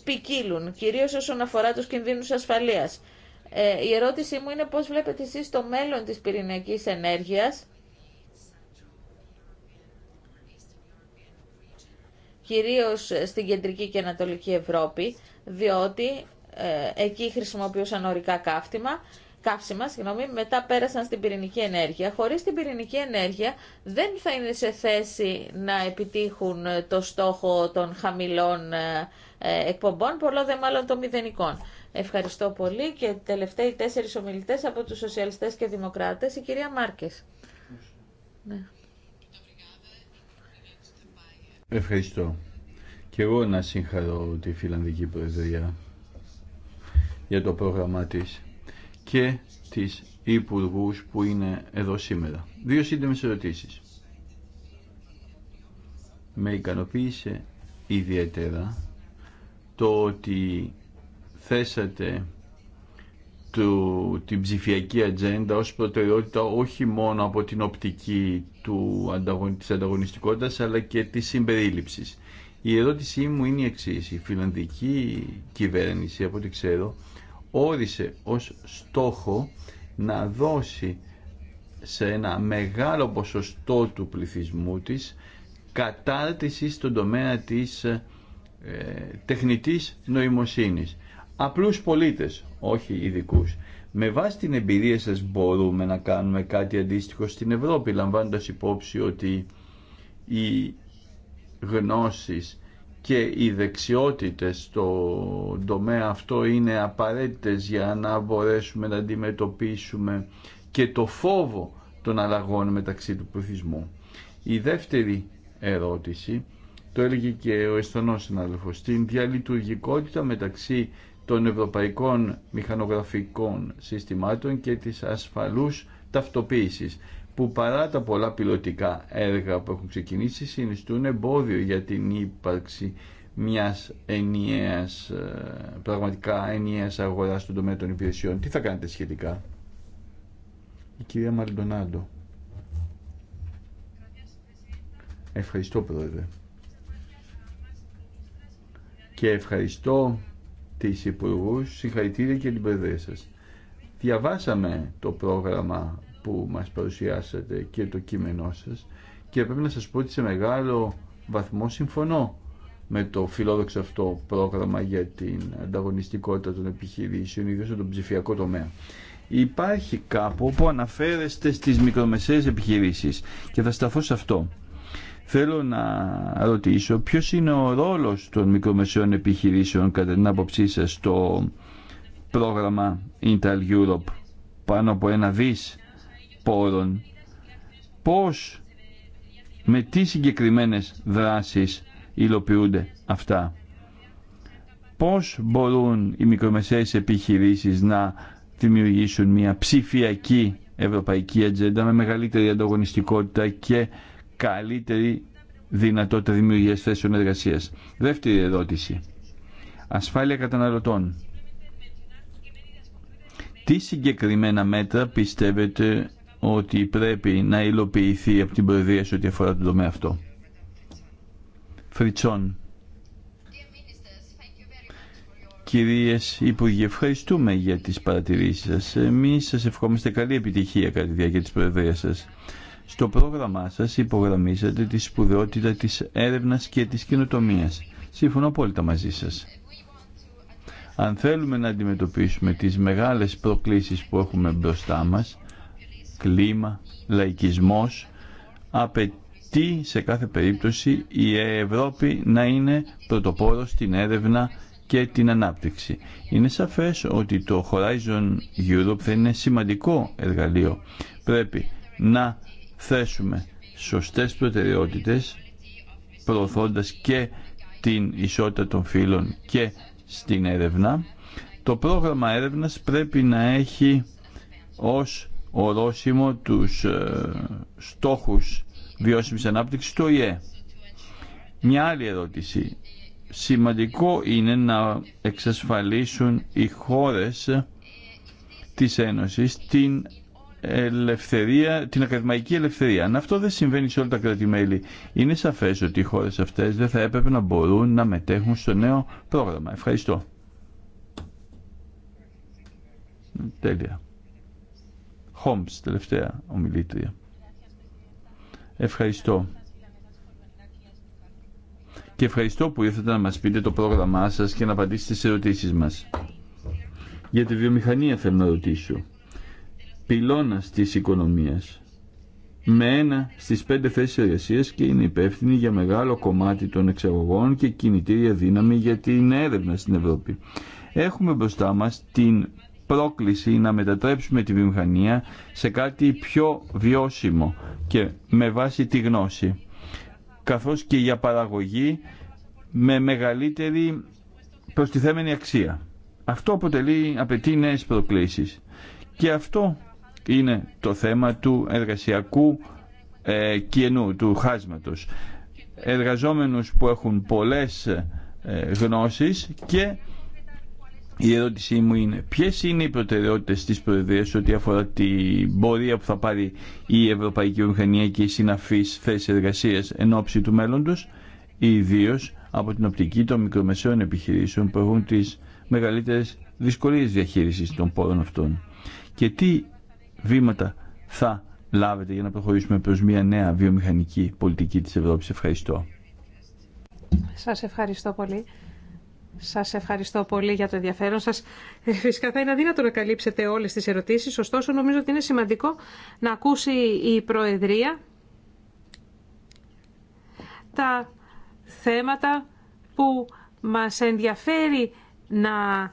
ποικίλουν, κυρίως όσον αφορά τους κινδύνους ασφαλείας. Ε, η ερώτησή μου είναι πώς βλέπετε εσείς το μέλλον της πυρηνικής ενέργειας κυρίως στην κεντρική και ανατολική Ευρώπη, διότι ε, εκεί χρησιμοποιούσαν ορικά καύσιμα, συγγνώμη, μετά πέρασαν στην πυρηνική ενέργεια. Χωρίς την πυρηνική ενέργεια δεν θα είναι σε θέση να επιτύχουν το στόχο των χαμηλών ε, ε, εκπομπών, πολλό δε μάλλον των μηδενικών. Ευχαριστώ πολύ και τελευταίοι τέσσερις ομιλητές από τους σοσιαλιστές και δημοκράτες, η κυρία Μάρκες. Ναι. Ευχαριστώ. Και εγώ να συγχαρώ τη Φιλανδική Προεδρία για το πρόγραμμά της και τις υπουργού που είναι εδώ σήμερα. Δύο σύντομες ερωτήσεις. Με ικανοποίησε ιδιαίτερα το ότι θέσατε του, την ψηφιακή ατζέντα ως προτεραιότητα όχι μόνο από την οπτική του, της ανταγωνιστικότητας αλλά και της συμπερίληψης. Η ερώτησή μου είναι η εξή. Η φιλανδική κυβέρνηση, από ό,τι ξέρω, όρισε ως στόχο να δώσει σε ένα μεγάλο ποσοστό του πληθυσμού της κατάρτιση στον τομέα της ε, τεχνητής νοημοσύνης απλούς πολίτες, όχι ειδικού. Με βάση την εμπειρία σας μπορούμε να κάνουμε κάτι αντίστοιχο στην Ευρώπη, λαμβάνοντας υπόψη ότι οι γνώσεις και οι δεξιότητες στο τομέα αυτό είναι απαραίτητες για να μπορέσουμε να αντιμετωπίσουμε και το φόβο των αλλαγών μεταξύ του πληθυσμού. Η δεύτερη ερώτηση, το έλεγε και ο αισθανός συνάδελφος, την διαλειτουργικότητα μεταξύ των ευρωπαϊκών μηχανογραφικών συστημάτων και της ασφαλούς ταυτοποίησης που παρά τα πολλά πιλωτικά έργα που έχουν ξεκινήσει συνιστούν εμπόδιο για την ύπαρξη μιας ενιαίας, ε, πραγματικά ενιαίας αγοράς στον τομέα των υπηρεσιών. Τι θα κάνετε σχετικά. Η κυρία Μαλντονάντο. Ευχαριστώ πρόεδρε. Και ευχαριστώ της Υπουργού, συγχαρητήρια και την παιδεία σας. Διαβάσαμε το πρόγραμμα που μας παρουσιάσατε και το κείμενό σας και πρέπει να σας πω ότι σε μεγάλο βαθμό συμφωνώ με το φιλόδοξο αυτό πρόγραμμα για την ανταγωνιστικότητα των επιχειρήσεων, ιδίως στον ψηφιακό τομέα. Υπάρχει κάπου που αναφέρεστε στις μικρομεσαίες επιχειρήσεις και θα σταθώ σε αυτό. Θέλω να ρωτήσω ποιος είναι ο ρόλος των μικρομεσαίων επιχειρήσεων κατά την άποψή σας στο πρόγραμμα Intel Europe πάνω από ένα δις πόρων. Πώς, με τι συγκεκριμένες δράσεις υλοποιούνται αυτά. Πώς μπορούν οι μικρομεσαίες επιχειρήσεις να δημιουργήσουν μια ψηφιακή ευρωπαϊκή ατζέντα με μεγαλύτερη ανταγωνιστικότητα και καλύτερη δυνατότητα δημιουργίας θέσεων εργασίας. Δεύτερη ερώτηση. Ασφάλεια καταναλωτών. Τι συγκεκριμένα μέτρα πιστεύετε ότι πρέπει να υλοποιηθεί από την Προεδρία σε ό,τι αφορά τον τομέα αυτό. Φριτσόν. Κυρίες Υπουργοί, ευχαριστούμε για τις παρατηρήσεις σας. Εμείς σας ευχόμαστε καλή επιτυχία κατά τη διάρκεια της Προεδρίας σας. Στο πρόγραμμά σα υπογραμμίσατε τη σπουδαιότητα της έρευνα και της καινοτομία. Συμφωνώ απόλυτα μαζί σα. Αν θέλουμε να αντιμετωπίσουμε τις μεγάλες προκλήσεις που έχουμε μπροστά μας, κλίμα, λαϊκισμός, απαιτεί σε κάθε περίπτωση η Ευρώπη να είναι πρωτοπόρο στην έρευνα και την ανάπτυξη. Είναι σαφές ότι το Horizon Europe θα είναι σημαντικό εργαλείο. Πρέπει να θέσουμε σωστές προτεραιότητες προωθώντας και την ισότητα των φύλων και στην έρευνα. Το πρόγραμμα έρευνας πρέπει να έχει ως ορόσημο τους ε, στόχους βιώσιμης ανάπτυξης του ΙΕ. Μια άλλη ερώτηση. Σημαντικό είναι να εξασφαλίσουν οι χώρες της Ένωσης την ελευθερία, την ακαδημαϊκή ελευθερία. Αν αυτό δεν συμβαίνει σε όλα τα κράτη-μέλη, είναι σαφέ ότι οι χώρε αυτέ δεν θα έπρεπε να μπορούν να μετέχουν στο νέο πρόγραμμα. Ευχαριστώ. Τέλεια. Χόμπς, τελευταία ομιλήτρια. Ευχαριστώ. Και ευχαριστώ που ήρθατε να μας πείτε το πρόγραμμά σας και να απαντήσετε σε ερωτήσεις μας. Για τη βιομηχανία θέλω να ρωτήσω πυλώνας της οικονομίας με ένα στις πέντε θέσεις εργασία και είναι υπεύθυνη για μεγάλο κομμάτι των εξαγωγών και κινητήρια δύναμη για την έρευνα στην Ευρώπη. Έχουμε μπροστά μας την πρόκληση να μετατρέψουμε τη βιομηχανία σε κάτι πιο βιώσιμο και με βάση τη γνώση, καθώς και για παραγωγή με μεγαλύτερη προστιθέμενη αξία. Αυτό αποτελεί, απαιτεί νέες προκλήσεις. Και αυτό είναι το θέμα του εργασιακού ε, του χάσματος. Εργαζόμενους που έχουν πολλές ε, γνώσεις και η ερώτησή μου είναι ποιες είναι οι προτεραιότητες της Προεδρίας ό,τι αφορά την πορεία που θα πάρει η Ευρωπαϊκή Οργανία και οι συναφείς θέσεις εργασίας εν ώψη του μέλλοντος ιδίω από την οπτική των μικρομεσαίων επιχειρήσεων που έχουν τις μεγαλύτερες δυσκολίες διαχείρισης των πόρων αυτών και τι βήματα θα λάβετε για να προχωρήσουμε προς μια νέα βιομηχανική πολιτική της Ευρώπης. Ευχαριστώ. Σας ευχαριστώ πολύ. Σας ευχαριστώ πολύ για το ενδιαφέρον σας. Ε, φυσικά θα είναι αδύνατο να καλύψετε όλες τις ερωτήσεις, ωστόσο νομίζω ότι είναι σημαντικό να ακούσει η Προεδρία τα θέματα που μας ενδιαφέρει να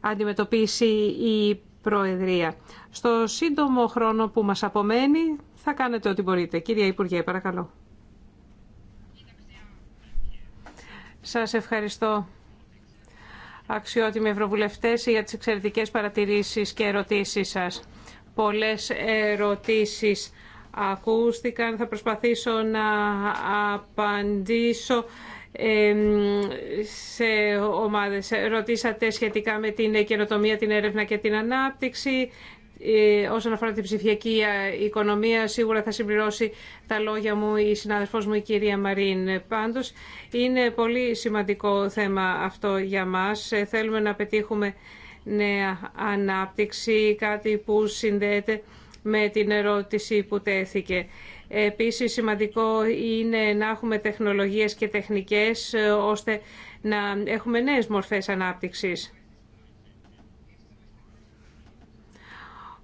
αντιμετωπίσει η Προεδρία. Στο σύντομο χρόνο που μας απομένει θα κάνετε ό,τι μπορείτε. Κυρία Υπουργέ, παρακαλώ. Σας ευχαριστώ αξιότιμοι ευρωβουλευτές για τις εξαιρετικές παρατηρήσεις και ερωτήσεις σας. Πολλές ερωτήσεις ακούστηκαν. Θα προσπαθήσω να απαντήσω σε ομάδες. Ρωτήσατε σχετικά με την καινοτομία, την έρευνα και την ανάπτυξη. Ε, όσον αφορά την ψηφιακή ε, οικονομία, σίγουρα θα συμπληρώσει τα λόγια μου η συνάδελφός μου, η κυρία Μαρίν. Πάντως, είναι πολύ σημαντικό θέμα αυτό για μας. Ε, θέλουμε να πετύχουμε νέα ανάπτυξη, κάτι που συνδέεται με την ερώτηση που τέθηκε. Επίσης σημαντικό είναι να έχουμε τεχνολογίες και τεχνικές ε, ώστε να έχουμε νέες μορφές ανάπτυξης.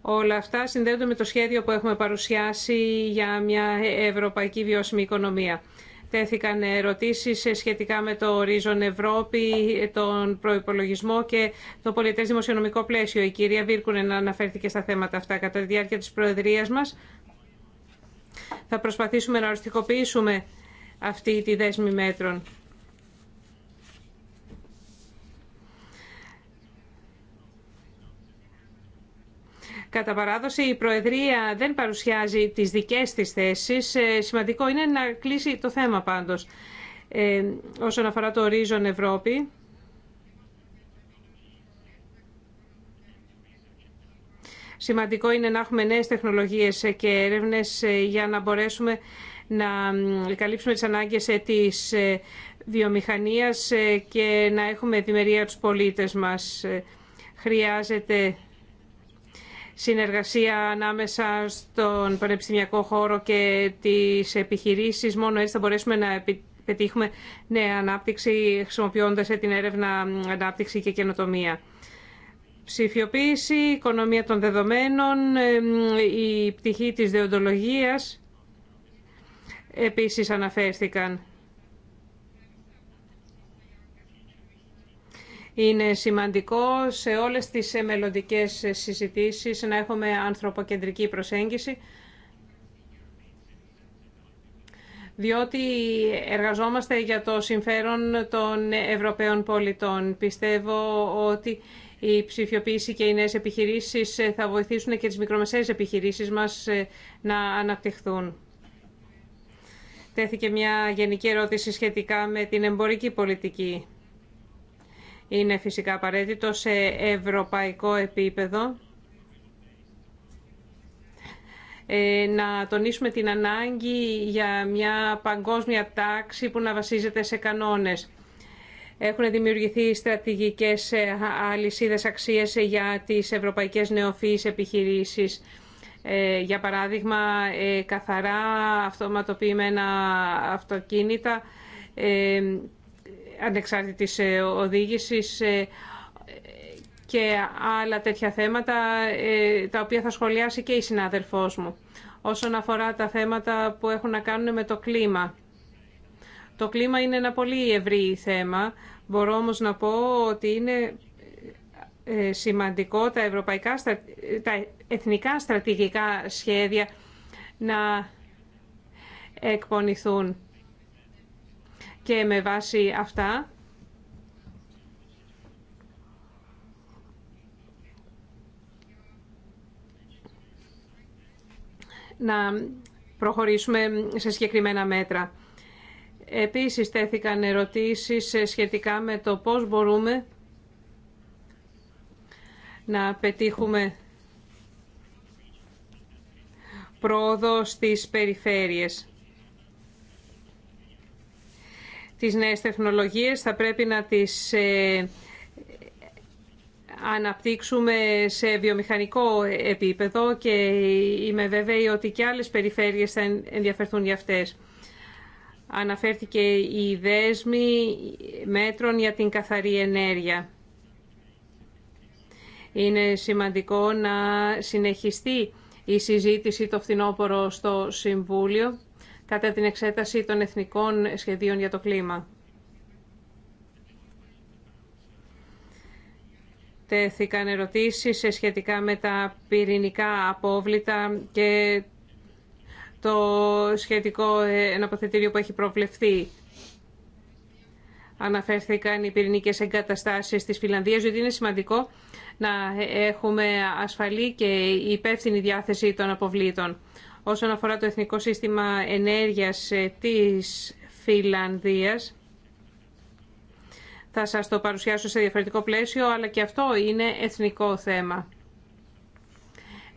Όλα αυτά συνδέονται με το σχέδιο που έχουμε παρουσιάσει για μια ευρωπαϊκή βιώσιμη οικονομία. Τέθηκαν ερωτήσεις σχετικά με το ορίζον Ευρώπη, τον προϋπολογισμό και το πολιτές δημοσιονομικό πλαίσιο. Η κυρία να αναφέρθηκε στα θέματα αυτά κατά τη διάρκεια της Προεδρίας μας. Θα προσπαθήσουμε να οριστικοποιήσουμε αυτή τη δέσμη μέτρων. Κατά παράδοση, η Προεδρία δεν παρουσιάζει τις δικές της θέσεις. Ε, σημαντικό είναι να κλείσει το θέμα πάντως. Ε, όσον αφορά το ορίζον Ευρώπη, Σημαντικό είναι να έχουμε νέες τεχνολογίες και έρευνες ε, για να μπορέσουμε να καλύψουμε τις ανάγκες ε, της ε, βιομηχανίας και να έχουμε ευημερία τους πολίτες μας. Χρειάζεται συνεργασία ανάμεσα στον πανεπιστημιακό χώρο και τις επιχειρήσεις. Μόνο έτσι θα μπορέσουμε να πετύχουμε νέα ανάπτυξη χρησιμοποιώντας την έρευνα ανάπτυξη και καινοτομία ψηφιοποίηση, οικονομία των δεδομένων, η πτυχή της δεοντολογίας επίσης αναφέρθηκαν. Είναι σημαντικό σε όλες τις μελλοντικέ συζητήσεις να έχουμε ανθρωποκεντρική προσέγγιση, διότι εργαζόμαστε για το συμφέρον των Ευρωπαίων πολιτών. Πιστεύω ότι η ψηφιοποίηση και οι νέες επιχειρήσεις ε, θα βοηθήσουν και τις μικρομεσαίες επιχειρήσεις μας ε, να αναπτυχθούν. Τέθηκε μια γενική ερώτηση σχετικά με την εμπορική πολιτική. Είναι φυσικά απαραίτητο σε ευρωπαϊκό επίπεδο ε, να τονίσουμε την ανάγκη για μια παγκόσμια τάξη που να βασίζεται σε κανόνες. Έχουν δημιουργηθεί στρατηγικές ε, αλυσίδες αξίες για τις ευρωπαϊκές νεοφύης επιχειρήσεις. Ε, για παράδειγμα, ε, καθαρά αυτοματοποιημένα αυτοκίνητα, ανεξάρτητης οδήγησης και άλλα τέτοια θέματα, τα οποία θα σχολιάσει και η συνάδελφός μου. Όσον αφορά τα θέματα που έχουν να κάνουν με το κλίμα το κλίμα είναι ένα πολύ ευρύ θέμα. Μπορώ όμως να πω ότι είναι ε, σημαντικό τα, ευρωπαϊκά, τα εθνικά στρατηγικά σχέδια να εκπονηθούν. Και με βάση αυτά να προχωρήσουμε σε συγκεκριμένα μέτρα. Επίσης τέθηκαν ερωτήσεις σχετικά με το πώς μπορούμε να πετύχουμε πρόοδο στις περιφέρειες. Τις νέες τεχνολογίες θα πρέπει να τις ε, αναπτύξουμε σε βιομηχανικό επίπεδο και είμαι βέβαιη ότι και άλλες περιφέρειες θα ενδιαφερθούν για αυτές αναφέρθηκε η δέσμη μέτρων για την καθαρή ενέργεια. Είναι σημαντικό να συνεχιστεί η συζήτηση το φθινόπωρο στο Συμβούλιο κατά την εξέταση των εθνικών σχεδίων για το κλίμα. Τέθηκαν ερωτήσεις σχετικά με τα πυρηνικά απόβλητα και το σχετικό εναποθετήριο που έχει προβλεφθεί. Αναφέρθηκαν οι πυρηνικές εγκαταστάσεις της Φιλανδίας, διότι είναι σημαντικό να έχουμε ασφαλή και υπεύθυνη διάθεση των αποβλήτων. Όσον αφορά το Εθνικό Σύστημα Ενέργειας ε, της Φιλανδίας, θα σας το παρουσιάσω σε διαφορετικό πλαίσιο, αλλά και αυτό είναι εθνικό θέμα.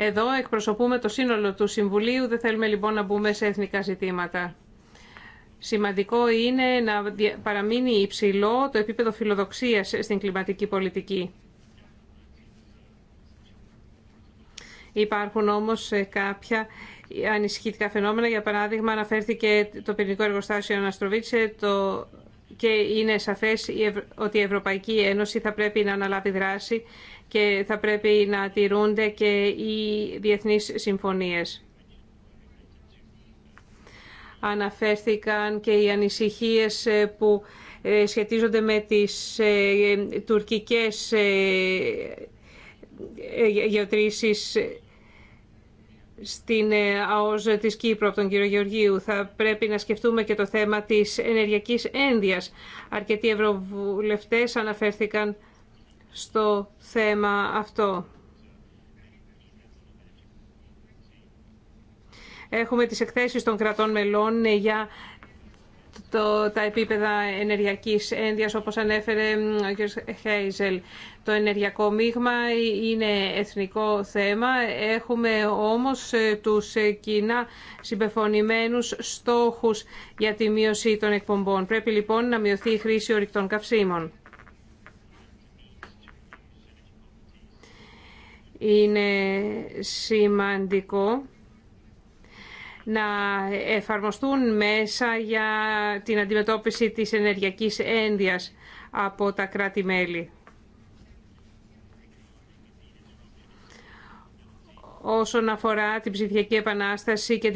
Εδώ εκπροσωπούμε το σύνολο του Συμβουλίου, δεν θέλουμε λοιπόν να μπούμε σε εθνικά ζητήματα. Σημαντικό είναι να παραμείνει υψηλό το επίπεδο φιλοδοξίας στην κλιματική πολιτική. Υπάρχουν όμως ε, κάποια ανησυχητικά φαινόμενα. Για παράδειγμα, αναφέρθηκε το πυρηνικό εργοστάσιο Αναστροβίτσε το... και είναι σαφές ότι η Ευρωπαϊκή Ένωση θα πρέπει να αναλάβει δράση και θα πρέπει να τηρούνται και οι διεθνείς συμφωνίες. Αναφέρθηκαν και οι ανησυχίες ε, που ε, σχετίζονται με τις ε, τουρκικές γεωτρήσεις στην ΑΟΖ της Κύπρου από τον κύριο Γεωργίου. Θα πρέπει να σκεφτούμε και το θέμα της ενεργειακής ένδυας. Αρκετοί ευρωβουλευτές αναφέρθηκαν στο θέμα αυτό. Έχουμε τις εκθέσεις των κρατών μελών για το, τα επίπεδα ενεργειακής ένδειας, όπως ανέφερε ο κ. Χέιζελ. Το ενεργειακό μείγμα είναι εθνικό θέμα. Έχουμε όμως ε, τους ε, κοινά συμπεφωνημένους στόχους για τη μείωση των εκπομπών. Πρέπει λοιπόν να μειωθεί η χρήση ορυκτών καυσίμων. Είναι σημαντικό να εφαρμοστούν μέσα για την αντιμετώπιση της ενεργειακής ένδυας από τα κράτη-μέλη. όσον αφορά την ψηφιακή επανάσταση και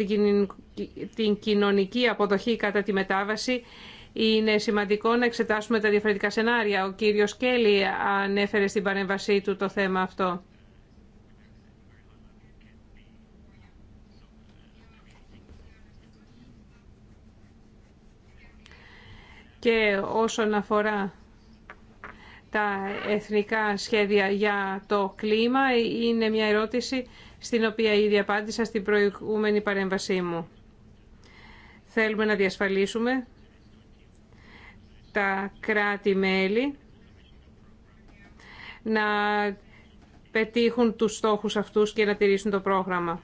την κοινωνική αποδοχή κατά τη μετάβαση, είναι σημαντικό να εξετάσουμε τα διαφορετικά σενάρια. Ο κύριος Κέλλη ανέφερε στην παρέμβασή του το θέμα αυτό. και όσον αφορά τα εθνικά σχέδια για το κλίμα είναι μια ερώτηση στην οποία ήδη απάντησα στην προηγούμενη παρέμβασή μου. Θέλουμε να διασφαλίσουμε τα κράτη-μέλη να πετύχουν τους στόχους αυτούς και να τηρήσουν το πρόγραμμα.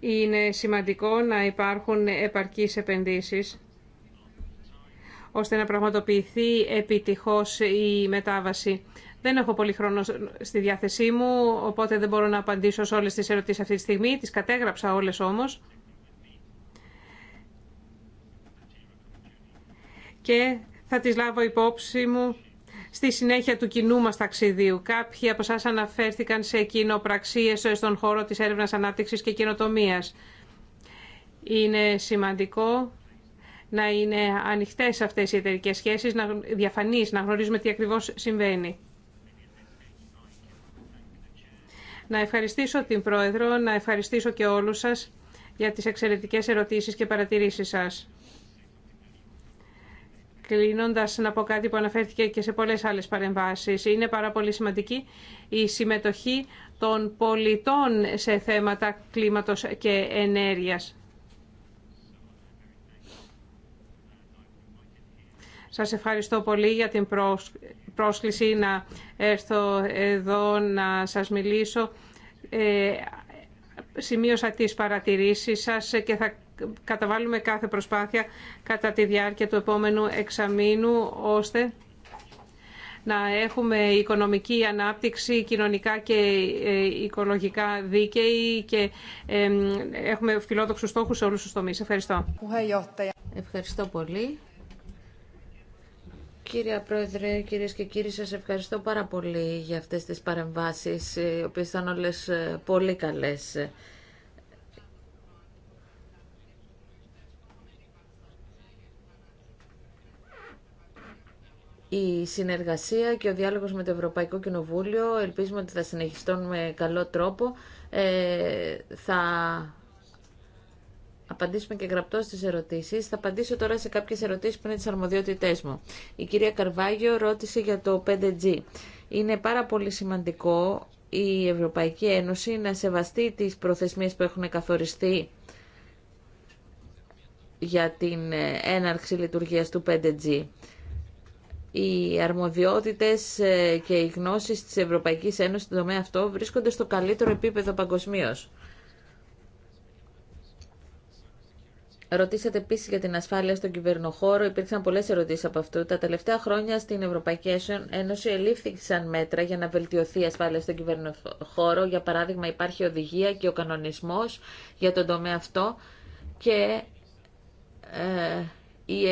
Είναι σημαντικό να υπάρχουν επαρκείς επενδύσεις ώστε να πραγματοποιηθεί επιτυχώς η μετάβαση. Δεν έχω πολύ χρόνο στη διάθεσή μου, οπότε δεν μπορώ να απαντήσω σε όλες τις ερωτήσεις αυτή τη στιγμή. Τις κατέγραψα όλες όμως. Και θα τις λάβω υπόψη μου στη συνέχεια του κοινού μα ταξιδίου. Κάποιοι από εσά αναφέρθηκαν σε κοινοπραξίε στον χώρο της Έρευνα ανάπτυξη και κοινοτομία. Είναι σημαντικό να είναι ανοιχτές αυτές οι εταιρικέ σχέσεις, να διαφανείς, να γνωρίζουμε τι ακριβώς συμβαίνει. Να ευχαριστήσω την Πρόεδρο, να ευχαριστήσω και όλους σας για τις εξαιρετικές ερωτήσεις και παρατηρήσεις σας. Κλείνοντα να πω κάτι που αναφέρθηκε και σε πολλές άλλες παρεμβάσεις. Είναι πάρα πολύ σημαντική η συμμετοχή των πολιτών σε θέματα κλίματος και ενέργειας. Σας ευχαριστώ πολύ για την πρόσκληση να έρθω εδώ να σας μιλήσω. Ε, σημείωσα τις παρατηρήσεις σας και θα καταβάλουμε κάθε προσπάθεια κατά τη διάρκεια του επόμενου εξαμήνου, ώστε να έχουμε οικονομική ανάπτυξη, κοινωνικά και ε, οικολογικά δίκαιη και ε, έχουμε φιλόδοξους στόχους σε όλους τους τομείς. Ευχαριστώ. Ευχαριστώ πολύ. Κύριε Πρόεδρε, κυρίες και κύριοι, σας ευχαριστώ πάρα πολύ για αυτές τις παρεμβάσεις, οι οποίες ήταν όλες ε, πολύ καλές. η συνεργασία και ο διάλογος με το Ευρωπαϊκό Κοινοβούλιο ελπίζουμε ότι θα συνεχιστούν με καλό τρόπο. Ε, θα απαντήσουμε και γραπτό στις ερωτήσεις. Θα απαντήσω τώρα σε κάποιες ερωτήσεις που είναι τις αρμοδιότητές μου. Η κυρία Καρβάγιο ρώτησε για το 5G. Είναι πάρα πολύ σημαντικό η Ευρωπαϊκή Ένωση να σεβαστεί τις προθεσμίες που έχουν καθοριστεί για την ε, έναρξη λειτουργίας του 5G οι αρμοδιότητες ε, και οι γνώσεις της Ευρωπαϊκής Ένωσης στον τομέα αυτό βρίσκονται στο καλύτερο επίπεδο παγκοσμίω. Ρωτήσατε επίση για την ασφάλεια στον κυβερνοχώρο. Υπήρξαν πολλέ ερωτήσει από αυτού. Τα τελευταία χρόνια στην Ευρωπαϊκή Ένωση ελήφθησαν μέτρα για να βελτιωθεί η ασφάλεια στον κυβερνοχώρο. Για παράδειγμα, υπάρχει οδηγία και ο κανονισμό για τον τομέα αυτό και ε, η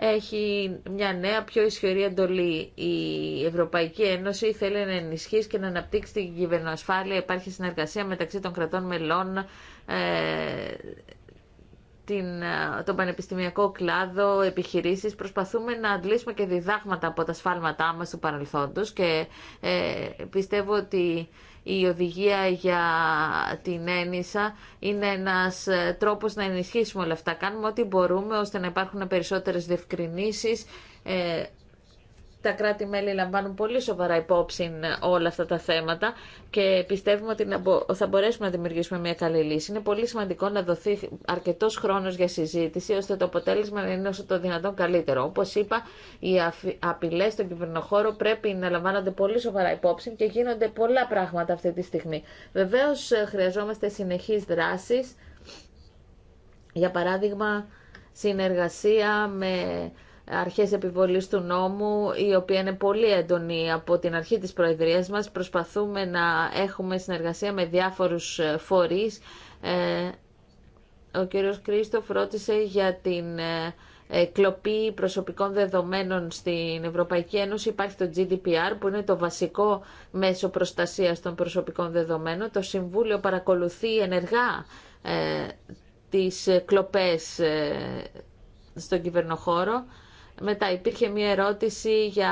έχει μια νέα πιο ισχυρή εντολή. Η Ευρωπαϊκή Ένωση θέλει να ενισχύσει και να αναπτύξει την κυβερνοασφάλεια. Υπάρχει συνεργασία μεταξύ των κρατών μελών, ε, την, ε, τον πανεπιστημιακό κλάδο, επιχειρήσεις. Προσπαθούμε να αντλήσουμε και διδάγματα από τα σφάλματά μας του παρελθόντος και ε, πιστεύω ότι η οδηγία για την ένισα είναι ένας ε, τρόπος να ενισχύσουμε όλα αυτά. Κάνουμε ό,τι μπορούμε ώστε να υπάρχουν περισσότερες διευκρινήσεις ε, τα κράτη-μέλη λαμβάνουν πολύ σοβαρά υπόψη όλα αυτά τα θέματα και πιστεύουμε ότι θα μπορέσουμε να δημιουργήσουμε μια καλή λύση. Είναι πολύ σημαντικό να δοθεί αρκετός χρόνος για συζήτηση ώστε το αποτέλεσμα να είναι όσο το δυνατόν καλύτερο. Όπως είπα, οι απειλές στον κυβερνοχώρο πρέπει να λαμβάνονται πολύ σοβαρά υπόψη και γίνονται πολλά πράγματα αυτή τη στιγμή. Βεβαίως χρειαζόμαστε συνεχείς δράσεις, για παράδειγμα συνεργασία με αρχές επιβολής του νόμου, η οποία είναι πολύ έντονη από την αρχή της Προεδρίας μας. Προσπαθούμε να έχουμε συνεργασία με διάφορους ε, φορείς. Ε, ο κύριος Κρίστοφ ρώτησε για την ε, κλοπή προσωπικών δεδομένων στην Ευρωπαϊκή Ένωση. Υπάρχει το GDPR που είναι το βασικό μέσο προστασίας των προσωπικών δεδομένων. Το Συμβούλιο παρακολουθεί ενεργά τις κλοπές στον κυβερνοχώρο. Μετά υπήρχε μια ερώτηση για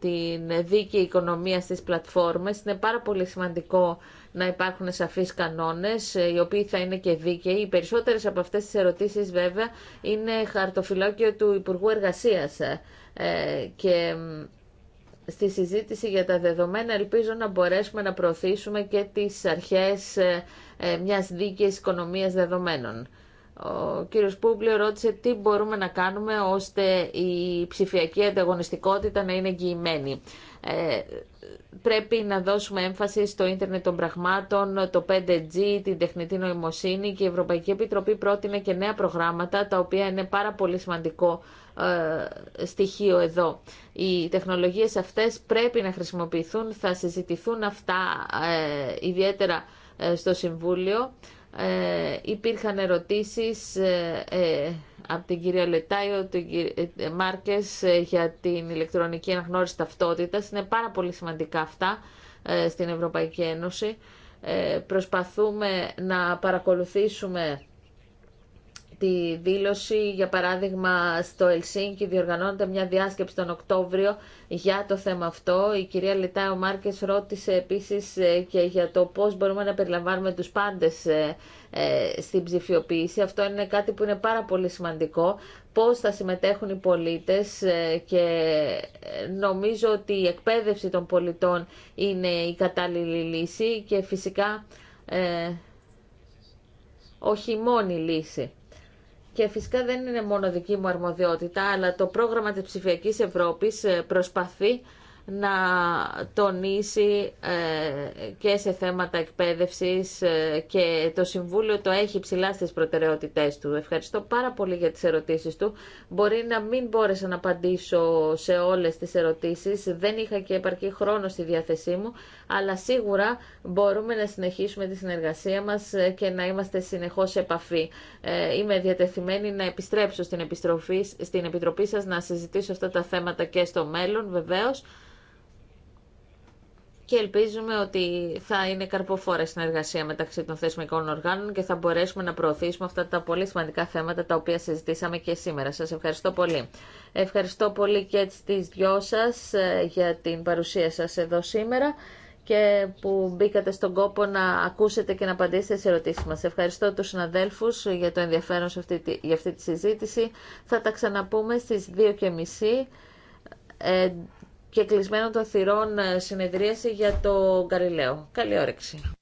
την δίκαιη οικονομία στις πλατφόρμες. Είναι πάρα πολύ σημαντικό να υπάρχουν σαφείς κανόνες, οι οποίοι θα είναι και δίκαιοι. Οι περισσότερες από αυτές τις ερωτήσεις βέβαια είναι χαρτοφυλάκιο του Υπουργού Εργασίας. Ε, και στη συζήτηση για τα δεδομένα ελπίζω να μπορέσουμε να προωθήσουμε και τις αρχές ε, μιας δίκαιης οικονομίας δεδομένων. Ο κύριος Πούμπλιο ρώτησε τι μπορούμε να κάνουμε ώστε η ψηφιακή ανταγωνιστικότητα να είναι εγγυημένη. Ε, πρέπει να δώσουμε έμφαση στο ίντερνετ των πραγμάτων, το 5G, την τεχνητή νοημοσύνη και η Ευρωπαϊκή Επιτροπή πρότεινε και νέα προγράμματα τα οποία είναι πάρα πολύ σημαντικό ε, στοιχείο εδώ. Οι τεχνολογίες αυτές πρέπει να χρησιμοποιηθούν, θα συζητηθούν αυτά ε, ιδιαίτερα ε, στο Συμβούλιο. Ε, υπήρχαν ερωτήσεις ε, ε, από την κυρία Λετάιο, τον κύριο ε, ε, Μάρκες για την ηλεκτρονική αναγνώριση ταυτότητας. Είναι πάρα πολύ σημαντικά αυτά στην Ευρωπαϊκή Ένωση. Προσπαθούμε να παρακολουθήσουμε τη δήλωση. Για παράδειγμα, στο Ελσίνκι διοργανώνεται μια διάσκεψη τον Οκτώβριο για το θέμα αυτό. Η κυρία Λιτάιο Μάρκες ρώτησε επίσης ε, και για το πώς μπορούμε να περιλαμβάνουμε τους πάντες ε, ε, στην ψηφιοποίηση. Αυτό είναι κάτι που είναι πάρα πολύ σημαντικό. Πώς θα συμμετέχουν οι πολίτες και νομίζω ότι η εκπαίδευση των πολιτών είναι η κατάλληλη λύση και φυσικά όχι λύση και φυσικά δεν είναι μόνο δική μου αρμοδιότητα, αλλά το πρόγραμμα της ψηφιακής Ευρώπης ε, προσπαθεί να τονίσει ε, και σε θέματα εκπαίδευσης ε, και το Συμβούλιο το έχει ψηλά στις προτεραιότητές του. Ευχαριστώ πάρα πολύ για τις ερωτήσεις του. Μπορεί να μην μπόρεσα να απαντήσω σε όλες τις ερωτήσεις. Δεν είχα και επαρκή χρόνο στη διάθεσή μου, αλλά σίγουρα μπορούμε να συνεχίσουμε τη συνεργασία μας ε, και να είμαστε συνεχώς σε επαφή. Είμαι διατεθειμένη να επιστρέψω στην, στην Επιτροπή σας να συζητήσω αυτά τα θέματα και στο μέλλον βεβαίως και ελπίζουμε ότι θα είναι καρποφόρα συνεργασία μεταξύ των θεσμικών οργάνων και θα μπορέσουμε να προωθήσουμε αυτά τα πολύ σημαντικά θέματα τα οποία συζητήσαμε και σήμερα. Σας ευχαριστώ πολύ. Ευχαριστώ πολύ και τις δυο σας ε, για την παρουσία σας εδώ σήμερα και που μπήκατε στον κόπο να ακούσετε και να απαντήσετε σε ερωτήσεις μας. Ευχαριστώ τους συναδέλφους για το ενδιαφέρον σε αυτή τη, για αυτή τη συζήτηση. Θα τα ξαναπούμε στις 2.30 και κλεισμένο των θυρών ε, συνεδρίαση για το Καριλαίο. Καλή όρεξη.